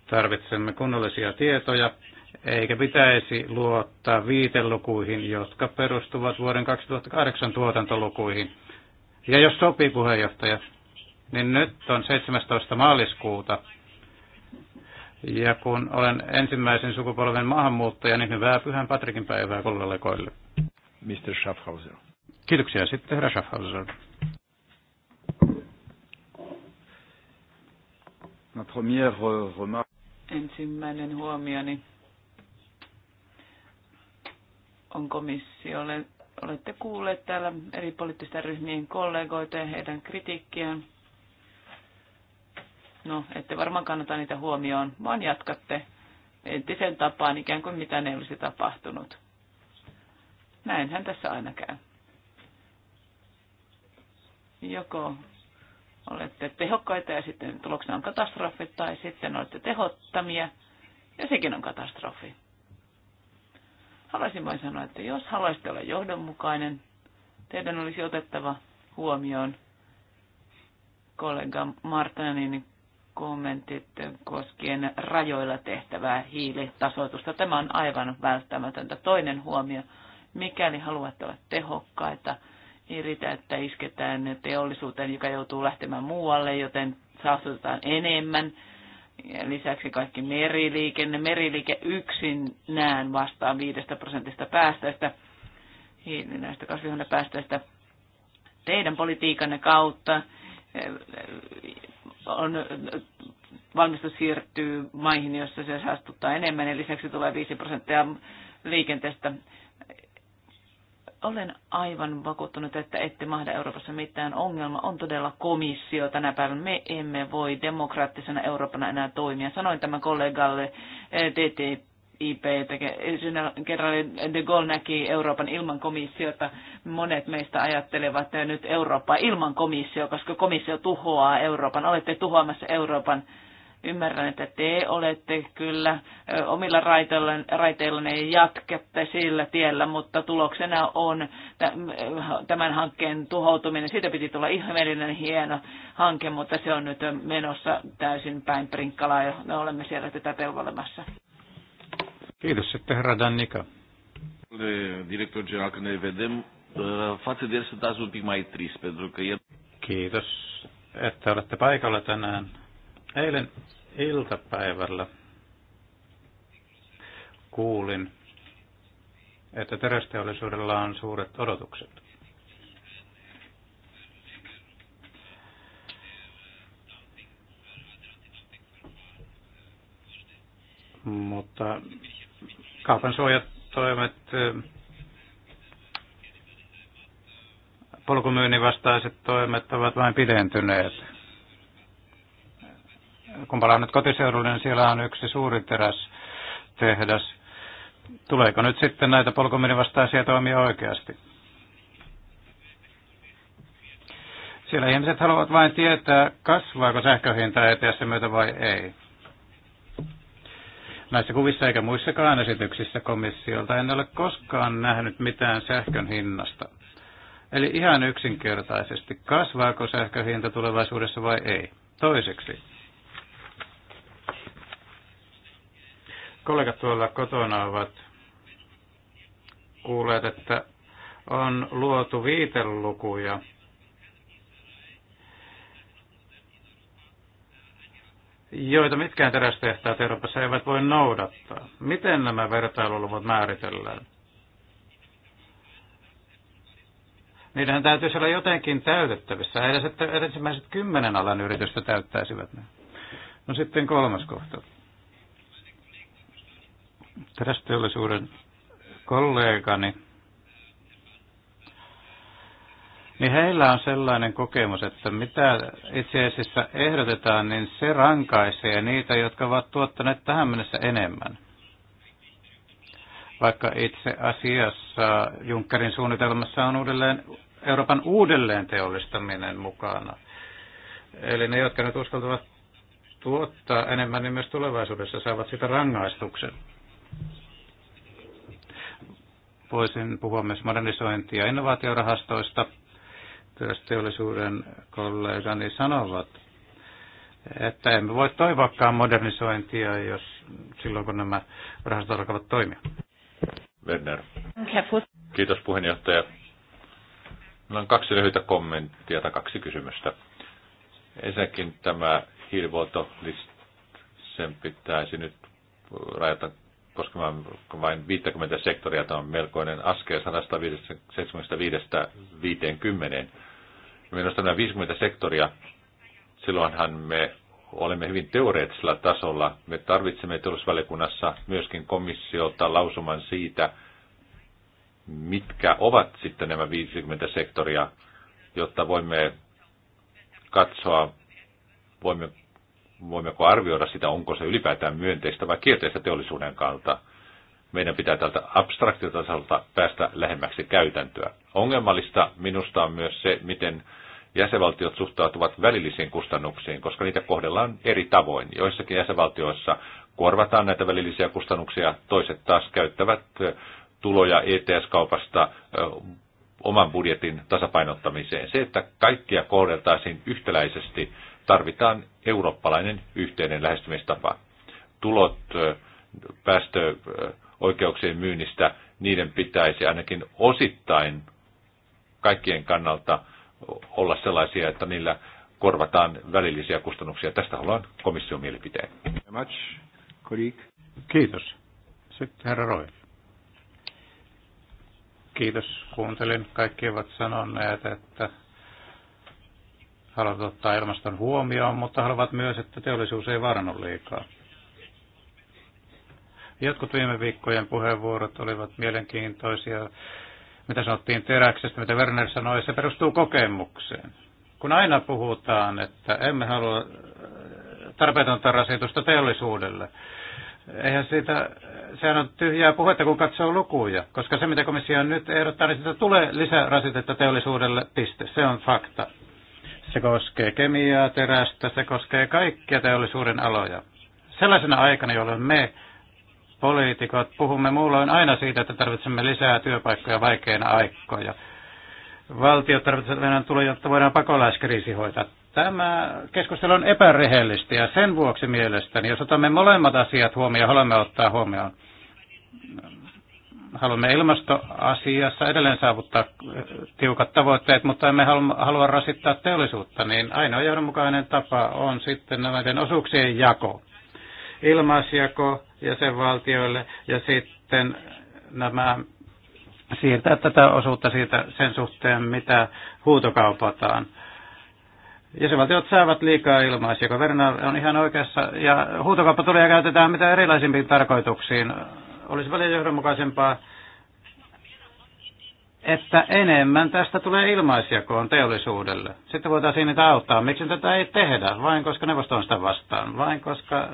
Tarvitsemme kunnollisia tietoja, eikä pitäisi luottaa viitelukuihin, jotka perustuvat vuoden 2008 tuotantolukuihin – ja jos sopii puheenjohtaja, niin nyt on 17. maaliskuuta. Ja kun olen ensimmäisen sukupolven maahanmuuttaja, niin hyvää Pyhän Patrikin päivää kollegoille. Mr. Schaffhauser. Kiitoksia sitten, herra Schaffhauser. Euh, Ensimmäinen huomioni on komissiolle olette kuulleet täällä eri poliittisten ryhmien kollegoita ja heidän kritiikkiään. No, ette varmaan kannata niitä huomioon, vaan jatkatte entisen tapaan ikään kuin mitä ne olisi tapahtunut. Näinhän tässä aina käy. Joko olette tehokkaita ja sitten tuloksena on katastrofi, tai sitten olette tehottamia ja sekin on katastrofi. Haluaisin vain sanoa, että jos haluaisitte olla johdonmukainen, teidän olisi otettava huomioon kollega Martanin kommentit koskien rajoilla tehtävää hiilitasoitusta. Tämä on aivan välttämätöntä. Toinen huomio, mikäli haluatte olla tehokkaita, ei riitä, että isketään teollisuuteen, joka joutuu lähtemään muualle, joten saastutetaan enemmän ja lisäksi kaikki meriliikenne. Meriliike näen vastaa 5 prosentista päästöistä, näistä kasvihuonepäästöistä. Teidän politiikanne kautta eh, on valmistus siirtyy maihin, joissa se saastuttaa enemmän, ja lisäksi tulee 5 prosenttia liikenteestä olen aivan vakuuttunut, että ette mahda Euroopassa mitään. Ongelma on todella komissio tänä päivänä. Me emme voi demokraattisena Euroopana enää toimia. Sanoin tämän kollegalle TTIP IP, kerran de Gaulle näki Euroopan ilman komissiota. Monet meistä ajattelevat että eh, nyt Eurooppaa ilman komissio, koska komissio tuhoaa Euroopan. Olette tuhoamassa Euroopan Ymmärrän, että te olette kyllä omilla raiteillanne ja jatkatte sillä tiellä, mutta tuloksena on tämän hankkeen tuhoutuminen. Siitä piti tulla ihmeellinen hieno hanke, mutta se on nyt menossa täysin päin prinkkalaa ja me olemme siellä tätä pelvolemassa. Kiitos sitten herra Dannika. Director General, ne vedem, față de el un pic mai trist, pentru că Kiitos, että olette paikalla tänään Eilen iltapäivällä kuulin, että terästeollisuudella on suuret odotukset. Mutta kaupan suojatoimet, polkumyynnin vastaiset toimet ovat vain pidentyneet kun palaan nyt kotiseudulle, niin siellä on yksi suuri tehdas. Tuleeko nyt sitten näitä polkuminen vastaisia toimia oikeasti? Siellä ihmiset haluavat vain tietää, kasvaako sähköhinta ETS myötä vai ei. Näissä kuvissa eikä muissakaan esityksissä komissiolta en ole koskaan nähnyt mitään sähkön hinnasta. Eli ihan yksinkertaisesti, kasvaako sähköhinta tulevaisuudessa vai ei? Toiseksi, Kollegat tuolla kotona ovat kuulleet, että on luotu viitelukuja joita mitkään terästehtaat Euroopassa eivät voi noudattaa. Miten nämä vertailuluvut määritellään? Niiden täytyisi olla jotenkin täytettävissä. Edes, että ensimmäiset kymmenen alan yritystä täyttäisivät ne. No sitten kolmas kohta terästeollisuuden kollegani, niin heillä on sellainen kokemus, että mitä itse asiassa ehdotetaan, niin se rankaisee niitä, jotka ovat tuottaneet tähän mennessä enemmän. Vaikka itse asiassa Junckerin suunnitelmassa on uudelleen, Euroopan uudelleen teollistaminen mukana. Eli ne, jotka nyt uskaltavat tuottaa enemmän, niin myös tulevaisuudessa saavat sitä rangaistuksen. Voisin puhua myös modernisointi- ja innovaatiorahastoista. Teollisuuden kollegani sanovat, että emme voi toivoakaan modernisointia, jos silloin kun nämä rahastot alkavat toimia. Werner. Kiitos puheenjohtaja. Meillä on kaksi lyhyitä kommenttia tai kaksi kysymystä. Ensinnäkin tämä hiilivuotolist, sen pitäisi nyt rajata mä, vain 50 sektoria. Tämä on melkoinen askel 175-50. Minusta nämä 50 sektoria, silloinhan me olemme hyvin teoreettisella tasolla. Me tarvitsemme teollisuusvaliokunnassa myöskin komissiolta lausuman siitä, mitkä ovat sitten nämä 50 sektoria, jotta voimme katsoa, voimme voimmeko arvioida sitä, onko se ylipäätään myönteistä vai kielteistä teollisuuden kannalta. Meidän pitää tältä abstraktiotasolta tasolta päästä lähemmäksi käytäntöä. Ongelmallista minusta on myös se, miten jäsenvaltiot suhtautuvat välillisiin kustannuksiin, koska niitä kohdellaan eri tavoin. Joissakin jäsenvaltioissa korvataan näitä välillisiä kustannuksia, toiset taas käyttävät tuloja ETS-kaupasta oman budjetin tasapainottamiseen. Se, että kaikkia kohdeltaisiin yhtäläisesti, tarvitaan eurooppalainen yhteinen lähestymistapa. Tulot päästöoikeuksien myynnistä, niiden pitäisi ainakin osittain kaikkien kannalta olla sellaisia, että niillä korvataan välillisiä kustannuksia. Tästä haluan komission mielipiteen. Kiitos. Sitten herra Roy. Kiitos. Kuuntelin. Kaikki ovat sanoneet, että haluavat ottaa ilmaston huomioon, mutta haluavat myös, että teollisuus ei varannu liikaa. Jotkut viime viikkojen puheenvuorot olivat mielenkiintoisia, mitä sanottiin teräksestä, mitä Werner sanoi, se perustuu kokemukseen. Kun aina puhutaan, että emme halua tarpeetonta rasitusta teollisuudelle, eihän siitä, sehän on tyhjää puhetta, kun katsoo lukuja, koska se, mitä komissio nyt ehdottaa, niin sitä tulee lisärasitetta teollisuudelle, piste. Se on fakta. Se koskee kemiaa, terästä, se koskee kaikkia teollisuuden aloja. Sellaisena aikana, jolloin me poliitikot puhumme muulloin aina siitä, että tarvitsemme lisää työpaikkoja vaikeina aikoina. Valtiot tarvitsevat meidän tuloja, jotta voidaan pakolaiskriisi hoitaa. Tämä keskustelu on epärehellistä ja sen vuoksi mielestäni, jos otamme molemmat asiat huomioon, haluamme ottaa huomioon haluamme ilmastoasiassa edelleen saavuttaa eh, tiukat tavoitteet, mutta emme halua rasittaa teollisuutta, niin ainoa johdonmukainen tapa on sitten näiden osuuksien jako. Ilmaisjako jäsenvaltioille ja sitten nämä siirtää tätä osuutta siitä sen suhteen, mitä huutokaupataan. Jäsenvaltiot saavat liikaa ilmaisia, kun Verna on ihan oikeassa, ja huutokauppa tulee käytetään mitä erilaisimpiin tarkoituksiin olisi välillä johdonmukaisempaa, että enemmän tästä tulee ilmaisjakoon teollisuudelle. Sitten voitaisiin niitä auttaa. Miksi tätä ei tehdä? Vain koska neuvosto on sitä vastaan. Vain koska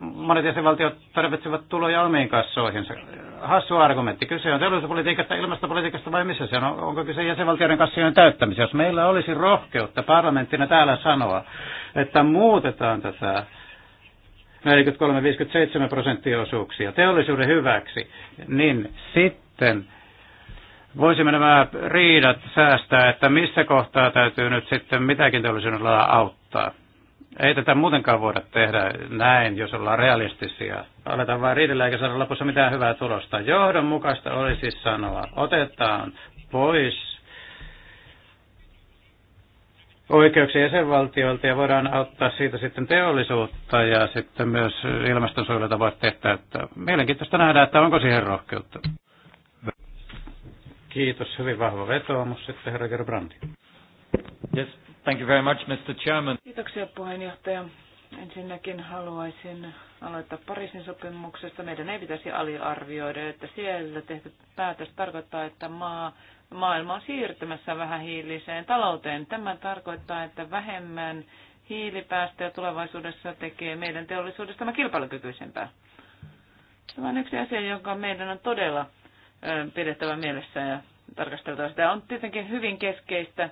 monet jäsenvaltiot tarvitsevat tuloja omiin kassoihinsa. Hassu argumentti. Kyse on teollisuuspolitiikasta, ilmastopolitiikasta vai missä se on? Onko kyse jäsenvaltioiden kassojen täyttämisessä? Jos meillä olisi rohkeutta parlamenttina täällä sanoa, että muutetaan tätä 43-57 prosenttia osuuksia teollisuuden hyväksi, niin sitten voisimme nämä riidat säästää, että missä kohtaa täytyy nyt sitten mitäkin teollisuuden auttaa. Ei tätä muutenkaan voida tehdä näin, jos ollaan realistisia. Aletaan vain riidellä eikä saada lopussa mitään hyvää tulosta. Johdonmukaista olisi sanoa, otetaan pois oikeuksia jäsenvaltioilta ja voidaan auttaa siitä sitten teollisuutta ja sitten myös tehdä. Että Mielenkiintoista nähdä, että onko siihen rohkeutta. Kiitos, hyvin vahva vetoomus sitten herra Gerbrandi. Yes, thank you very much, Mr. Chairman. Kiitoksia puheenjohtaja. Ensinnäkin haluaisin aloittaa Pariisin sopimuksesta. Meidän ei pitäisi aliarvioida, että siellä tehty päätös tarkoittaa, että maa maailma on siirtymässä vähän hiiliseen talouteen. Tämä tarkoittaa, että vähemmän hiilipäästöjä tulevaisuudessa tekee meidän teollisuudestamme kilpailukykyisempää. Tämä on yksi asia, jonka meidän on todella pidettävä mielessä ja tarkasteltava sitä. On tietenkin hyvin keskeistä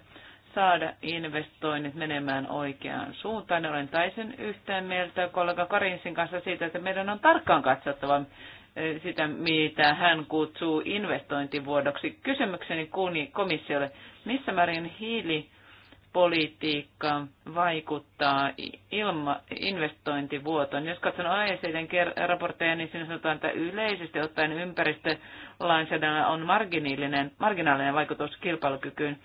saada investoinnit menemään oikeaan suuntaan. Olen täysin yhtään mieltä kollega Karinsin kanssa siitä, että meidän on tarkkaan katsottava, sitä, mitä hän kutsuu investointivuodoksi. Kysymykseni komissiolle, missä määrin hiilipolitiikka vaikuttaa ilma, investointivuotoon? Jos katson OECDn raportteja, niin siinä sanotaan, että yleisesti ottaen ympäristölainsäädännöllä on marginaalinen, marginaalinen vaikutus kilpailukykyyn.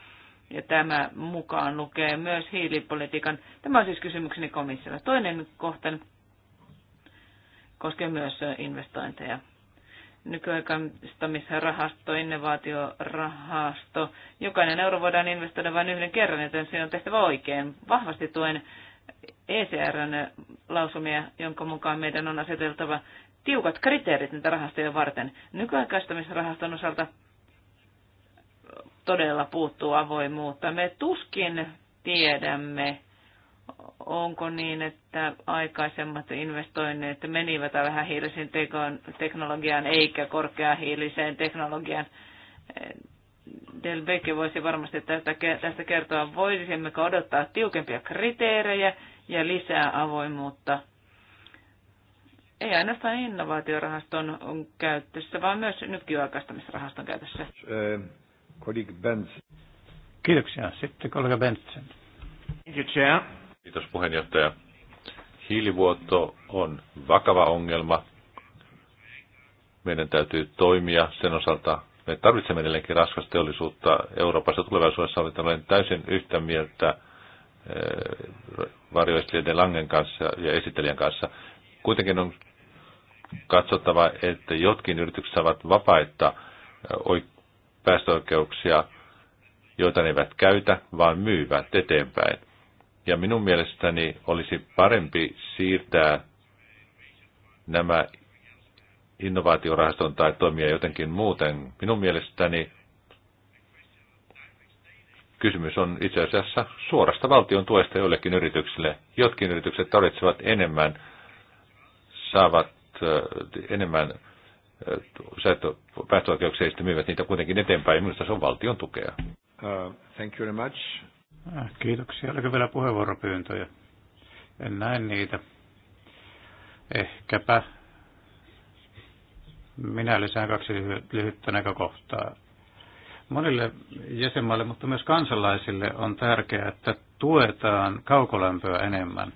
Ja tämä mukaan lukee myös hiilipolitiikan. Tämä on siis kysymykseni komissiolle. Toinen kohta koskee myös investointeja. Nykyaikaistamisrahasto, innovaatiorahasto. Jokainen euro voidaan investoida vain yhden kerran, joten se on tehtävä oikein. Vahvasti tuen ECRn lausumia, jonka mukaan meidän on aseteltava tiukat kriteerit niitä rahastoja varten. Nykyaikaistamisrahaston osalta todella puuttuu avoimuutta. Me tuskin tiedämme, onko niin, että aikaisemmat investoinnit menivät vähähiilisen teknologiaan eikä korkeahiiliseen teknologiaan? Del Becke voisi varmasti tästä, kertoa, voisimmeko odottaa tiukempia kriteerejä ja lisää avoimuutta. Ei ainoastaan innovaatiorahaston on käytössä, vaan myös nykyaikaistamisrahaston käytössä. Eh, kollega Benson. Kiitoksia. Sitten kollega Benson. Thank you, Chair. Kiitos puheenjohtaja. Hiilivuoto on vakava ongelma. Meidän täytyy toimia sen osalta. Me tarvitsemme edelleenkin raskasta teollisuutta Euroopassa tulevaisuudessa. Olen täysin yhtä mieltä eh, varjoistelijoiden Langen kanssa ja esittelijän kanssa. Kuitenkin on katsottava, että jotkin yritykset saavat vapaita eh, päästöoikeuksia, joita ne eivät käytä, vaan myyvät eteenpäin. Ja minun mielestäni olisi parempi siirtää nämä innovaatiorahaston tai toimia jotenkin muuten. Minun mielestäni kysymys on itse asiassa suorasta valtion tuesta joillekin yrityksille. Jotkin yritykset tarvitsevat enemmän, saavat enemmän päästöoikeuksia ja sitten myyvät niitä kuitenkin eteenpäin. Minusta se on valtion tukea. Uh, thank you very much. Ah, kiitoksia. Oliko vielä puheenvuoropyyntöjä? En näe niitä. Ehkäpä minä lisään kaksi lyhyttä näkökohtaa. Monille jäsenmaille, mutta myös kansalaisille on tärkeää, että tuetaan kaukolämpöä enemmän,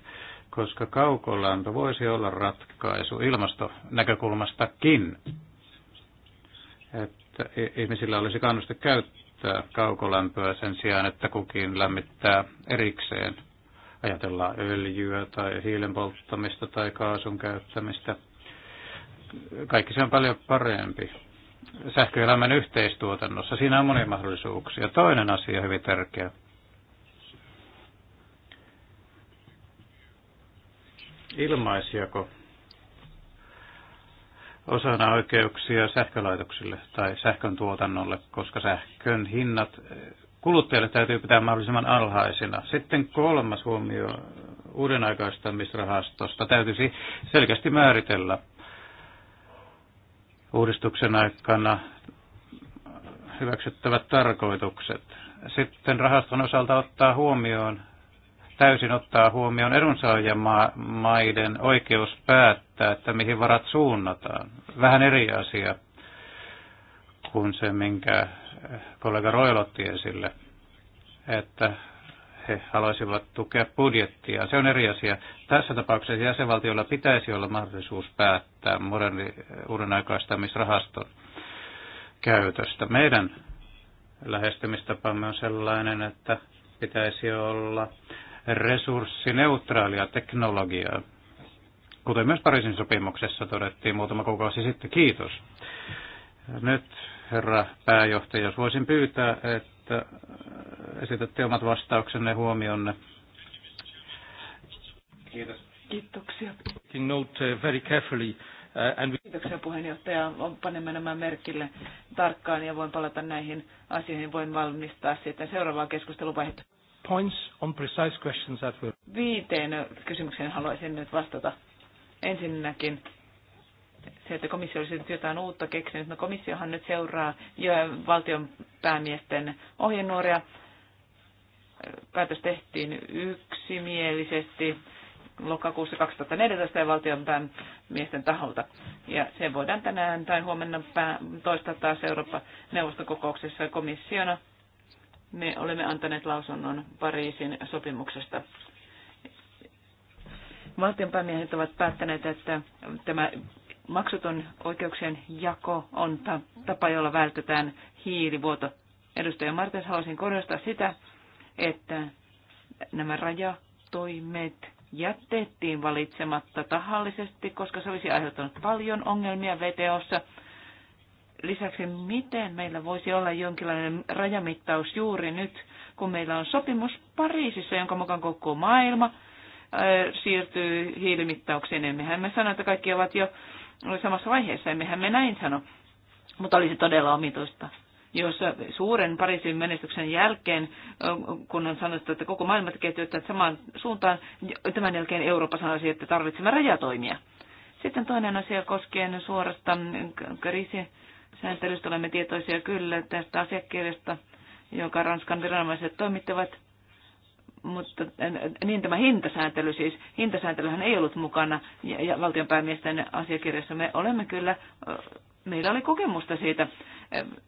koska kaukolämpö voisi olla ratkaisu ilmastonäkökulmastakin, että ihmisillä olisi kannusta käyttää käyttää kaukolämpöä sen sijaan, että kukin lämmittää erikseen. Ajatellaan öljyä tai hiilen polttamista tai kaasun käyttämistä. Kaikki se on paljon parempi sähköelämän yhteistuotannossa. Siinä on monia mahdollisuuksia. Toinen asia hyvin tärkeä. Ilmaisjako osana oikeuksia sähkölaitoksille tai sähkön tuotannolle, koska sähkön hinnat eh, kuluttajille täytyy pitää mahdollisimman alhaisina. Sitten kolmas huomio uuden aikaistamisrahastosta täytyisi selkeästi määritellä uudistuksen aikana hyväksyttävät tarkoitukset. Sitten rahaston osalta ottaa huomioon täysin ottaa huomioon edunsaajamaiden oikeus päättää, että mihin varat suunnataan. Vähän eri asia kuin se, minkä kollega Roilotti esille, että he haluaisivat tukea budjettia. Se on eri asia. Tässä tapauksessa jäsenvaltioilla pitäisi olla mahdollisuus päättää moderni, uuden aikaistamisrahaston käytöstä. Meidän lähestymistapamme on sellainen, että pitäisi olla resurssineutraalia teknologiaa, kuten myös Pariisin sopimuksessa todettiin muutama kuukausi sitten. Kiitos. Nyt, herra pääjohtaja, jos voisin pyytää, että esitätte omat vastauksenne huomionne. Kiitos. Kiitoksia. Note uh, very carefully. Uh, and Kiitoksia puheenjohtaja. Panemme nämä merkille tarkkaan ja voin palata näihin asioihin. Voin valmistaa sitten seuraavaa keskusteluvaihetta points on precise questions that Viiteen kysymykseen haluaisin nyt vastata. Ensinnäkin se, että komissio olisi nyt jotain uutta keksinyt. No komissiohan nyt seuraa jo valtion päämiesten ohjenuoria. Päätös tehtiin yksimielisesti lokakuussa 2014 ja valtion päämiesten taholta. Ja se voidaan tänään tai huomenna toistaa taas Eurooppa-neuvoston kokouksessa komissiona me olemme antaneet lausunnon Pariisin sopimuksesta. Valtionpäämiehet ovat päättäneet, että tämä maksuton oikeuksien jako on tapa, jolla vältetään hiilivuoto. Edustaja Martens, haluaisin korostaa sitä, että nämä rajatoimet jätettiin valitsematta tahallisesti, koska se olisi aiheuttanut paljon ongelmia VTOssa – Lisäksi, miten meillä voisi olla jonkinlainen rajamittaus juuri nyt, kun meillä on sopimus Pariisissa, jonka mukaan koko maailma siirtyy hiilimittaukseen. Emmehän me sano, että kaikki ovat jo samassa vaiheessa, emmehän me näin sano. Mutta olisi todella omituista, jos suuren Pariisin menestyksen jälkeen, kun on sanottu, että koko maailma tekee työtä samaan suuntaan, tämän jälkeen Eurooppa sanoisi, että tarvitsemme rajatoimia. Sitten toinen asia koskien suorasta kriisi sääntelystä olemme tietoisia kyllä tästä asiakirjasta, jonka Ranskan viranomaiset toimittavat. Mutta niin tämä hintasääntely siis, hintasääntelyhän ei ollut mukana ja, ja valtionpäämiesten asiakirjassa me olemme kyllä, meillä oli kokemusta siitä.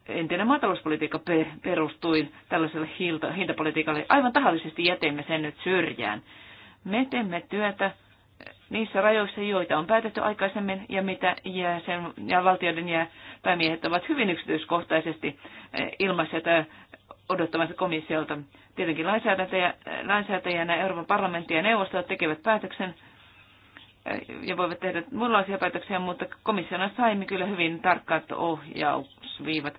Entinen maatalouspolitiikka perustui tällaiselle hintapolitiikalle. Aivan tahallisesti jätimme sen nyt syrjään. Me teemme työtä niissä rajoissa, joita on päätetty aikaisemmin ja mitä jäsen, ja valtioiden ja päämiehet ovat hyvin yksityiskohtaisesti eh, ilmaiset eh, odottamassa komissiolta. Tietenkin lainsäätäjä, lainsäätäjänä Euroopan parlamentti ja neuvosto tekevät päätöksen eh, ja voivat tehdä muunlaisia päätöksiä, mutta komissiona saimme kyllä hyvin tarkkaat ohjausviivat.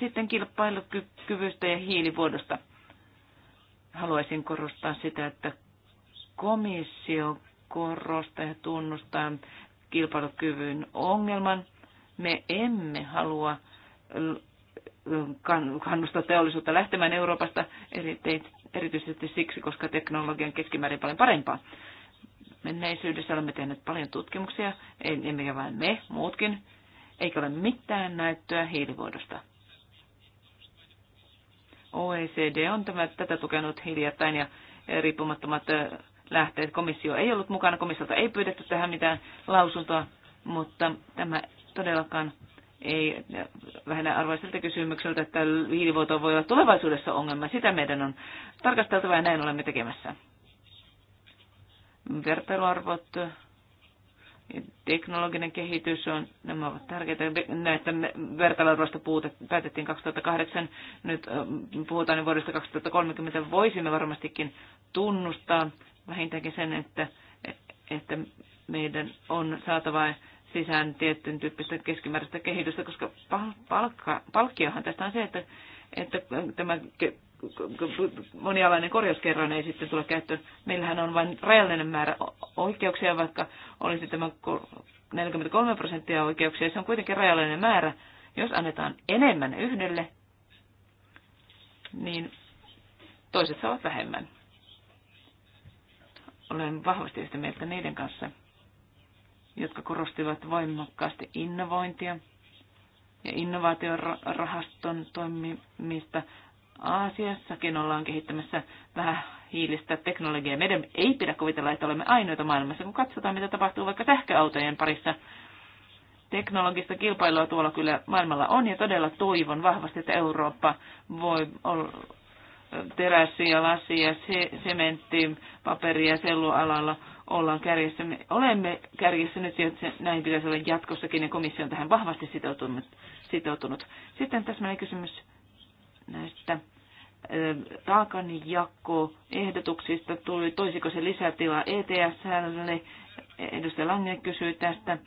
Sitten kilpailukyvystä ja hiilivuodosta. Haluaisin korostaa sitä, että komissio korostaa ja tunnustaa kilpailukyvyn ongelman. Me emme halua kannustaa teollisuutta lähtemään Euroopasta erityisesti siksi, koska teknologian keskimäärin paljon parempaa. Menneisyydessä olemme tehneet paljon tutkimuksia, emmekä vain me, muutkin, eikä ole mitään näyttöä hiilivuodosta. OECD on tämä, tätä tukenut hiljattain ja riippumattomat lähteet. Komissio ei ollut mukana, komissiolta ei pyydetty tähän mitään lausuntoa, mutta tämä todellakaan ei vähennä arvoiselta kysymykseltä, että hiilivuoto voi olla tulevaisuudessa ongelma. Sitä meidän on tarkasteltava ja näin olemme tekemässä. Vertailuarvot, teknologinen kehitys on, nämä ovat tärkeitä. Näistä vertailuarvoista päätettiin 2008, nyt äh, puhutaan vuodesta 2030. Voisimme varmastikin tunnustaa vähintäänkin sen, että, että meidän on saatava sisään tietyn tyyppistä keskimääräistä kehitystä, koska palkka, palkkiohan tästä on se, että, että tämä monialainen korjauskerroin ei sitten tule käyttöön. Meillähän on vain rajallinen määrä oikeuksia, vaikka olisi tämä 43 prosenttia oikeuksia, se on kuitenkin rajallinen määrä. Jos annetaan enemmän yhdelle, niin toiset saavat vähemmän. Olen vahvasti yhtä mieltä niiden kanssa, jotka korostivat voimakkaasti innovointia ja innovaatiorahaston toimimista. Aasiassakin ollaan kehittämässä vähän hiilistä teknologiaa. Meidän ei pidä kuvitella, että olemme ainoita maailmassa, kun katsotaan, mitä tapahtuu vaikka sähköautojen parissa. Teknologista kilpailua tuolla kyllä maailmalla on ja todella toivon vahvasti, että Eurooppa voi teräsiä, ja lasi- ja se, sementti, paperi- ja sellualalla ollaan kärjessä. Me olemme kärjessä nyt, ja näin pitäisi olla jatkossakin, ja komissio on tähän vahvasti sitoutunut. sitoutunut. Sitten täsmäinen kysymys näistä taakanjakoehdotuksista. Tuli, toisiko se lisätilaa ETS-lle? Edustaja Lange kysyi tästä.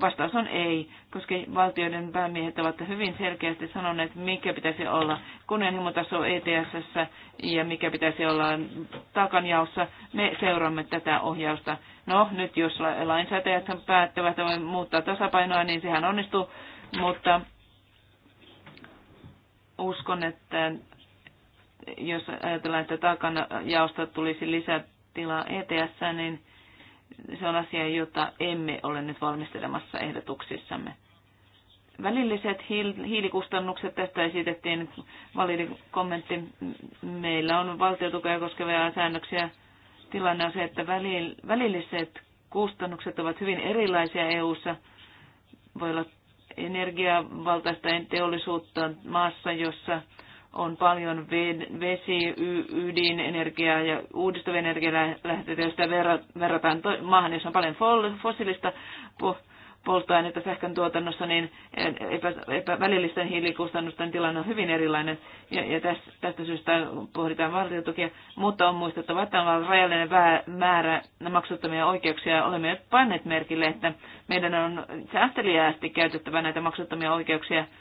Vastaus on ei, koska valtioiden päämiehet ovat hyvin selkeästi sanoneet, mikä pitäisi olla kunnianhimotaso ETS ja mikä pitäisi olla taakanjaossa. Me seuraamme tätä ohjausta. No, nyt jos lainsäätäjät päättävät muuttaa tasapainoa, niin sehän onnistuu, mutta uskon, että jos ajatellaan, että taakanjaosta tulisi lisätilaa ETS, niin se on asia, jota emme ole nyt valmistelemassa ehdotuksissamme. Välilliset hiilikustannukset, tästä esitettiin validi kommentti. Meillä on valtiotukea koskevia säännöksiä. Tilanne on se, että välilliset kustannukset ovat hyvin erilaisia EU-ssa. Voi olla energiavaltaista teollisuutta maassa, jossa on paljon vesi, ydinenergiaa ja uudistuvia energialähteitä, joista verrataan maahan, jossa on paljon fossiilista polttoainetta sähkön tuotannossa, niin välillisten hiilikustannusten tilanne on hyvin erilainen. Ja, ja tästä, tästä syystä pohditaan valtiotukia, mutta on muistettava, että on rajallinen määrä maksuttomia oikeuksia. Olemme panneet merkille, että meidän on säästeliäästi käytettävä näitä maksuttomia oikeuksia –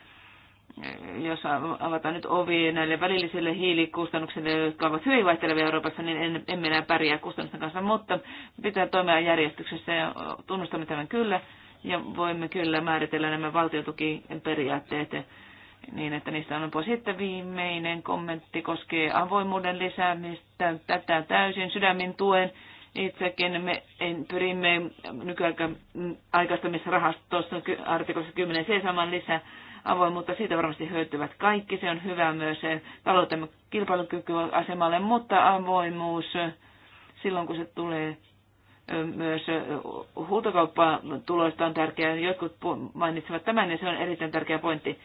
jos avataan nyt ovi näille välillisille hiilikustannuksille, jotka ovat hyvin vaihtelevia Euroopassa, niin emme enää pärjää kustannusten kanssa, mutta pitää toimia järjestyksessä ja tunnustamme tämän kyllä, ja voimme kyllä määritellä nämä periaatteet, niin, että niistä on pois. Sitten viimeinen kommentti koskee avoimuuden lisäämistä. Tätä täysin sydämin tuen itsekin me en, pyrimme nykyaikaistamisrahastossa artikossa 10 c saman lisää avoimuutta. Siitä varmasti hyötyvät kaikki. Se on hyvä myös taloutemme kilpailukykyasemalle, mutta avoimuus silloin, kun se tulee myös huutokauppatuloista on tärkeää. Jotkut mainitsevat tämän ja se on erittäin tärkeä pointti.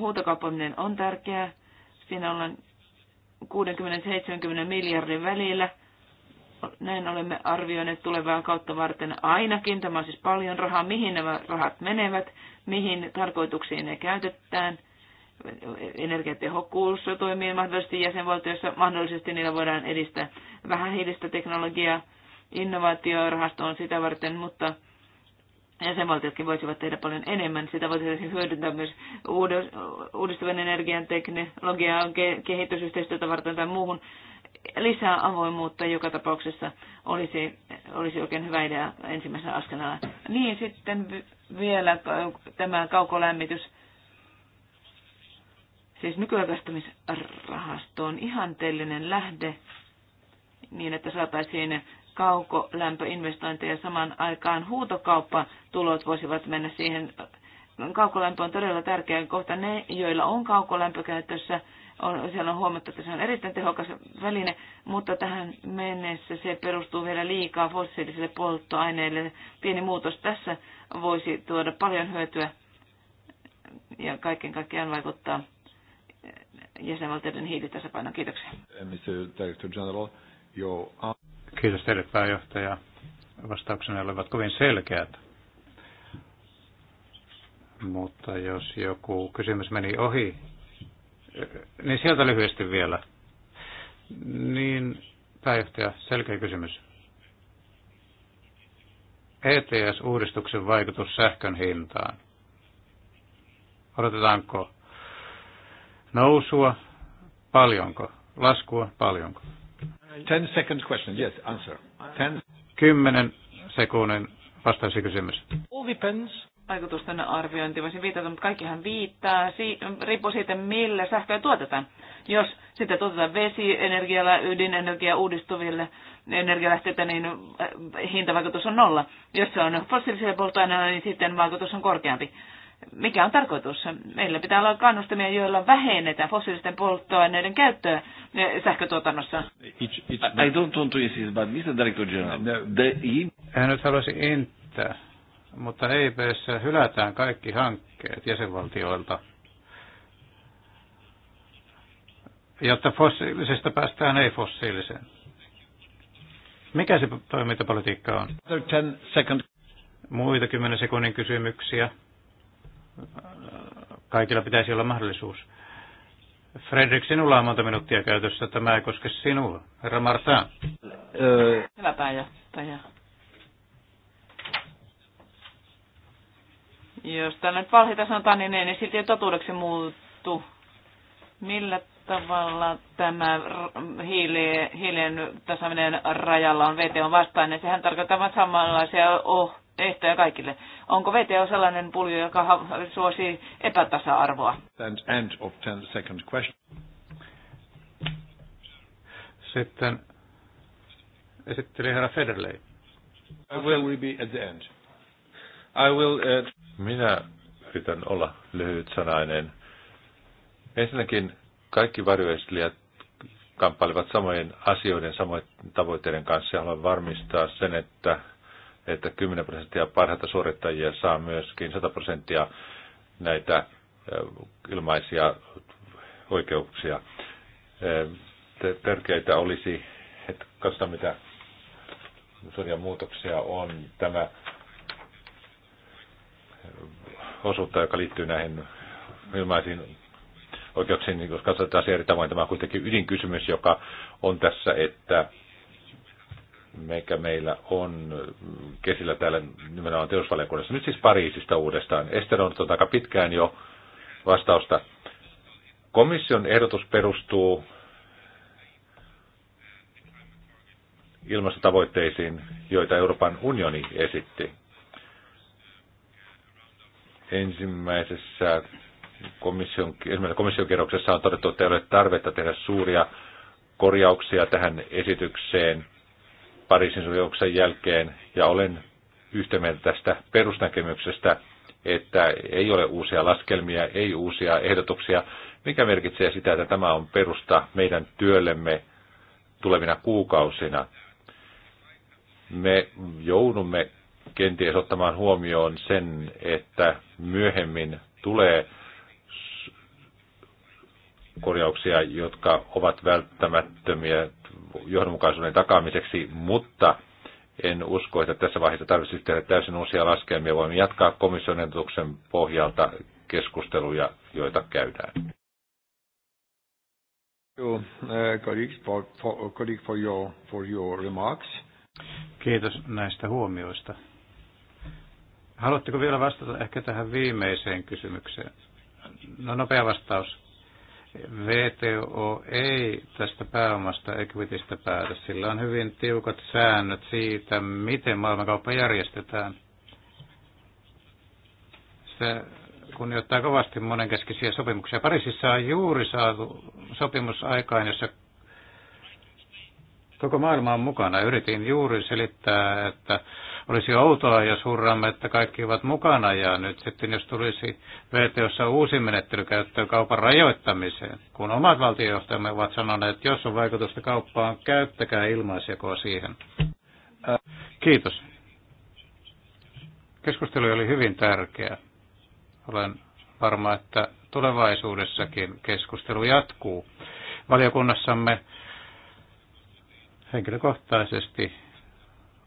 Huutokauppaminen on tärkeää. Siinä ollaan 60-70 miljardin välillä. Näin olemme arvioineet tulevaa kautta varten ainakin. Tämä on siis paljon rahaa, mihin nämä rahat menevät mihin tarkoituksiin ne käytetään, energiatehokkuus toimii mahdollisesti jäsenvaltiossa, mahdollisesti niillä voidaan edistää vähähiilistä teknologiaa, innovaatiorahasto on sitä varten, mutta jäsenvaltiotkin voisivat tehdä paljon enemmän. Sitä voitaisiin hyödyntää myös uudistuvan energian teknologiaa, kehitysyhteistyötä varten tai muuhun. Lisää avoimuutta joka tapauksessa olisi, olisi oikein hyvä idea ensimmäisenä askelena. Niin sitten vielä tämä kaukolämmitys, siis nykyaikaistamisrahasto on ihanteellinen lähde niin, että saataisiin kaukolämpöinvestointeja samaan aikaan. Huutokauppatulot voisivat mennä siihen. Kaukolämpö on todella tärkeä kohta. Ne, joilla on kaukolämpökäytössä, on, siellä on huomattu, että se on erittäin tehokas väline, mutta tähän mennessä se perustuu vielä liikaa fossiilisille polttoaineille. Pieni muutos tässä voisi tuoda paljon hyötyä ja kaiken kaikkiaan vaikuttaa jäsenvaltioiden hiilitasapainoon. Kiitoksia. Eh, Kiitos teille pääjohtaja. Vastauksenne olivat kovin selkeät. Mutta jos joku kysymys meni ohi, eh, niin sieltä lyhyesti vielä. Niin, pääjohtaja, selkeä kysymys. ETS-uudistuksen vaikutus sähkön hintaan? Odotetaanko nousua? Paljonko? Laskua? Paljonko? Ten second question, yes, answer. Ten... Kymmenen sekunnin vastaisi kysymys. All depends vaikutusten arviointi voisi viitata, mutta kaikkihan viittaa, si- riippuu siitä, millä sähköä tuotetaan. Jos sitä tuotetaan vesienergialla, ydinenergia uudistuville energialähteitä, niin äh, hintavaikutus on nolla. Jos se on fossiilisia polttoaineita, niin sitten vaikutus on korkeampi. Mikä on tarkoitus? Meillä pitää olla kannustamia, joilla vähennetään fossiilisten polttoaineiden käyttöä eh, sähkötuotannossa. I don't want to insist, but Mr. Director General, no. Hän nyt haluaisi entää, mutta EIPssä hylätään kaikki hankkeet jäsenvaltioilta jotta fossiilisesta päästään ei-fossiiliseen. Mikä se toimintapolitiikka on? Muita kymmenen sekunnin kysymyksiä. Kaikilla pitäisi olla mahdollisuus. Fredrik, sinulla on monta minuuttia käytössä. Tämä ei koske sinua. Herra Marta. Hyvä pääjohtaja. Jos tänne nyt valhita sanotaan, niin ei ne silti totuudeksi muuttu. Millä tavalla tämä hiili, hiilen tasaminen rajalla on VTO vastainen. Sehän tarkoittaa vain samanlaisia oh, ehtoja kaikille. Onko VTO sellainen pulju, joka suosii epätasa-arvoa? And of second question. Sitten esitteli herra Federley. I will be at the end. I will, uh... Minä yritän olla lyhyt sanainen. Ensinnäkin kaikki varjoesilijät kamppailevat samojen asioiden, samojen tavoitteiden kanssa ja haluan varmistaa sen, että, että 10 prosenttia parhaita suorittajia saa myöskin 100 prosenttia näitä ilmaisia oikeuksia. Tärkeintä olisi, että katsotaan mitä suuria muutoksia on tämä osuutta, joka liittyy näihin ilmaisiin oikeuksiin, jos niin katsotaan se eri tavoin. Tämä on kuitenkin ydinkysymys, joka on tässä, että mikä meillä on kesillä täällä nimenomaan teosvaliokunnassa. Nyt siis Pariisista uudestaan. Ester on tuota aika pitkään jo vastausta. Komission ehdotus perustuu ilmastotavoitteisiin, joita Euroopan unioni esitti. Ensimmäisessä komission, esimerkiksi komission kierroksessa on todettu, että ei ole tarvetta tehdä suuria korjauksia tähän esitykseen Pariisin sopimuksen jälkeen, ja olen yhtä mieltä tästä perusnäkemyksestä, että ei ole uusia laskelmia, ei uusia ehdotuksia, mikä merkitsee sitä, että tämä on perusta meidän työllemme tulevina kuukausina. Me joudumme kenties ottamaan huomioon sen, että myöhemmin tulee korjauksia, jotka ovat välttämättömiä johdonmukaisuuden takaamiseksi, mutta en usko, että tässä vaiheessa tarvitsisi tehdä täysin uusia laskelmia. Voimme jatkaa komission ehdotuksen pohjalta keskusteluja, joita käydään. Kiitos näistä huomioista. Haluatteko vielä vastata ehkä tähän viimeiseen kysymykseen? No nopea vastaus. VTO ei tästä pääomasta equitystä päätä. Sillä on hyvin tiukat säännöt siitä, miten maailmankauppa järjestetään. Se kunnioittaa kovasti monenkeskisiä sopimuksia. Pariisissa on juuri saatu sopimus aikaan, jossa koko maailma on mukana. Yritin juuri selittää, että olisi outoa, jos hurraamme, että kaikki ovat mukana ja nyt sitten jos tulisi VTOssa uusi menettely käyttöön kaupan rajoittamiseen, kun omat valtiojohtajamme ovat sanoneet, että jos on vaikutusta kauppaan, käyttäkää ilmaisjakoa siihen. Kiitos. Keskustelu oli hyvin tärkeä. Olen varma, että tulevaisuudessakin keskustelu jatkuu. Valiokunnassamme henkilökohtaisesti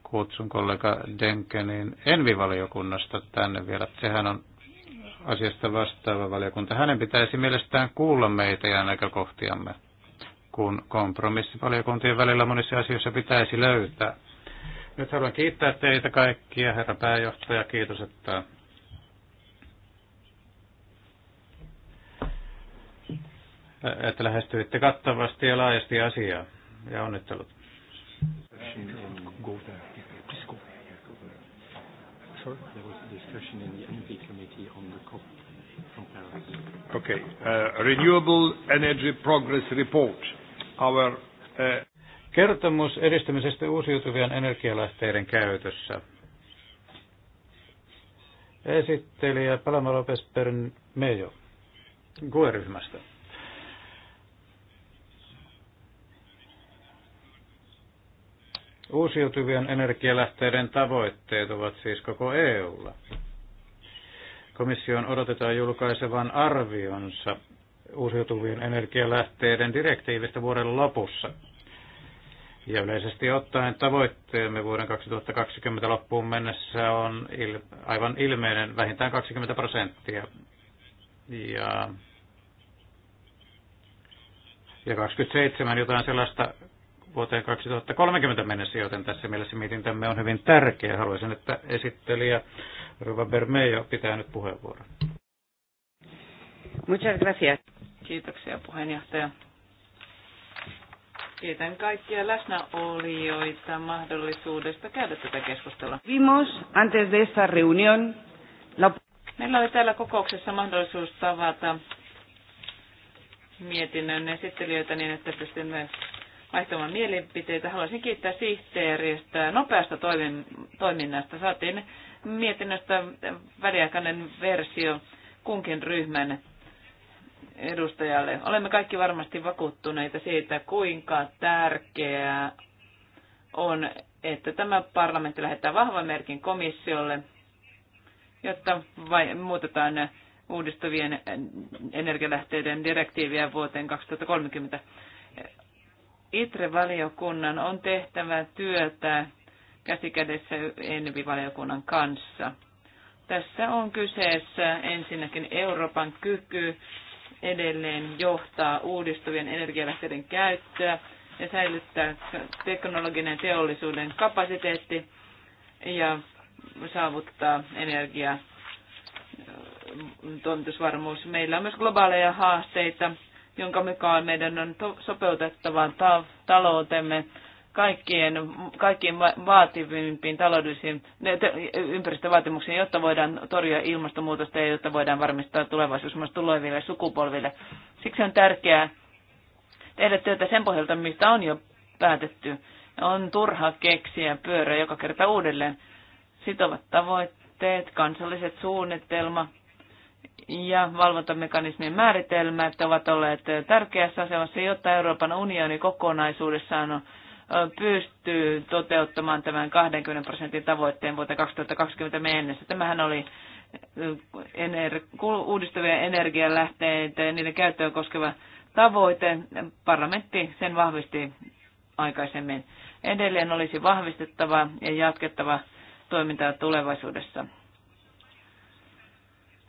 kutsun kollega Denkenin envivaliokunnasta tänne vielä. Sehän on asiasta vastaava valiokunta. Hänen pitäisi mielestään kuulla meitä ja näkökohtiamme, kun kompromissivaliokuntien välillä monissa asioissa pitäisi löytää. Nyt haluan kiittää teitä kaikkia, herra pääjohtaja. Kiitos, että että lähestyitte kattavasti ja laajasti asiaa. Ja onnittelut. Go there. Sorry, there was a discussion in the Energy Committee on the COP from Paris. Okay. Uh, renewable Energy Progress Report. Our uh... Kertomus edistämisestä uusiutuvien energialähteiden käytössä. Esittelijä Paloma Lopez Permejo, GUE-ryhmästä. Uusiutuvien energialähteiden tavoitteet ovat siis koko EUlla. Komission odotetaan julkaisevan arvionsa uusiutuvien energialähteiden direktiivistä vuoden lopussa. Ja yleisesti ottaen tavoitteemme vuoden 2020 loppuun mennessä on il, aivan ilmeinen vähintään 20 prosenttia. Ja, ja 27 jotain sellaista vuoteen 2030 mennessä, joten tässä mielessä mietintämme on hyvin tärkeä. Haluaisin, että esittelijä Ruva Bermejo pitää nyt puheenvuoron. Muchas gracias. Kiitoksia puheenjohtaja. Kiitän kaikkia läsnäolijoita mahdollisuudesta käydä tätä keskustelua. Vimos antes de esta reunión. La... Meillä oli täällä kokouksessa mahdollisuus tavata mietinnön esittelijöitä niin, että pystymme vaihtamaan mielipiteitä. Haluaisin kiittää sihteeristä nopeasta toimin, toiminnasta. Saatiin mietinnöstä väliaikainen versio kunkin ryhmän edustajalle. Olemme kaikki varmasti vakuuttuneita siitä, kuinka tärkeää on, että tämä parlamentti lähettää vahvan merkin komissiolle, jotta vai, muutetaan uudistuvien energialähteiden direktiiviä vuoteen 2030 ITRE-valiokunnan on tehtävä työtä käsikädessä ENVI-valiokunnan kanssa. Tässä on kyseessä ensinnäkin Euroopan kyky edelleen johtaa uudistuvien energialähteiden käyttöä ja säilyttää teknologinen teollisuuden kapasiteetti ja saavuttaa energia toimitusvarmuus. Meillä on myös globaaleja haasteita jonka mukaan meidän on sopeutettava taloutemme kaikkien, kaikkien vaativimpiin taloudellisiin ympäristövaatimuksiin, jotta voidaan torjua ilmastonmuutosta ja jotta voidaan varmistaa tulevaisuus myös tuleville sukupolville. Siksi on tärkeää tehdä työtä sen pohjalta, mistä on jo päätetty. On turha keksiä pyörä joka kerta uudelleen. Sitovat tavoitteet, kansalliset suunnitelma, ja valvontamekanismien määritelmät ovat olleet tärkeässä asemassa, jotta Euroopan unioni kokonaisuudessaan on pystyy toteuttamaan tämän 20 prosentin tavoitteen vuoteen 2020 mennessä. Tämähän oli ener- uudistuvia energialähteitä ja niiden käyttöön koskeva tavoite. Parlamentti sen vahvisti aikaisemmin. Edelleen olisi vahvistettava ja jatkettava toimintaa tulevaisuudessa.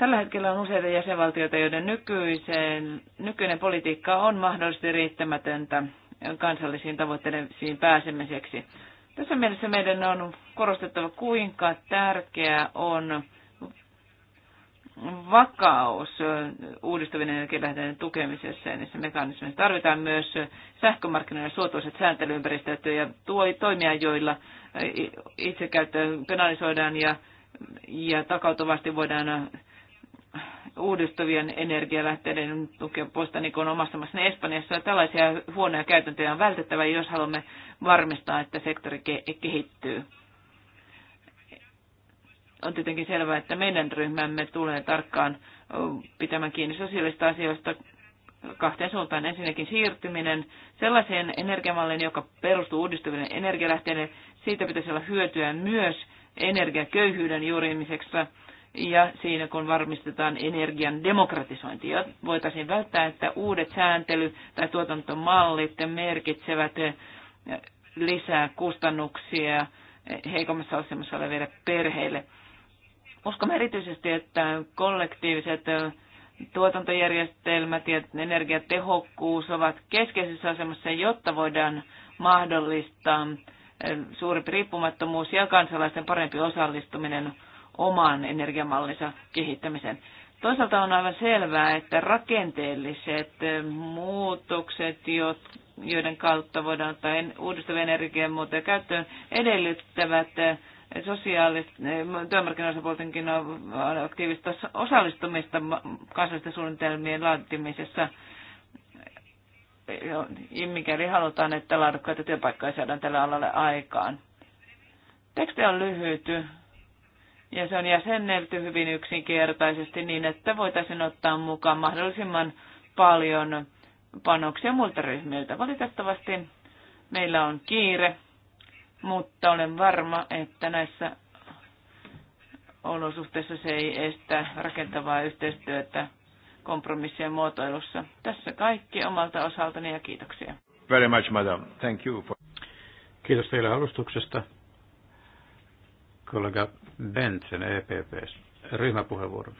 Tällä hetkellä on useita jäsenvaltioita, joiden nykyisen, nykyinen politiikka on mahdollisesti riittämätöntä kansallisiin tavoitteisiin pääsemiseksi. Tässä mielessä meidän on korostettava, kuinka tärkeää on vakaus uudistuvien energialähteiden tukemisessa ja niissä mekanismeissa. Tarvitaan myös sähkömarkkinoiden suotuiset sääntelyympäristöt ja toimia, joilla itsekäyttö penalisoidaan ja, ja takautuvasti voidaan uudistuvien energialähteiden tukea poista, niin kuin on omassa maassani Espanjassa. Tällaisia huonoja käytäntöjä on vältettävä, jos haluamme varmistaa, että sektori kehittyy. On tietenkin selvää, että meidän ryhmämme tulee tarkkaan pitämään kiinni sosiaalista asioista kahteen suuntaan. Ensinnäkin siirtyminen sellaiseen energiamalliin, joka perustuu uudistuville energialähteille. Siitä pitäisi olla hyötyä myös energiaköyhyyden juurimiseksi ja siinä kun varmistetaan energian demokratisointi. Ja voitaisiin välttää, että uudet sääntely- tai tuotantomallit merkitsevät eh, lisää kustannuksia eh, heikommassa asemassa oleville perheille. Uskomme erityisesti, että kollektiiviset eh, tuotantojärjestelmät ja energiatehokkuus ovat keskeisessä asemassa, jotta voidaan mahdollistaa suurempi riippumattomuus ja kansalaisten parempi osallistuminen oman energiamallinsa kehittämisen. Toisaalta on aivan selvää, että rakenteelliset eh, muutokset, joiden kautta voidaan ottaa uudistavia energiamuotoja käyttöön, edellyttävät eh, sosiaalista, eh, aktiivista osallistumista kansallisten suunnitelmien laatimisessa, mikäli halutaan, että laadukkaita työpaikkoja saadaan tällä alalle aikaan. Teksti on lyhyt, ja se on jäsennelty hyvin yksinkertaisesti niin, että voitaisiin ottaa mukaan mahdollisimman paljon panoksia muilta ryhmiltä. Valitettavasti meillä on kiire, mutta olen varma, että näissä olosuhteissa se ei estä rakentavaa yhteistyötä kompromissien muotoilussa. Tässä kaikki omalta osaltani ja kiitoksia. Very much, madam. Thank you for... Kiitos teille alustuksesta kollega Bentsen EPPs. Ryhmäpuheenvuoro.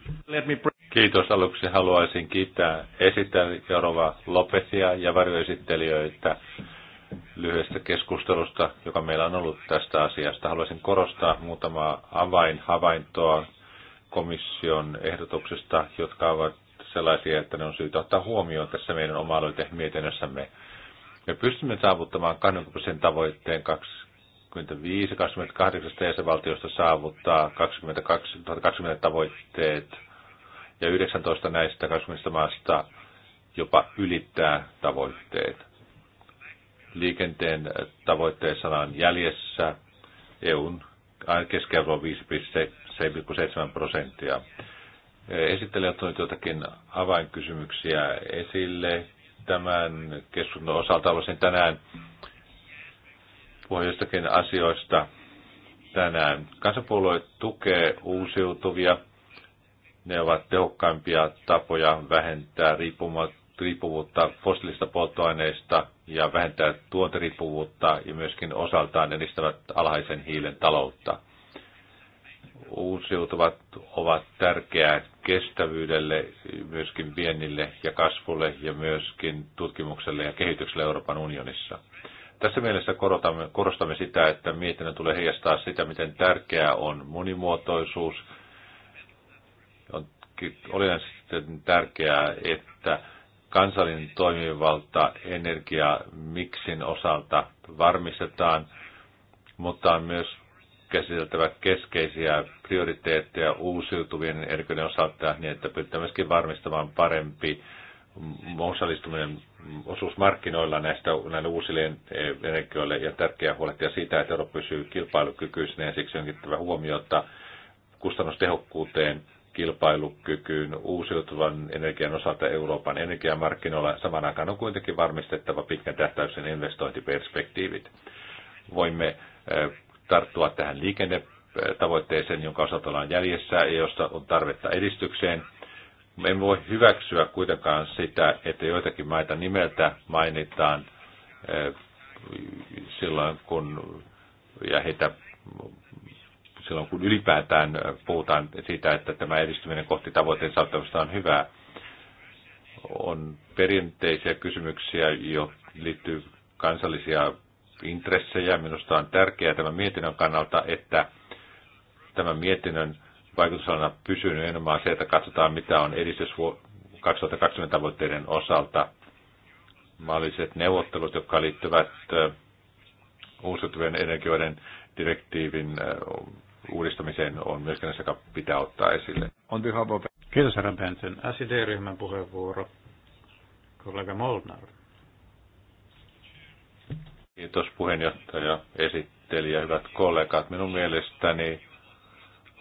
Kiitos. Aluksi haluaisin kiittää esittelijä Jorova Lopesia ja varjoesittelijöitä lyhyestä keskustelusta, joka meillä on ollut tästä asiasta. Haluaisin korostaa muutamaa avainhavaintoa komission ehdotuksesta, jotka ovat sellaisia, että ne on syytä ottaa huomioon tässä meidän oma-aloitemietinnössämme. Me pystymme saavuttamaan 20 prosentin tavoitteen 25 28 jäsenvaltiosta saavuttaa 2020 tavoitteet ja 19 näistä 20 maasta jopa ylittää tavoitteet. Liikenteen tavoitteessa on jäljessä EUn keskiarvo 5,7 prosenttia. Esittelijät on jotakin avainkysymyksiä esille tämän keskustelun osalta. Olisin tänään puhua jostakin asioista tänään. Kansanpuolue tukee uusiutuvia. Ne ovat tehokkaimpia tapoja vähentää riippuvuutta fossiilista polttoaineista ja vähentää tuontiriippuvuutta ja myöskin osaltaan edistävät alhaisen hiilen taloutta. Uusiutuvat ovat tärkeää kestävyydelle, myöskin viennille ja kasvulle ja myöskin tutkimukselle ja kehitykselle Euroopan unionissa tässä mielessä korotamme, korostamme sitä, että mietinnön tulee heijastaa sitä, miten tärkeää on monimuotoisuus. On olen sitten tärkeää, että kansallinen toimivalta miksin osalta varmistetaan, mutta on myös käsiteltävä keskeisiä prioriteetteja uusiutuvien energioiden osalta niin, että pyritään myöskin varmistamaan parempi osallistuminen osuus markkinoilla näistä näille uusille energioille ja tärkeää huolehtia siitä, että Eurooppa pysyy kilpailukykyisenä ja siksi on kiinnittävä huomiota kustannustehokkuuteen, kilpailukykyyn uusiutuvan energian osalta Euroopan energiamarkkinoilla. Saman aikaan on kuitenkin varmistettava pitkän tähtäyksen investointiperspektiivit. Voimme eh, tarttua tähän liikennetavoitteeseen, jonka osalta ollaan jäljessä ja josta on tarvetta edistykseen – me emme voi hyväksyä kuitenkaan sitä, että joitakin maita nimeltä mainitaan silloin, kun ja heitä silloin, kun ylipäätään puhutaan siitä, että tämä edistyminen kohti tavoitteen saattamista on hyvää. On perinteisiä kysymyksiä, jo liittyy kansallisia intressejä. Minusta on tärkeää tämän mietinnön kannalta, että tämän mietinnön vaikutusalana pysynyt enemmän se, että katsotaan mitä on edistys 2020 tavoitteiden osalta. Mahdolliset neuvottelut, jotka liittyvät uusiutuvien energioiden direktiivin uudistamiseen on myöskin näissä, joka pitää ottaa esille. On Kiitos herra Benson. SID-ryhmän puheenvuoro. Kollega Molnar. Kiitos puheenjohtaja, esittelijä, hyvät kollegat. Minun mielestäni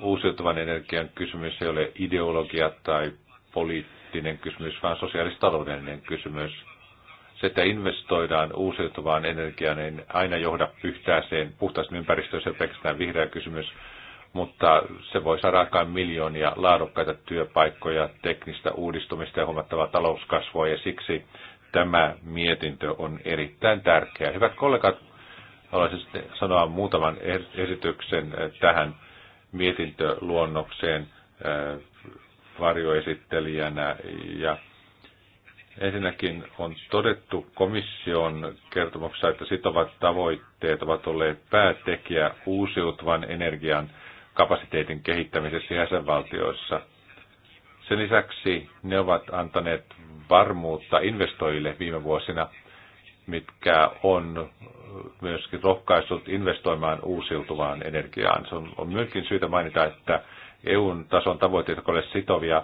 uusiutuvan energian kysymys ei ole ideologia tai poliittinen kysymys, vaan sosiaalistaloudellinen kysymys. Se, että investoidaan uusiutuvaan energiaan, ei aina johda yhtääseen puhtaasti ympäristöön, se pelkästään vihreä kysymys, mutta se voi saada aikaan miljoonia laadukkaita työpaikkoja, teknistä uudistumista ja huomattavaa talouskasvua, ja siksi tämä mietintö on erittäin tärkeä. Hyvät kollegat, haluaisin sanoa muutaman er- esityksen tähän mietintöluonnokseen äh, varjoesittelijänä. Ja ensinnäkin on todettu komission kertomuksessa, että sitovat tavoitteet ovat olleet päätekijä uusiutuvan energian kapasiteetin kehittämisessä jäsenvaltioissa. Sen lisäksi ne ovat antaneet varmuutta investoijille viime vuosina – mitkä on myöskin rohkaissut investoimaan uusiutuvaan energiaan. Se on, on myöskin syytä mainita, että EUn tason tavoitteet, ole sitovia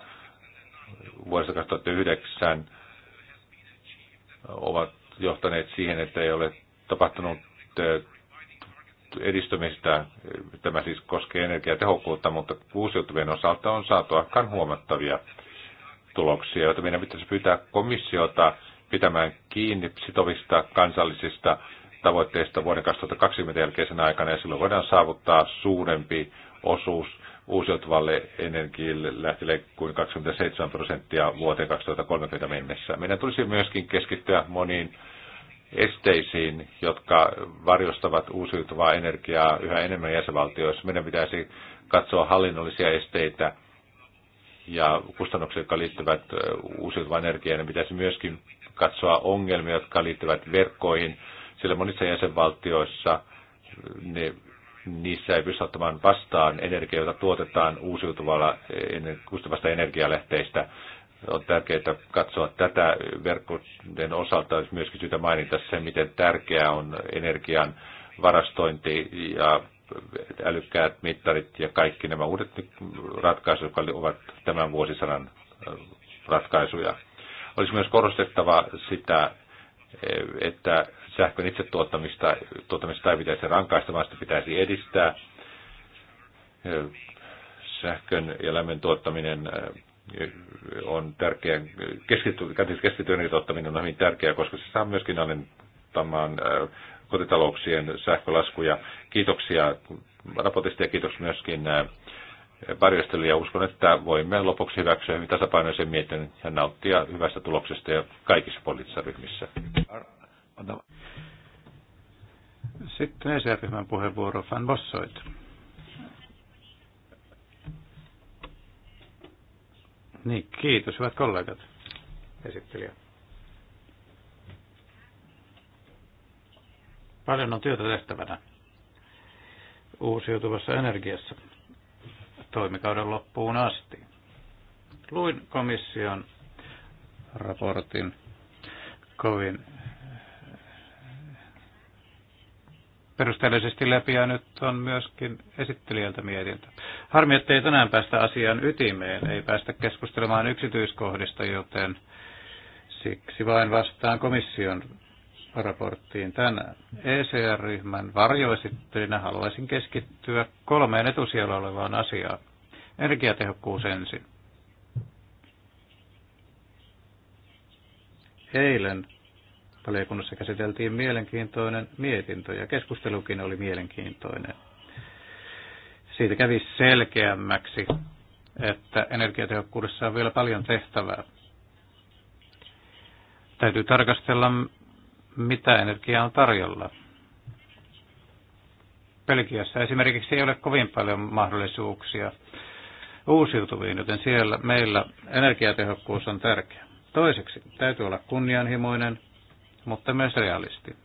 vuodesta 2009, ovat johtaneet siihen, että ei ole tapahtunut edistymistä. Tämä siis koskee energiatehokkuutta, mutta uusiutuvien osalta on saatu aika huomattavia tuloksia, joita meidän pitäisi pyytää komissiota pitämään kiinni sitovista kansallisista tavoitteista vuoden 2020 jälkeisen aikana, ja silloin voidaan saavuttaa suurempi osuus uusiutuvalle energialle kuin 27 prosenttia vuoteen 2030 mennessä. Meidän tulisi myöskin keskittyä moniin esteisiin, jotka varjostavat uusiutuvaa energiaa yhä enemmän jäsenvaltioissa. Meidän pitäisi katsoa hallinnollisia esteitä ja kustannuksia, jotka liittyvät uusiutuvaan energiaan. Meidän pitäisi myöskin katsoa ongelmia, jotka liittyvät verkkoihin, sillä monissa jäsenvaltioissa ne, niissä ei pysty ottamaan vastaan energiaa, jota tuotetaan uusiutuvalla kustavasta energialähteistä. On tärkeää katsoa tätä verkkojen osalta, myöskin syytä mainita se, miten tärkeää on energian varastointi ja älykkäät mittarit ja kaikki nämä uudet ratkaisut, jotka ovat tämän vuosisadan ratkaisuja. Olisi myös korostettava sitä, että sähkön itse tuottamista, tuottamista ei pitäisi rankaista, vaan sitä pitäisi edistää. Sähkön ja lämmön tuottaminen eh, on tärkeä, keskittyy tuottaminen on hyvin tärkeää, koska se saa myöskin alentamaan eh, kotitalouksien sähkölaskuja. Kiitoksia raportista ja kiitoksia myöskin eh, varjostelu ja uskon, että voimme lopuksi hyväksyä hyvin tasapainoisen mietinnön ja nauttia hyvästä tuloksesta ja kaikissa poliittisissa ryhmissä. Sitten ESR-ryhmän puheenvuoro Van Bossoit. Niin, kiitos hyvät kollegat, esittelijä. Paljon on työtä tehtävänä uusiutuvassa energiassa toimikauden loppuun asti. Luin komission raportin kovin eh, perusteellisesti läpi ja nyt on myöskin esittelijältä mietintö. Harmi, että ei tänään päästä asian ytimeen, ei päästä keskustelemaan yksityiskohdista, joten siksi vain vastaan komission raporttiin tämän ECR-ryhmän varjoesittelynä haluaisin keskittyä kolmeen etusijalla olevaan asiaan. Energiatehokkuus ensin. Eilen valiokunnassa käsiteltiin mielenkiintoinen mietintö ja keskustelukin oli mielenkiintoinen. Siitä kävi selkeämmäksi, että energiatehokkuudessa on vielä paljon tehtävää. Täytyy tarkastella mitä energiaa on tarjolla. Pelkiässä esimerkiksi ei ole kovin paljon mahdollisuuksia uusiutuviin, joten siellä meillä energiatehokkuus on tärkeä. Toiseksi täytyy olla kunnianhimoinen, mutta myös realisti.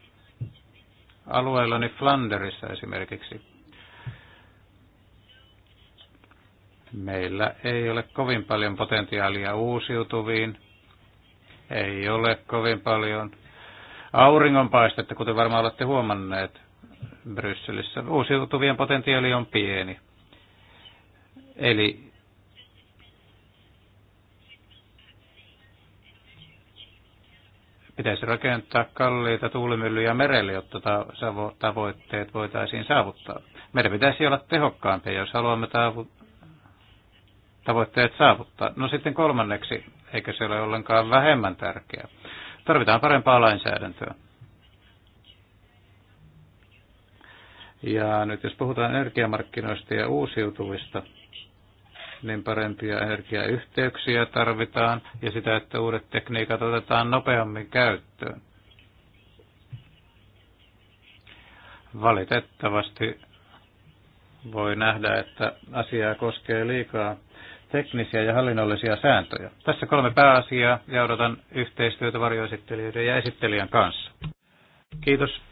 Alueellani Flanderissa esimerkiksi meillä ei ole kovin paljon potentiaalia uusiutuviin, ei ole kovin paljon auringonpaistetta, kuten varmaan olette huomanneet Brysselissä. Uusiutuvien potentiaali on pieni. Eli pitäisi rakentaa kalliita tuulimyllyjä merelle, jotta tavoitteet voitaisiin saavuttaa. Meidän pitäisi olla tehokkaampia, jos haluamme tavoitteet saavuttaa. No sitten kolmanneksi, eikö se ole ollenkaan vähemmän tärkeää? Tarvitaan parempaa lainsäädäntöä. Ja nyt jos puhutaan energiamarkkinoista ja uusiutuvista, niin parempia energiayhteyksiä tarvitaan ja sitä, että uudet tekniikat otetaan nopeammin käyttöön. Valitettavasti voi nähdä, että asiaa koskee liikaa teknisiä ja hallinnollisia sääntöjä. Tässä kolme pääasiaa ja odotan yhteistyötä varjoesittelijöiden ja esittelijän kanssa. Kiitos.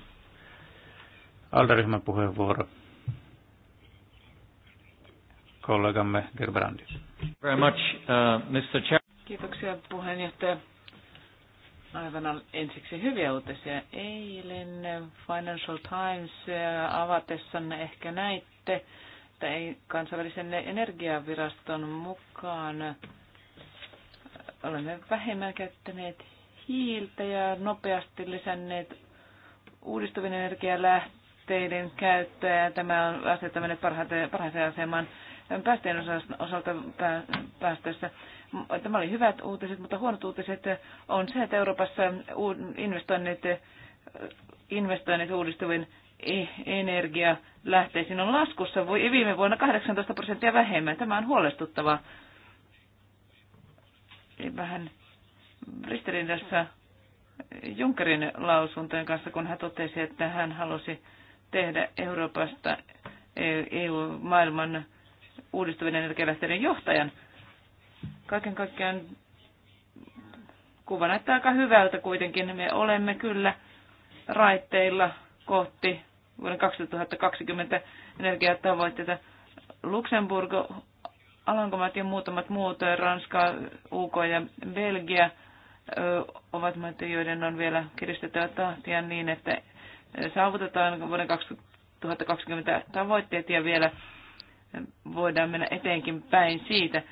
Alderyhmän puheenvuoro. Kollegamme Gerbrandi. Very much, uh, Mr. Kiitoksia puheenjohtaja. Aivan ensiksi hyviä uutisia. Eilen Financial Times uh, avatessanne ehkä näitte, että ei kansainvälisen energiaviraston mukaan olemme vähemmän käyttäneet hiiltä ja nopeasti lisänneet uudistuvien energialähteiden käyttöä. Ja tämä on asettaminen parhaaseen asemaan päästöjen osalta päästöissä. Tämä oli hyvät uutiset, mutta huonot uutiset on se, että Euroopassa investoinnit, investoinnit uudistuvien Energia lähteisiin on laskussa viime vuonna 18 prosenttia vähemmän. Tämä on huolestuttava. Vähän vähän ristiriidassa Junckerin lausuntojen kanssa, kun hän totesi, että hän halusi tehdä Euroopasta EU-maailman uudistuvien energialähteiden johtajan. Kaiken kaikkiaan kuva näyttää aika hyvältä kuitenkin. Me olemme kyllä raitteilla kohti vuoden 2020 energiatavoitteita. Luxemburg, Alankomaat ja muutamat muut, Ranska, UK ja Belgia ovat maita, joiden on vielä kiristettävä tahtia niin, että saavutetaan vuoden 2020 tavoitteet ja vielä voidaan mennä eteenkin päin siitä.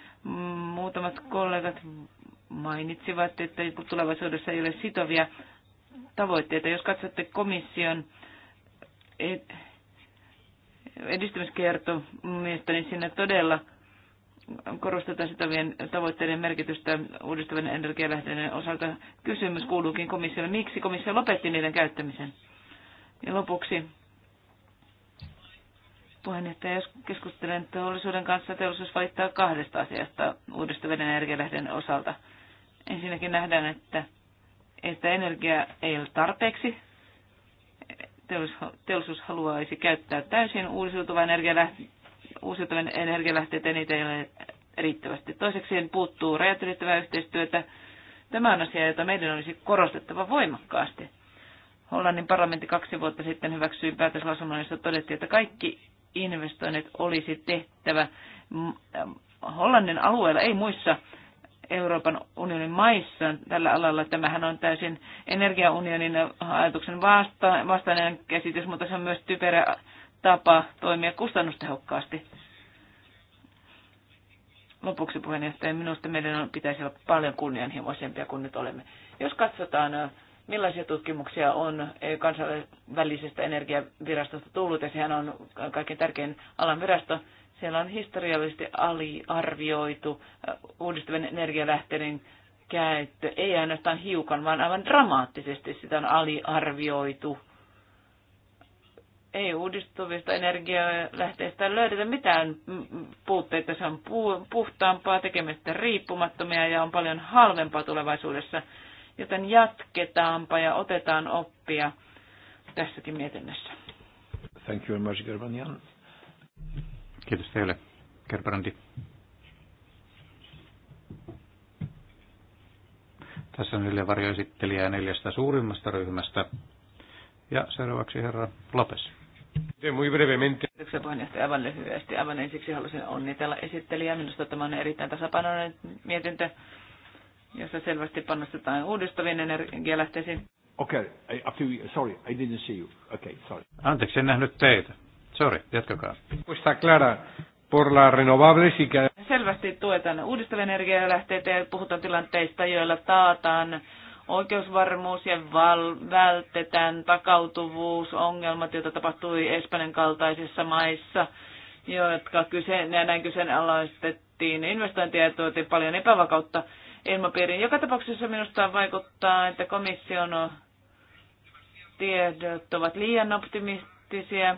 Muutamat kollegat mainitsivat, että tulevaisuudessa ei ole sitovia tavoitteita. Jos katsotte komission Edistymiskierto niin siinä todella korostetaan sitovien tavoitteiden merkitystä uudistavien energialähteiden osalta. Kysymys kuuluukin komissiolle, miksi komissio lopetti niiden käyttämisen? Ja lopuksi puheenjohtaja, jos keskustelen teollisuuden kanssa, teollisuus valittaa kahdesta asiasta uudistuvien energialähteiden osalta. Ensinnäkin nähdään, että, että energia ei ole tarpeeksi teollisuus haluaisi käyttää täysin uusiutuvan energialähteitä, uusiutuvien energialähteitä, niitä ei ole riittävästi. Toiseksi puuttuu rajat ylittävää yhteistyötä. Tämä on asia, jota meidän olisi korostettava voimakkaasti. Hollannin parlamentti kaksi vuotta sitten hyväksyi päätöslausunnon, jossa todettiin, että kaikki investoinnit olisi tehtävä Hollannin alueella, ei muissa Euroopan unionin maissa tällä alalla. Tämähän on täysin energiaunionin ajatuksen vasta- vastainen käsitys, mutta se on myös typerä tapa toimia kustannustehokkaasti. Lopuksi puheenjohtaja, minusta meidän on, pitäisi olla paljon kunnianhimoisempia kuin nyt olemme. Jos katsotaan, äh, millaisia tutkimuksia on eh, kansainvälisestä energiavirastosta tullut, ja sehän on kaikkein tärkein alan virasto, siellä on historiallisesti aliarvioitu äh, uudistuvien energialähteiden käyttö. Ei ainoastaan hiukan, vaan aivan dramaattisesti sitä on aliarvioitu. Ei uudistuvista energialähteistä löydetä mitään puutteita. Se on puhtaampaa, tekemistä riippumattomia ja on paljon halvempaa tulevaisuudessa. Joten jatketaanpa ja otetaan oppia tässäkin mietinnössä. Thank you very much, Germanian. Kiitos teille, Gerbrandi. Tässä on neljä varjoesittelijää neljästä suurimmasta ryhmästä. Ja seuraavaksi herra Lopes. Kiitoksia puheenjohtaja aivan lyhyesti. Aivan ensiksi haluaisin onnitella esittelijää. Minusta tämä on erittäin tasapainoinen mietintö, jossa selvästi panostetaan uudistuviin energialähteisiin. Okei, okay, sorry, I didn't see you. Okay, sorry. Anteeksi, en nähnyt teitä. Sorry, jatkakaa. Muista Clara, por la renovable, y que... Selvästi tuetaan uudistavia energialähteitä ja puhutaan tilanteista, joilla taataan oikeusvarmuus ja val- vältetään takautuvuusongelmat, joita tapahtui Espanjan kaltaisissa maissa, jotka kyseen, näin kyseenalaistettiin investointia ja tuotiin paljon epävakautta ilmapiiriin. Joka tapauksessa minusta vaikuttaa, että komission tiedot ovat liian optimistisia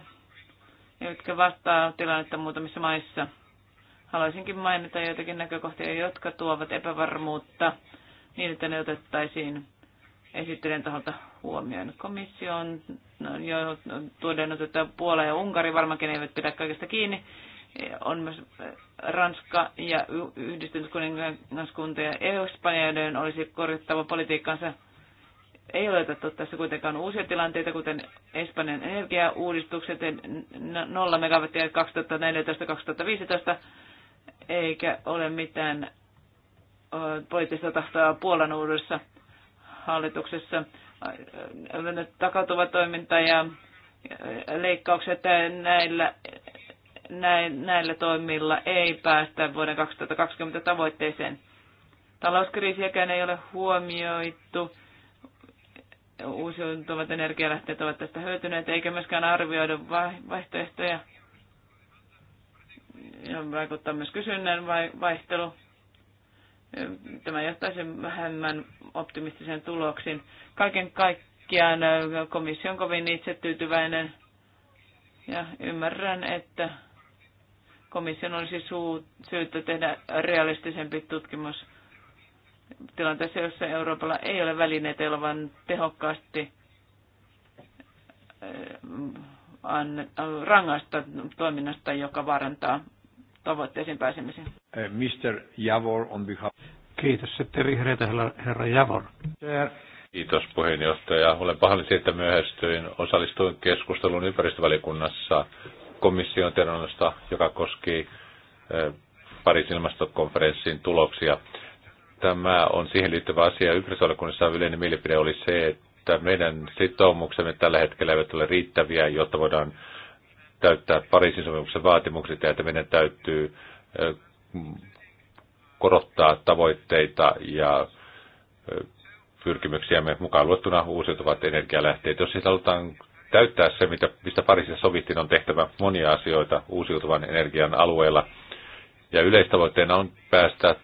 jotka vastaa tilannetta muutamissa maissa. Haluaisinkin mainita joitakin näkökohtia, jotka tuovat epävarmuutta niin, että ne otettaisiin esittelen taholta huomioon. Komissio on no, jo todennut, että Puola ja Unkari varmaankin eivät pidä kaikesta kiinni. On myös Ranska ja yhdistynyt kuningaskunta ja EU-Spanjaiden olisi korjattava politiikkaansa ei ole otettu tässä kuitenkaan uusia tilanteita, kuten Espanjan energiauudistukset, 0 no, megawattia 2014-2015, eikä ole mitään poliittista tahtoa Puolan uudessa hallituksessa. Takautuva toiminta ja leikkaukset näillä, näillä toimilla ei päästä vuoden 2020 tavoitteeseen. Talouskriisiäkään ei ole huomioitu uusiutuvat energialähteet ovat tästä hyötyneet, eikä myöskään arvioida vaihtoehtoja. Ja vaikuttaa myös kysynnän vaihtelu. Tämä johtaisi vähemmän optimistisen tuloksiin. Kaiken kaikkiaan komissio on kovin tyytyväinen. ja ymmärrän, että komission olisi syytä tehdä realistisempi tutkimus tilanteessa, jossa Euroopalla ei ole välineitä, joilla vaan tehokkaasti rangaista toiminnasta, joka vaarantaa tavoitteisiin pääsemisen. Mr. Javor on behalf. Kiitos. Sitten vihreitä herra Javor. Kiitos puheenjohtaja. Olen pahoillani siitä, että myöhästyin. Osallistuin keskusteluun ympäristövaliokunnassa komission tiedonannosta, joka koski Pariisin ilmastokonferenssin tuloksia tämä on siihen liittyvä asia. Ympäristövaliokunnassa yleinen mielipide oli se, että meidän sitoumuksemme tällä hetkellä eivät ole riittäviä, jotta voidaan täyttää Pariisin sopimuksen vaatimukset ja että meidän täytyy korottaa tavoitteita ja pyrkimyksiämme mukaan luettuna uusiutuvat energialähteet. Jos siis halutaan täyttää se, mitä, mistä Pariisissa sovittiin, on tehtävä monia asioita uusiutuvan energian alueella. Ja yleistavoitteena on päästä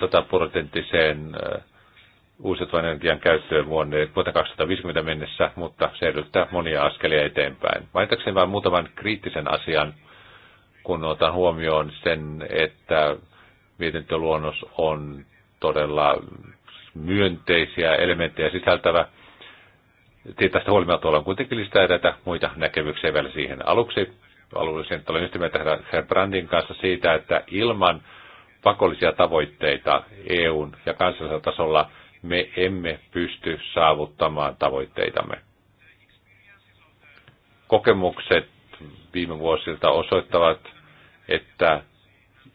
sataprosenttiseen tota, uusiutuvan energian käyttöön vuoteen 2050 mennessä, mutta se edellyttää monia askelia eteenpäin. Mainitakseni vain muutaman kriittisen asian, kun otan huomioon sen, että mietintöluonnos on todella myönteisiä elementtejä sisältävä. Tästä huolimatta ollaan kuitenkin lisää tätä muita näkemyksiä vielä siihen aluksi. Alueellisen olen yhtä mieltä Herr Brandin kanssa siitä, että ilman pakollisia tavoitteita EUn ja kansallisella tasolla, me emme pysty saavuttamaan tavoitteitamme. Kokemukset viime vuosilta osoittavat, että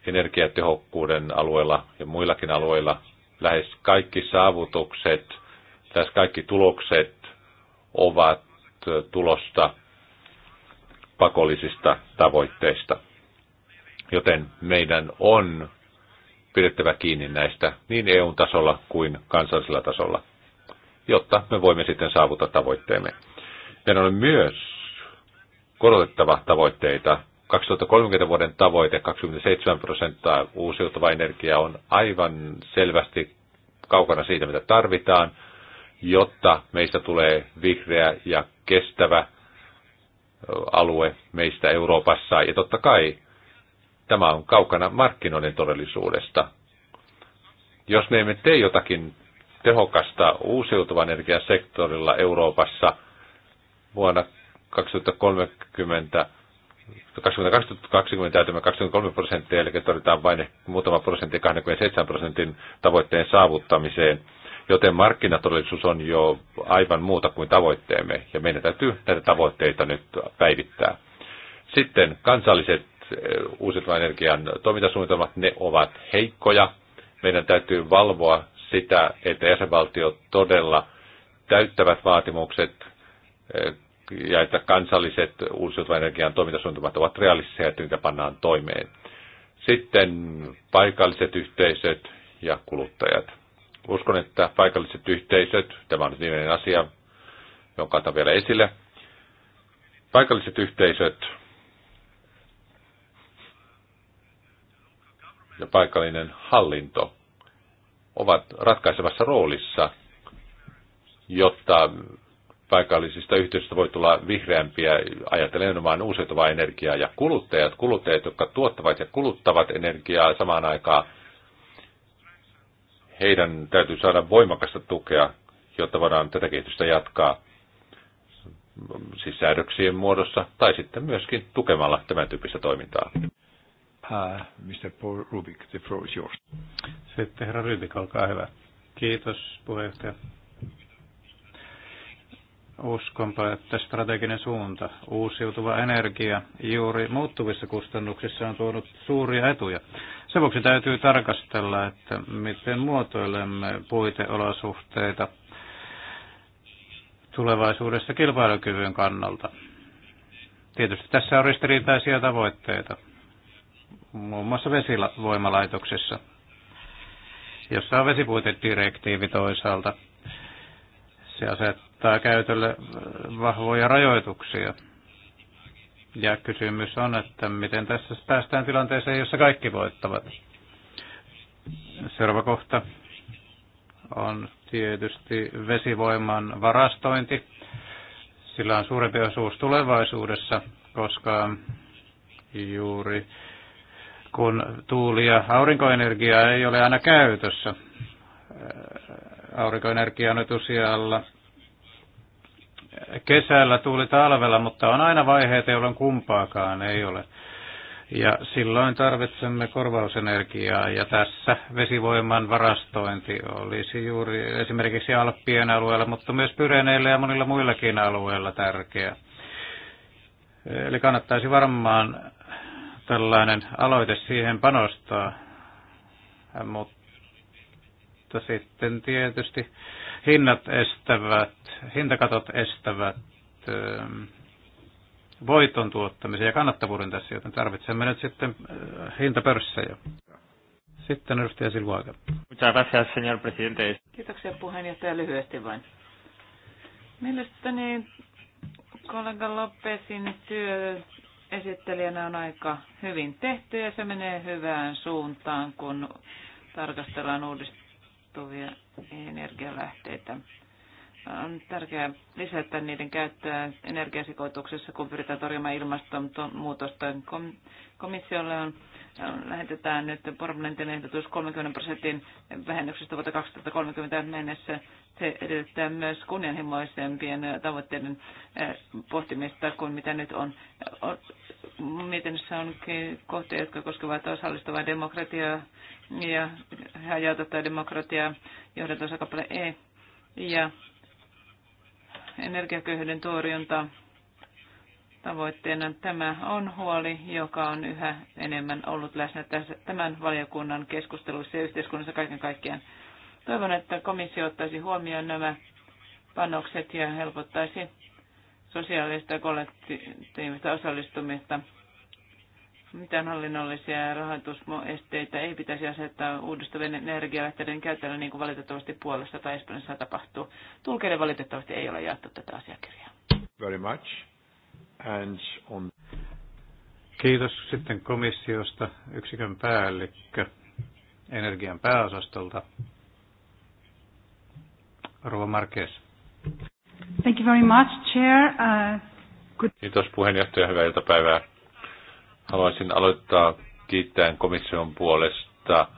energiatehokkuuden alueella ja muillakin alueilla lähes kaikki saavutukset, lähes kaikki tulokset ovat tulosta pakollisista tavoitteista. Joten meidän on pidettävä kiinni näistä niin EUn tasolla kuin kansallisella tasolla, jotta me voimme sitten saavuttaa tavoitteemme. Meidän on myös korotettava tavoitteita. 2030 vuoden tavoite 27 prosenttia uusiutuvaa energiaa on aivan selvästi kaukana siitä, mitä tarvitaan, jotta meistä tulee vihreä ja kestävä alue meistä Euroopassa. Ja totta kai Tämä on kaukana markkinoiden todellisuudesta. Jos me emme tee jotakin tehokasta uusiutuvan energian sektorilla Euroopassa vuonna 2030 2020 täytämme 23 prosenttia, eli todetaan vain muutama prosentti 27 prosentin tavoitteen saavuttamiseen, joten markkinatodellisuus on jo aivan muuta kuin tavoitteemme, ja meidän täytyy näitä tavoitteita nyt päivittää. Sitten kansalliset uusiutuvan energian toimintasuunnitelmat, ne ovat heikkoja. Meidän täytyy valvoa sitä, että jäsenvaltiot todella täyttävät vaatimukset eh, ja että kansalliset uusiutuvan energian toimintasuunnitelmat ovat realistisia, että niitä pannaan toimeen. Sitten paikalliset yhteisöt ja kuluttajat. Uskon, että paikalliset yhteisöt, tämä on viimeinen asia, jonka otan vielä esille. Paikalliset yhteisöt ja paikallinen hallinto ovat ratkaisevassa roolissa, jotta paikallisista yhteisöistä voi tulla vihreämpiä, ajatellen nimenomaan uusiutuvaa energiaa ja kuluttajat, kuluttajat, jotka tuottavat ja kuluttavat energiaa samaan aikaan, heidän täytyy saada voimakasta tukea, jotta voidaan tätä kehitystä jatkaa siis säädöksien muodossa tai sitten myöskin tukemalla tämän tyyppistä toimintaa. Uh, Mr. Paul Rubik, the floor is yours. Sitten herra Rubik, olkaa hyvä. Kiitos puheenjohtaja. Uskonpa, että strateginen suunta, uusiutuva energia juuri muuttuvissa kustannuksissa on tuonut suuria etuja. Sen vuoksi täytyy tarkastella, että miten muotoilemme puiteolosuhteita tulevaisuudessa kilpailukyvyn kannalta. Tietysti tässä on ristiriitaisia tavoitteita muun muassa vesivoimalaitoksissa, jossa on vesipuitedirektiivi toisaalta. Se asettaa käytölle vahvoja rajoituksia. Ja kysymys on, että miten tässä päästään tilanteeseen, jossa kaikki voittavat. Seuraava kohta on tietysti vesivoiman varastointi. Sillä on suurempi osuus tulevaisuudessa, koska juuri kun tuuli- ja aurinkoenergiaa ei ole aina käytössä. Aurinkoenergia on etusijalla kesällä, tuuli talvella, mutta on aina vaiheita, jolloin kumpaakaan ei ole. Ja silloin tarvitsemme korvausenergiaa ja tässä vesivoiman varastointi olisi juuri esimerkiksi Alppien alueella, mutta myös Pyreneillä ja monilla muillakin alueilla tärkeä. Eli kannattaisi varmaan tällainen aloite siihen panostaa, mutta sitten tietysti hinnat estävät, hintakatot estävät ähm, voiton tuottamisen ja kannattavuuden tässä, joten tarvitsemme nyt sitten äh, hintapörssejä. Sitten edustaja Silvaaka. Kiitoksia puheenjohtaja lyhyesti vain. Mielestäni kollega Lopesin työ esittelijänä on aika hyvin tehty ja se menee hyvään suuntaan, kun tarkastellaan uudistuvia energialähteitä. On tärkeää lisätä niiden käyttöä energiasikoituksessa, kun pyritään torjumaan ilmastonmuutosta. Komissiolle on lähetetään nyt parlamentin ehdotus 30 prosentin vähennyksestä vuotta 2030 mennessä. Se edellyttää myös kunnianhimoisempien tavoitteiden eh, pohtimista kuin mitä nyt on. Mietinnössä onkin kohtia, jotka koskevat osallistuvaa demokratiaa ja hajautettua demokratiaa, johdatusakappale E, ja energiaköyhyyden torjuntaa tavoitteena. Tämä on huoli, joka on yhä enemmän ollut läsnä tässä, tämän valiokunnan keskusteluissa ja yhteiskunnassa kaiken kaikkiaan. Toivon, että komissio ottaisi huomioon nämä panokset ja helpottaisi sosiaalista ja kollektiivista osallistumista. Mitään hallinnollisia rahoitusesteitä ei pitäisi asettaa uudistuvien energialähteiden käytölle, niin kuin valitettavasti Puolassa tai Espanjassa tapahtuu. Tulkeiden valitettavasti ei ole jaettu tätä asiakirjaa. Very much. And on... Kiitos sitten komissiosta yksikön päällikkö energian pääosastolta. Rova Marques. Thank you very much, Chair. Uh, good... Kiitos puheenjohtaja, hyvää iltapäivää. Haluaisin aloittaa kiittäen komission puolesta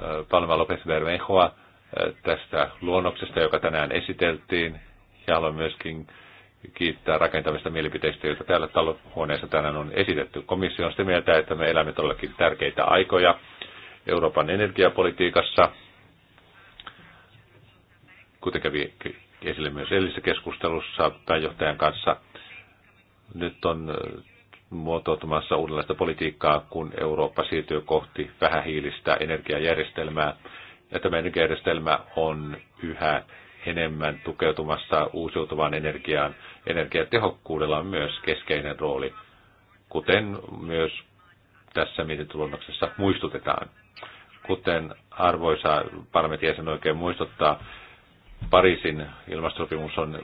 uh, Palma López Bermejoa uh, tästä luonnoksesta, joka tänään esiteltiin. Ja haluan myöskin kiittää rakentavista mielipiteistä, joita täällä talohuoneessa tänään on esitetty. Komissio on sitä mieltä, että me elämme todellakin tärkeitä aikoja Euroopan energiapolitiikassa, kuten kävi esille myös edellisessä keskustelussa pääjohtajan kanssa. Nyt on äh, muotoutumassa uudenlaista politiikkaa, kun Eurooppa siirtyy kohti vähähiilistä energiajärjestelmää. Ja tämä energiajärjestelmä on yhä enemmän tukeutumassa uusiutuvaan energiaan. Energiatehokkuudella on myös keskeinen rooli, kuten myös tässä mietintöluonnoksessa muistutetaan. Kuten arvoisa parlamentin oikein muistuttaa, Pariisin ilmastosopimus on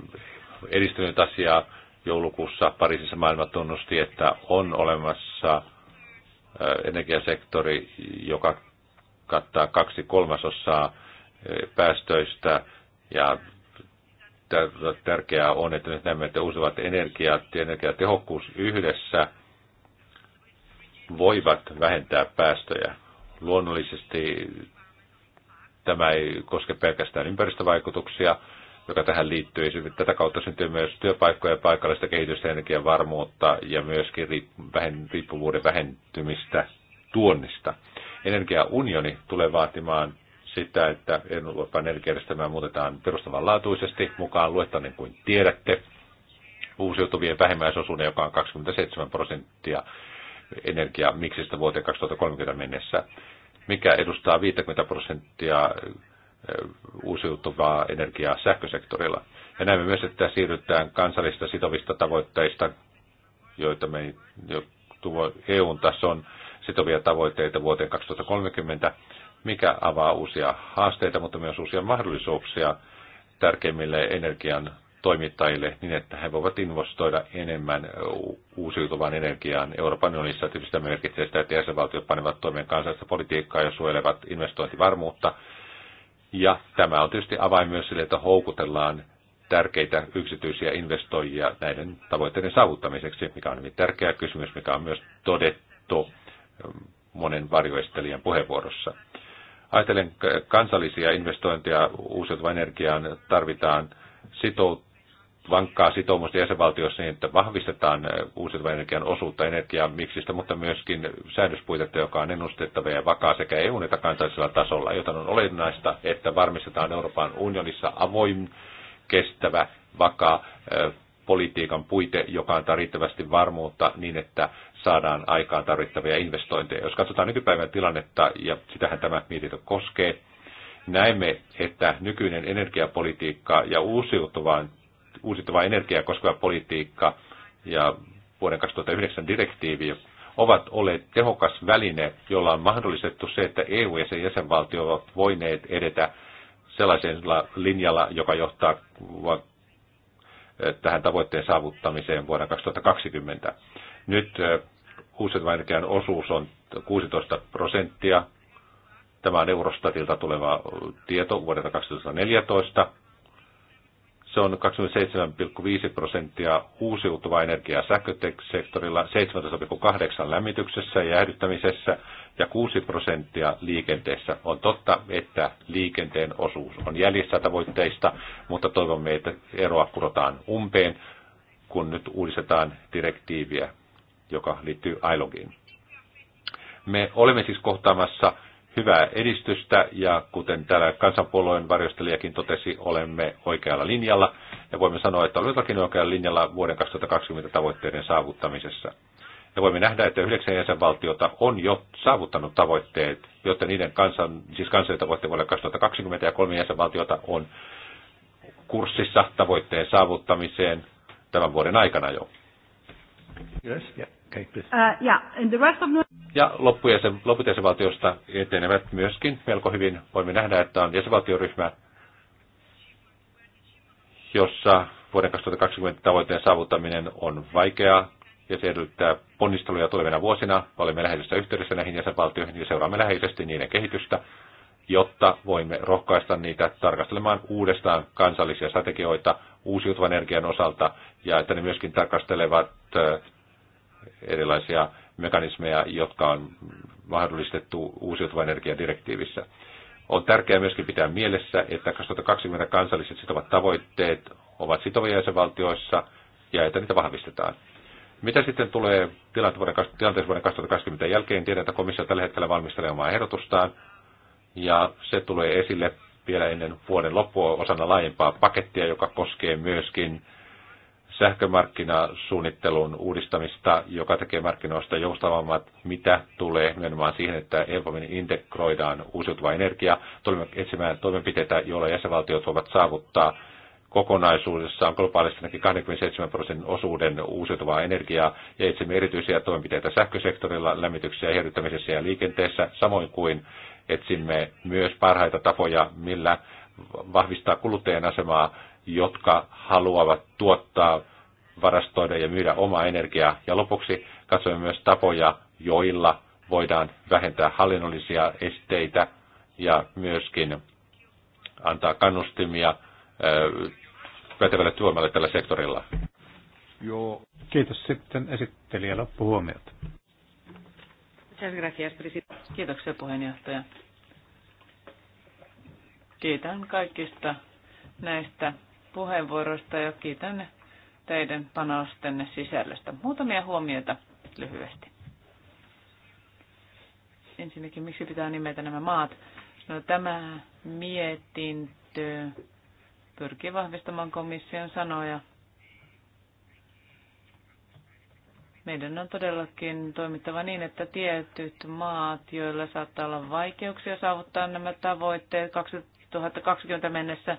edistynyt asiaa. Joulukuussa Pariisissa maailma tunnusti, että on olemassa äh, energiasektori, joka kattaa kaksi kolmasosaa äh, päästöistä ja tärkeää on, että nyt näemme, että uusivat energiat ja energiatehokkuus yhdessä voivat vähentää päästöjä. Luonnollisesti tämä ei koske pelkästään ympäristövaikutuksia, joka tähän liittyy. Tätä kautta syntyy myös työpaikkoja, paikallista kehitystä, energian varmuutta ja myöskin riippuvuuden vähentymistä tuonnista. Energiaunioni tulee vaatimaan sitä, että Euroopan energiajärjestelmää muutetaan perustavanlaatuisesti mukaan luetta, niin kuin tiedätte, uusiutuvien vähimmäisosuuden, joka on 27 prosenttia energiamiksistä vuoteen 2030 mennessä, mikä edustaa 50 prosenttia uusiutuvaa energiaa sähkösektorilla. Ja näemme myös, että siirrytään kansallista sitovista tavoitteista, joita me jo EUn tason sitovia tavoitteita vuoteen 2030 mikä avaa uusia haasteita, mutta myös uusia mahdollisuuksia tärkeimmille energian toimittajille niin, että he voivat investoida enemmän uusiutuvaan energiaan. Euroopan unionissa tietysti merkitsee sitä, että jäsenvaltiot panevat toimeen kansallista politiikkaa ja suojelevat investointivarmuutta. Ja tämä on tietysti avain myös sille, että houkutellaan tärkeitä yksityisiä investoijia näiden tavoitteiden saavuttamiseksi, mikä on hyvin tärkeä kysymys, mikä on myös todettu monen varjoistelijan puheenvuorossa. Ajatellen kansallisia investointeja uusiutuvan energiaan tarvitaan sitout, vankkaa sitoumusta jäsenvaltiossa niin, että vahvistetaan uusiutuvan energian osuutta energiamiksistä, mutta myöskin säädöspuitetta, joka on ennustettava ja vakaa sekä EUn että kansallisella tasolla, joten on olennaista, että varmistetaan Euroopan unionissa avoin, kestävä, vakaa politiikan puite, joka antaa riittävästi varmuutta niin, että saadaan aikaan tarvittavia investointeja. Jos katsotaan nykypäivän tilannetta, ja sitähän tämä mietintö koskee, näemme, että nykyinen energiapolitiikka ja uusiutuvaan, uusiutuvaa energiaa koskeva politiikka ja vuoden 2009 direktiivi ovat olleet tehokas väline, jolla on mahdollistettu se, että EU ja sen jäsenvaltio ovat voineet edetä sellaisella linjalla, joka johtaa Eh, tähän tavoitteen saavuttamiseen vuonna 2020. Nyt eh, uusiutuvan energian osuus on 16 prosenttia. Tämä on Eurostatilta tuleva eh, tieto vuodelta 2014. Se on 27,5 prosenttia uusiutuvaa energiaa sähkösektorilla, 17,8 lämmityksessä ja jäähdyttämisessä ja 6 prosenttia liikenteessä. On totta, että liikenteen osuus on jäljessä tavoitteista, mutta toivomme, että eroa kurotaan umpeen, kun nyt uudistetaan direktiiviä, joka liittyy ILOGiin. Me olemme siis kohtaamassa hyvää edistystä ja kuten täällä kansanpuolueen varjostelijakin totesi, olemme oikealla linjalla ja voimme sanoa, että olemme jotakin oikealla linjalla vuoden 2020 tavoitteiden saavuttamisessa. Ja voimme nähdä, että yhdeksän jäsenvaltiota on jo saavuttanut tavoitteet, jotta niiden kansan, siis kansallinen tavoitteen vuodelle 2020 ja kolme jäsenvaltiota on kurssissa tavoitteen saavuttamiseen tämän vuoden aikana jo. Yes, yeah. Okay, please. uh, yeah. And the rest of ja loppujäsen, loput etenevät myöskin melko hyvin. Voimme nähdä, että on jäsenvaltioryhmä, jossa vuoden 2020 tavoitteen saavuttaminen on vaikeaa ja se edellyttää ponnisteluja tulevina vuosina. Olemme läheisessä yhteydessä näihin jäsenvaltioihin ja seuraamme läheisesti niiden kehitystä, jotta voimme rohkaista niitä tarkastelemaan uudestaan kansallisia strategioita uusiutuvan energian osalta ja että ne myöskin tarkastelevat eh, erilaisia mekanismeja, jotka on mahdollistettu uusiutuvan energian direktiivissä. On tärkeää myöskin pitää mielessä, että 2020 kansalliset sitovat tavoitteet ovat sitovia jäsenvaltioissa ja että niitä vahvistetaan. Mitä sitten tulee tilanteeseen vuoden 2020 jälkeen? Tiedän, että komissio tällä hetkellä valmistelee omaa ehdotustaan ja se tulee esille vielä ennen vuoden loppua osana laajempaa pakettia, joka koskee myöskin sähkömarkkinasuunnittelun uudistamista, joka tekee markkinoista joustavammat, mitä tulee nimenomaan siihen, että helpommin integroidaan uusiutuva energia. Tulemme etsimään toimenpiteitä, joilla jäsenvaltiot voivat saavuttaa kokonaisuudessaan globaalisti 27 prosentin osuuden uusiutuvaa energiaa ja etsimme erityisiä toimenpiteitä sähkösektorilla, lämmityksessä ja ja liikenteessä, samoin kuin etsimme myös parhaita tapoja, millä vahvistaa kuluttajan asemaa jotka haluavat tuottaa, varastoida ja myydä omaa energiaa. Ja lopuksi katsomme myös tapoja, joilla voidaan vähentää hallinnollisia esteitä ja myöskin antaa kannustimia pätevälle työmaalle tällä sektorilla. Joo. Kiitos sitten esittelijä loppuhuomiota. Kiitoksia puheenjohtaja. Kiitän kaikista näistä puheenvuorosta ja kiitän teidän panostenne sisällöstä. Muutamia huomioita lyhyesti. Ensinnäkin, miksi pitää nimetä nämä maat? No, tämä mietintö pyrkii vahvistamaan komission sanoja. Meidän on todellakin toimittava niin, että tietyt maat, joilla saattaa olla vaikeuksia saavuttaa nämä tavoitteet 2020 mennessä,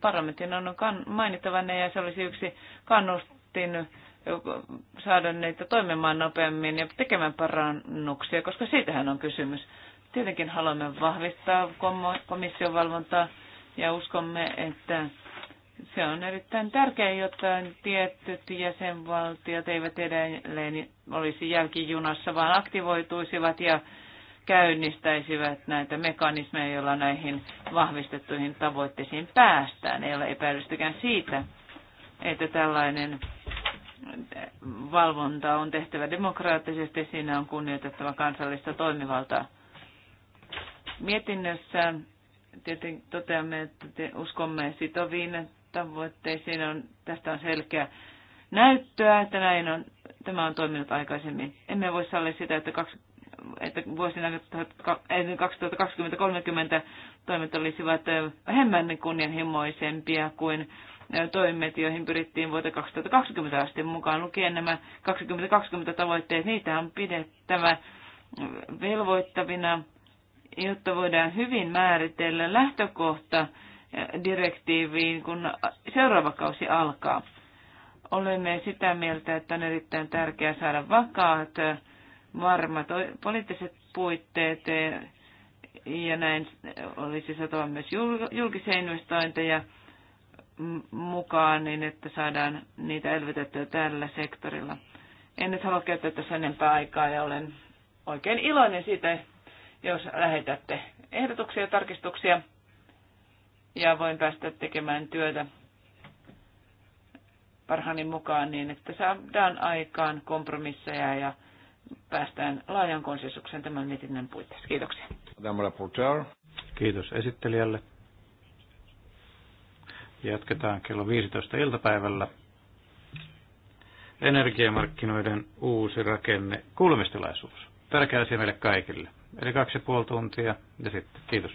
parlamentin on mainittava ne ja se olisi yksi kannustin saada niitä toimimaan nopeammin ja tekemään parannuksia, koska siitähän on kysymys. Tietenkin haluamme vahvistaa komission valvontaa ja uskomme, että se on erittäin tärkeää, jotta tietyt jäsenvaltiot eivät edelleen olisi jälkijunassa, vaan aktivoituisivat ja käynnistäisivät näitä mekanismeja, joilla näihin vahvistettuihin tavoitteisiin päästään. Ei ole epäilystäkään siitä, että tällainen valvonta on tehtävä demokraattisesti, siinä on kunnioitettava kansallista toimivaltaa. Mietinnössä tietenkin toteamme, että te uskomme sitoviin tavoitteisiin. On, tästä on selkeä näyttöä, että näin on, tämä on toiminut aikaisemmin. Emme voi sallia sitä, että että vuosina 2020-2030 toimet olisivat vähemmän kunnianhimoisempia kuin toimet, joihin pyrittiin vuoteen 2020 asti mukaan lukien nämä 2020 tavoitteet. Niitä on pidettävä velvoittavina, jotta voidaan hyvin määritellä lähtökohta direktiiviin, kun seuraava kausi alkaa. Olemme sitä mieltä, että on erittäin tärkeää saada vakaat Toi, poliittiset puitteet e, ja näin olisi satava myös julkisia investointeja mukaan niin, että saadaan niitä elvytettyä tällä sektorilla. En nyt halua käyttää tässä enempää aikaa ja olen oikein iloinen siitä, jos lähetätte ehdotuksia ja tarkistuksia ja voin päästä tekemään työtä parhaani mukaan niin, että saadaan aikaan kompromisseja ja päästään laajan konsensukseen tämän mietinnän puitteissa. Kiitoksia. Kiitos esittelijälle. Jatketaan kello 15 iltapäivällä. Energiamarkkinoiden uusi rakenne, kuulemistilaisuus. Tärkeä asia meille kaikille. Eli kaksi ja puoli tuntia ja sitten kiitos.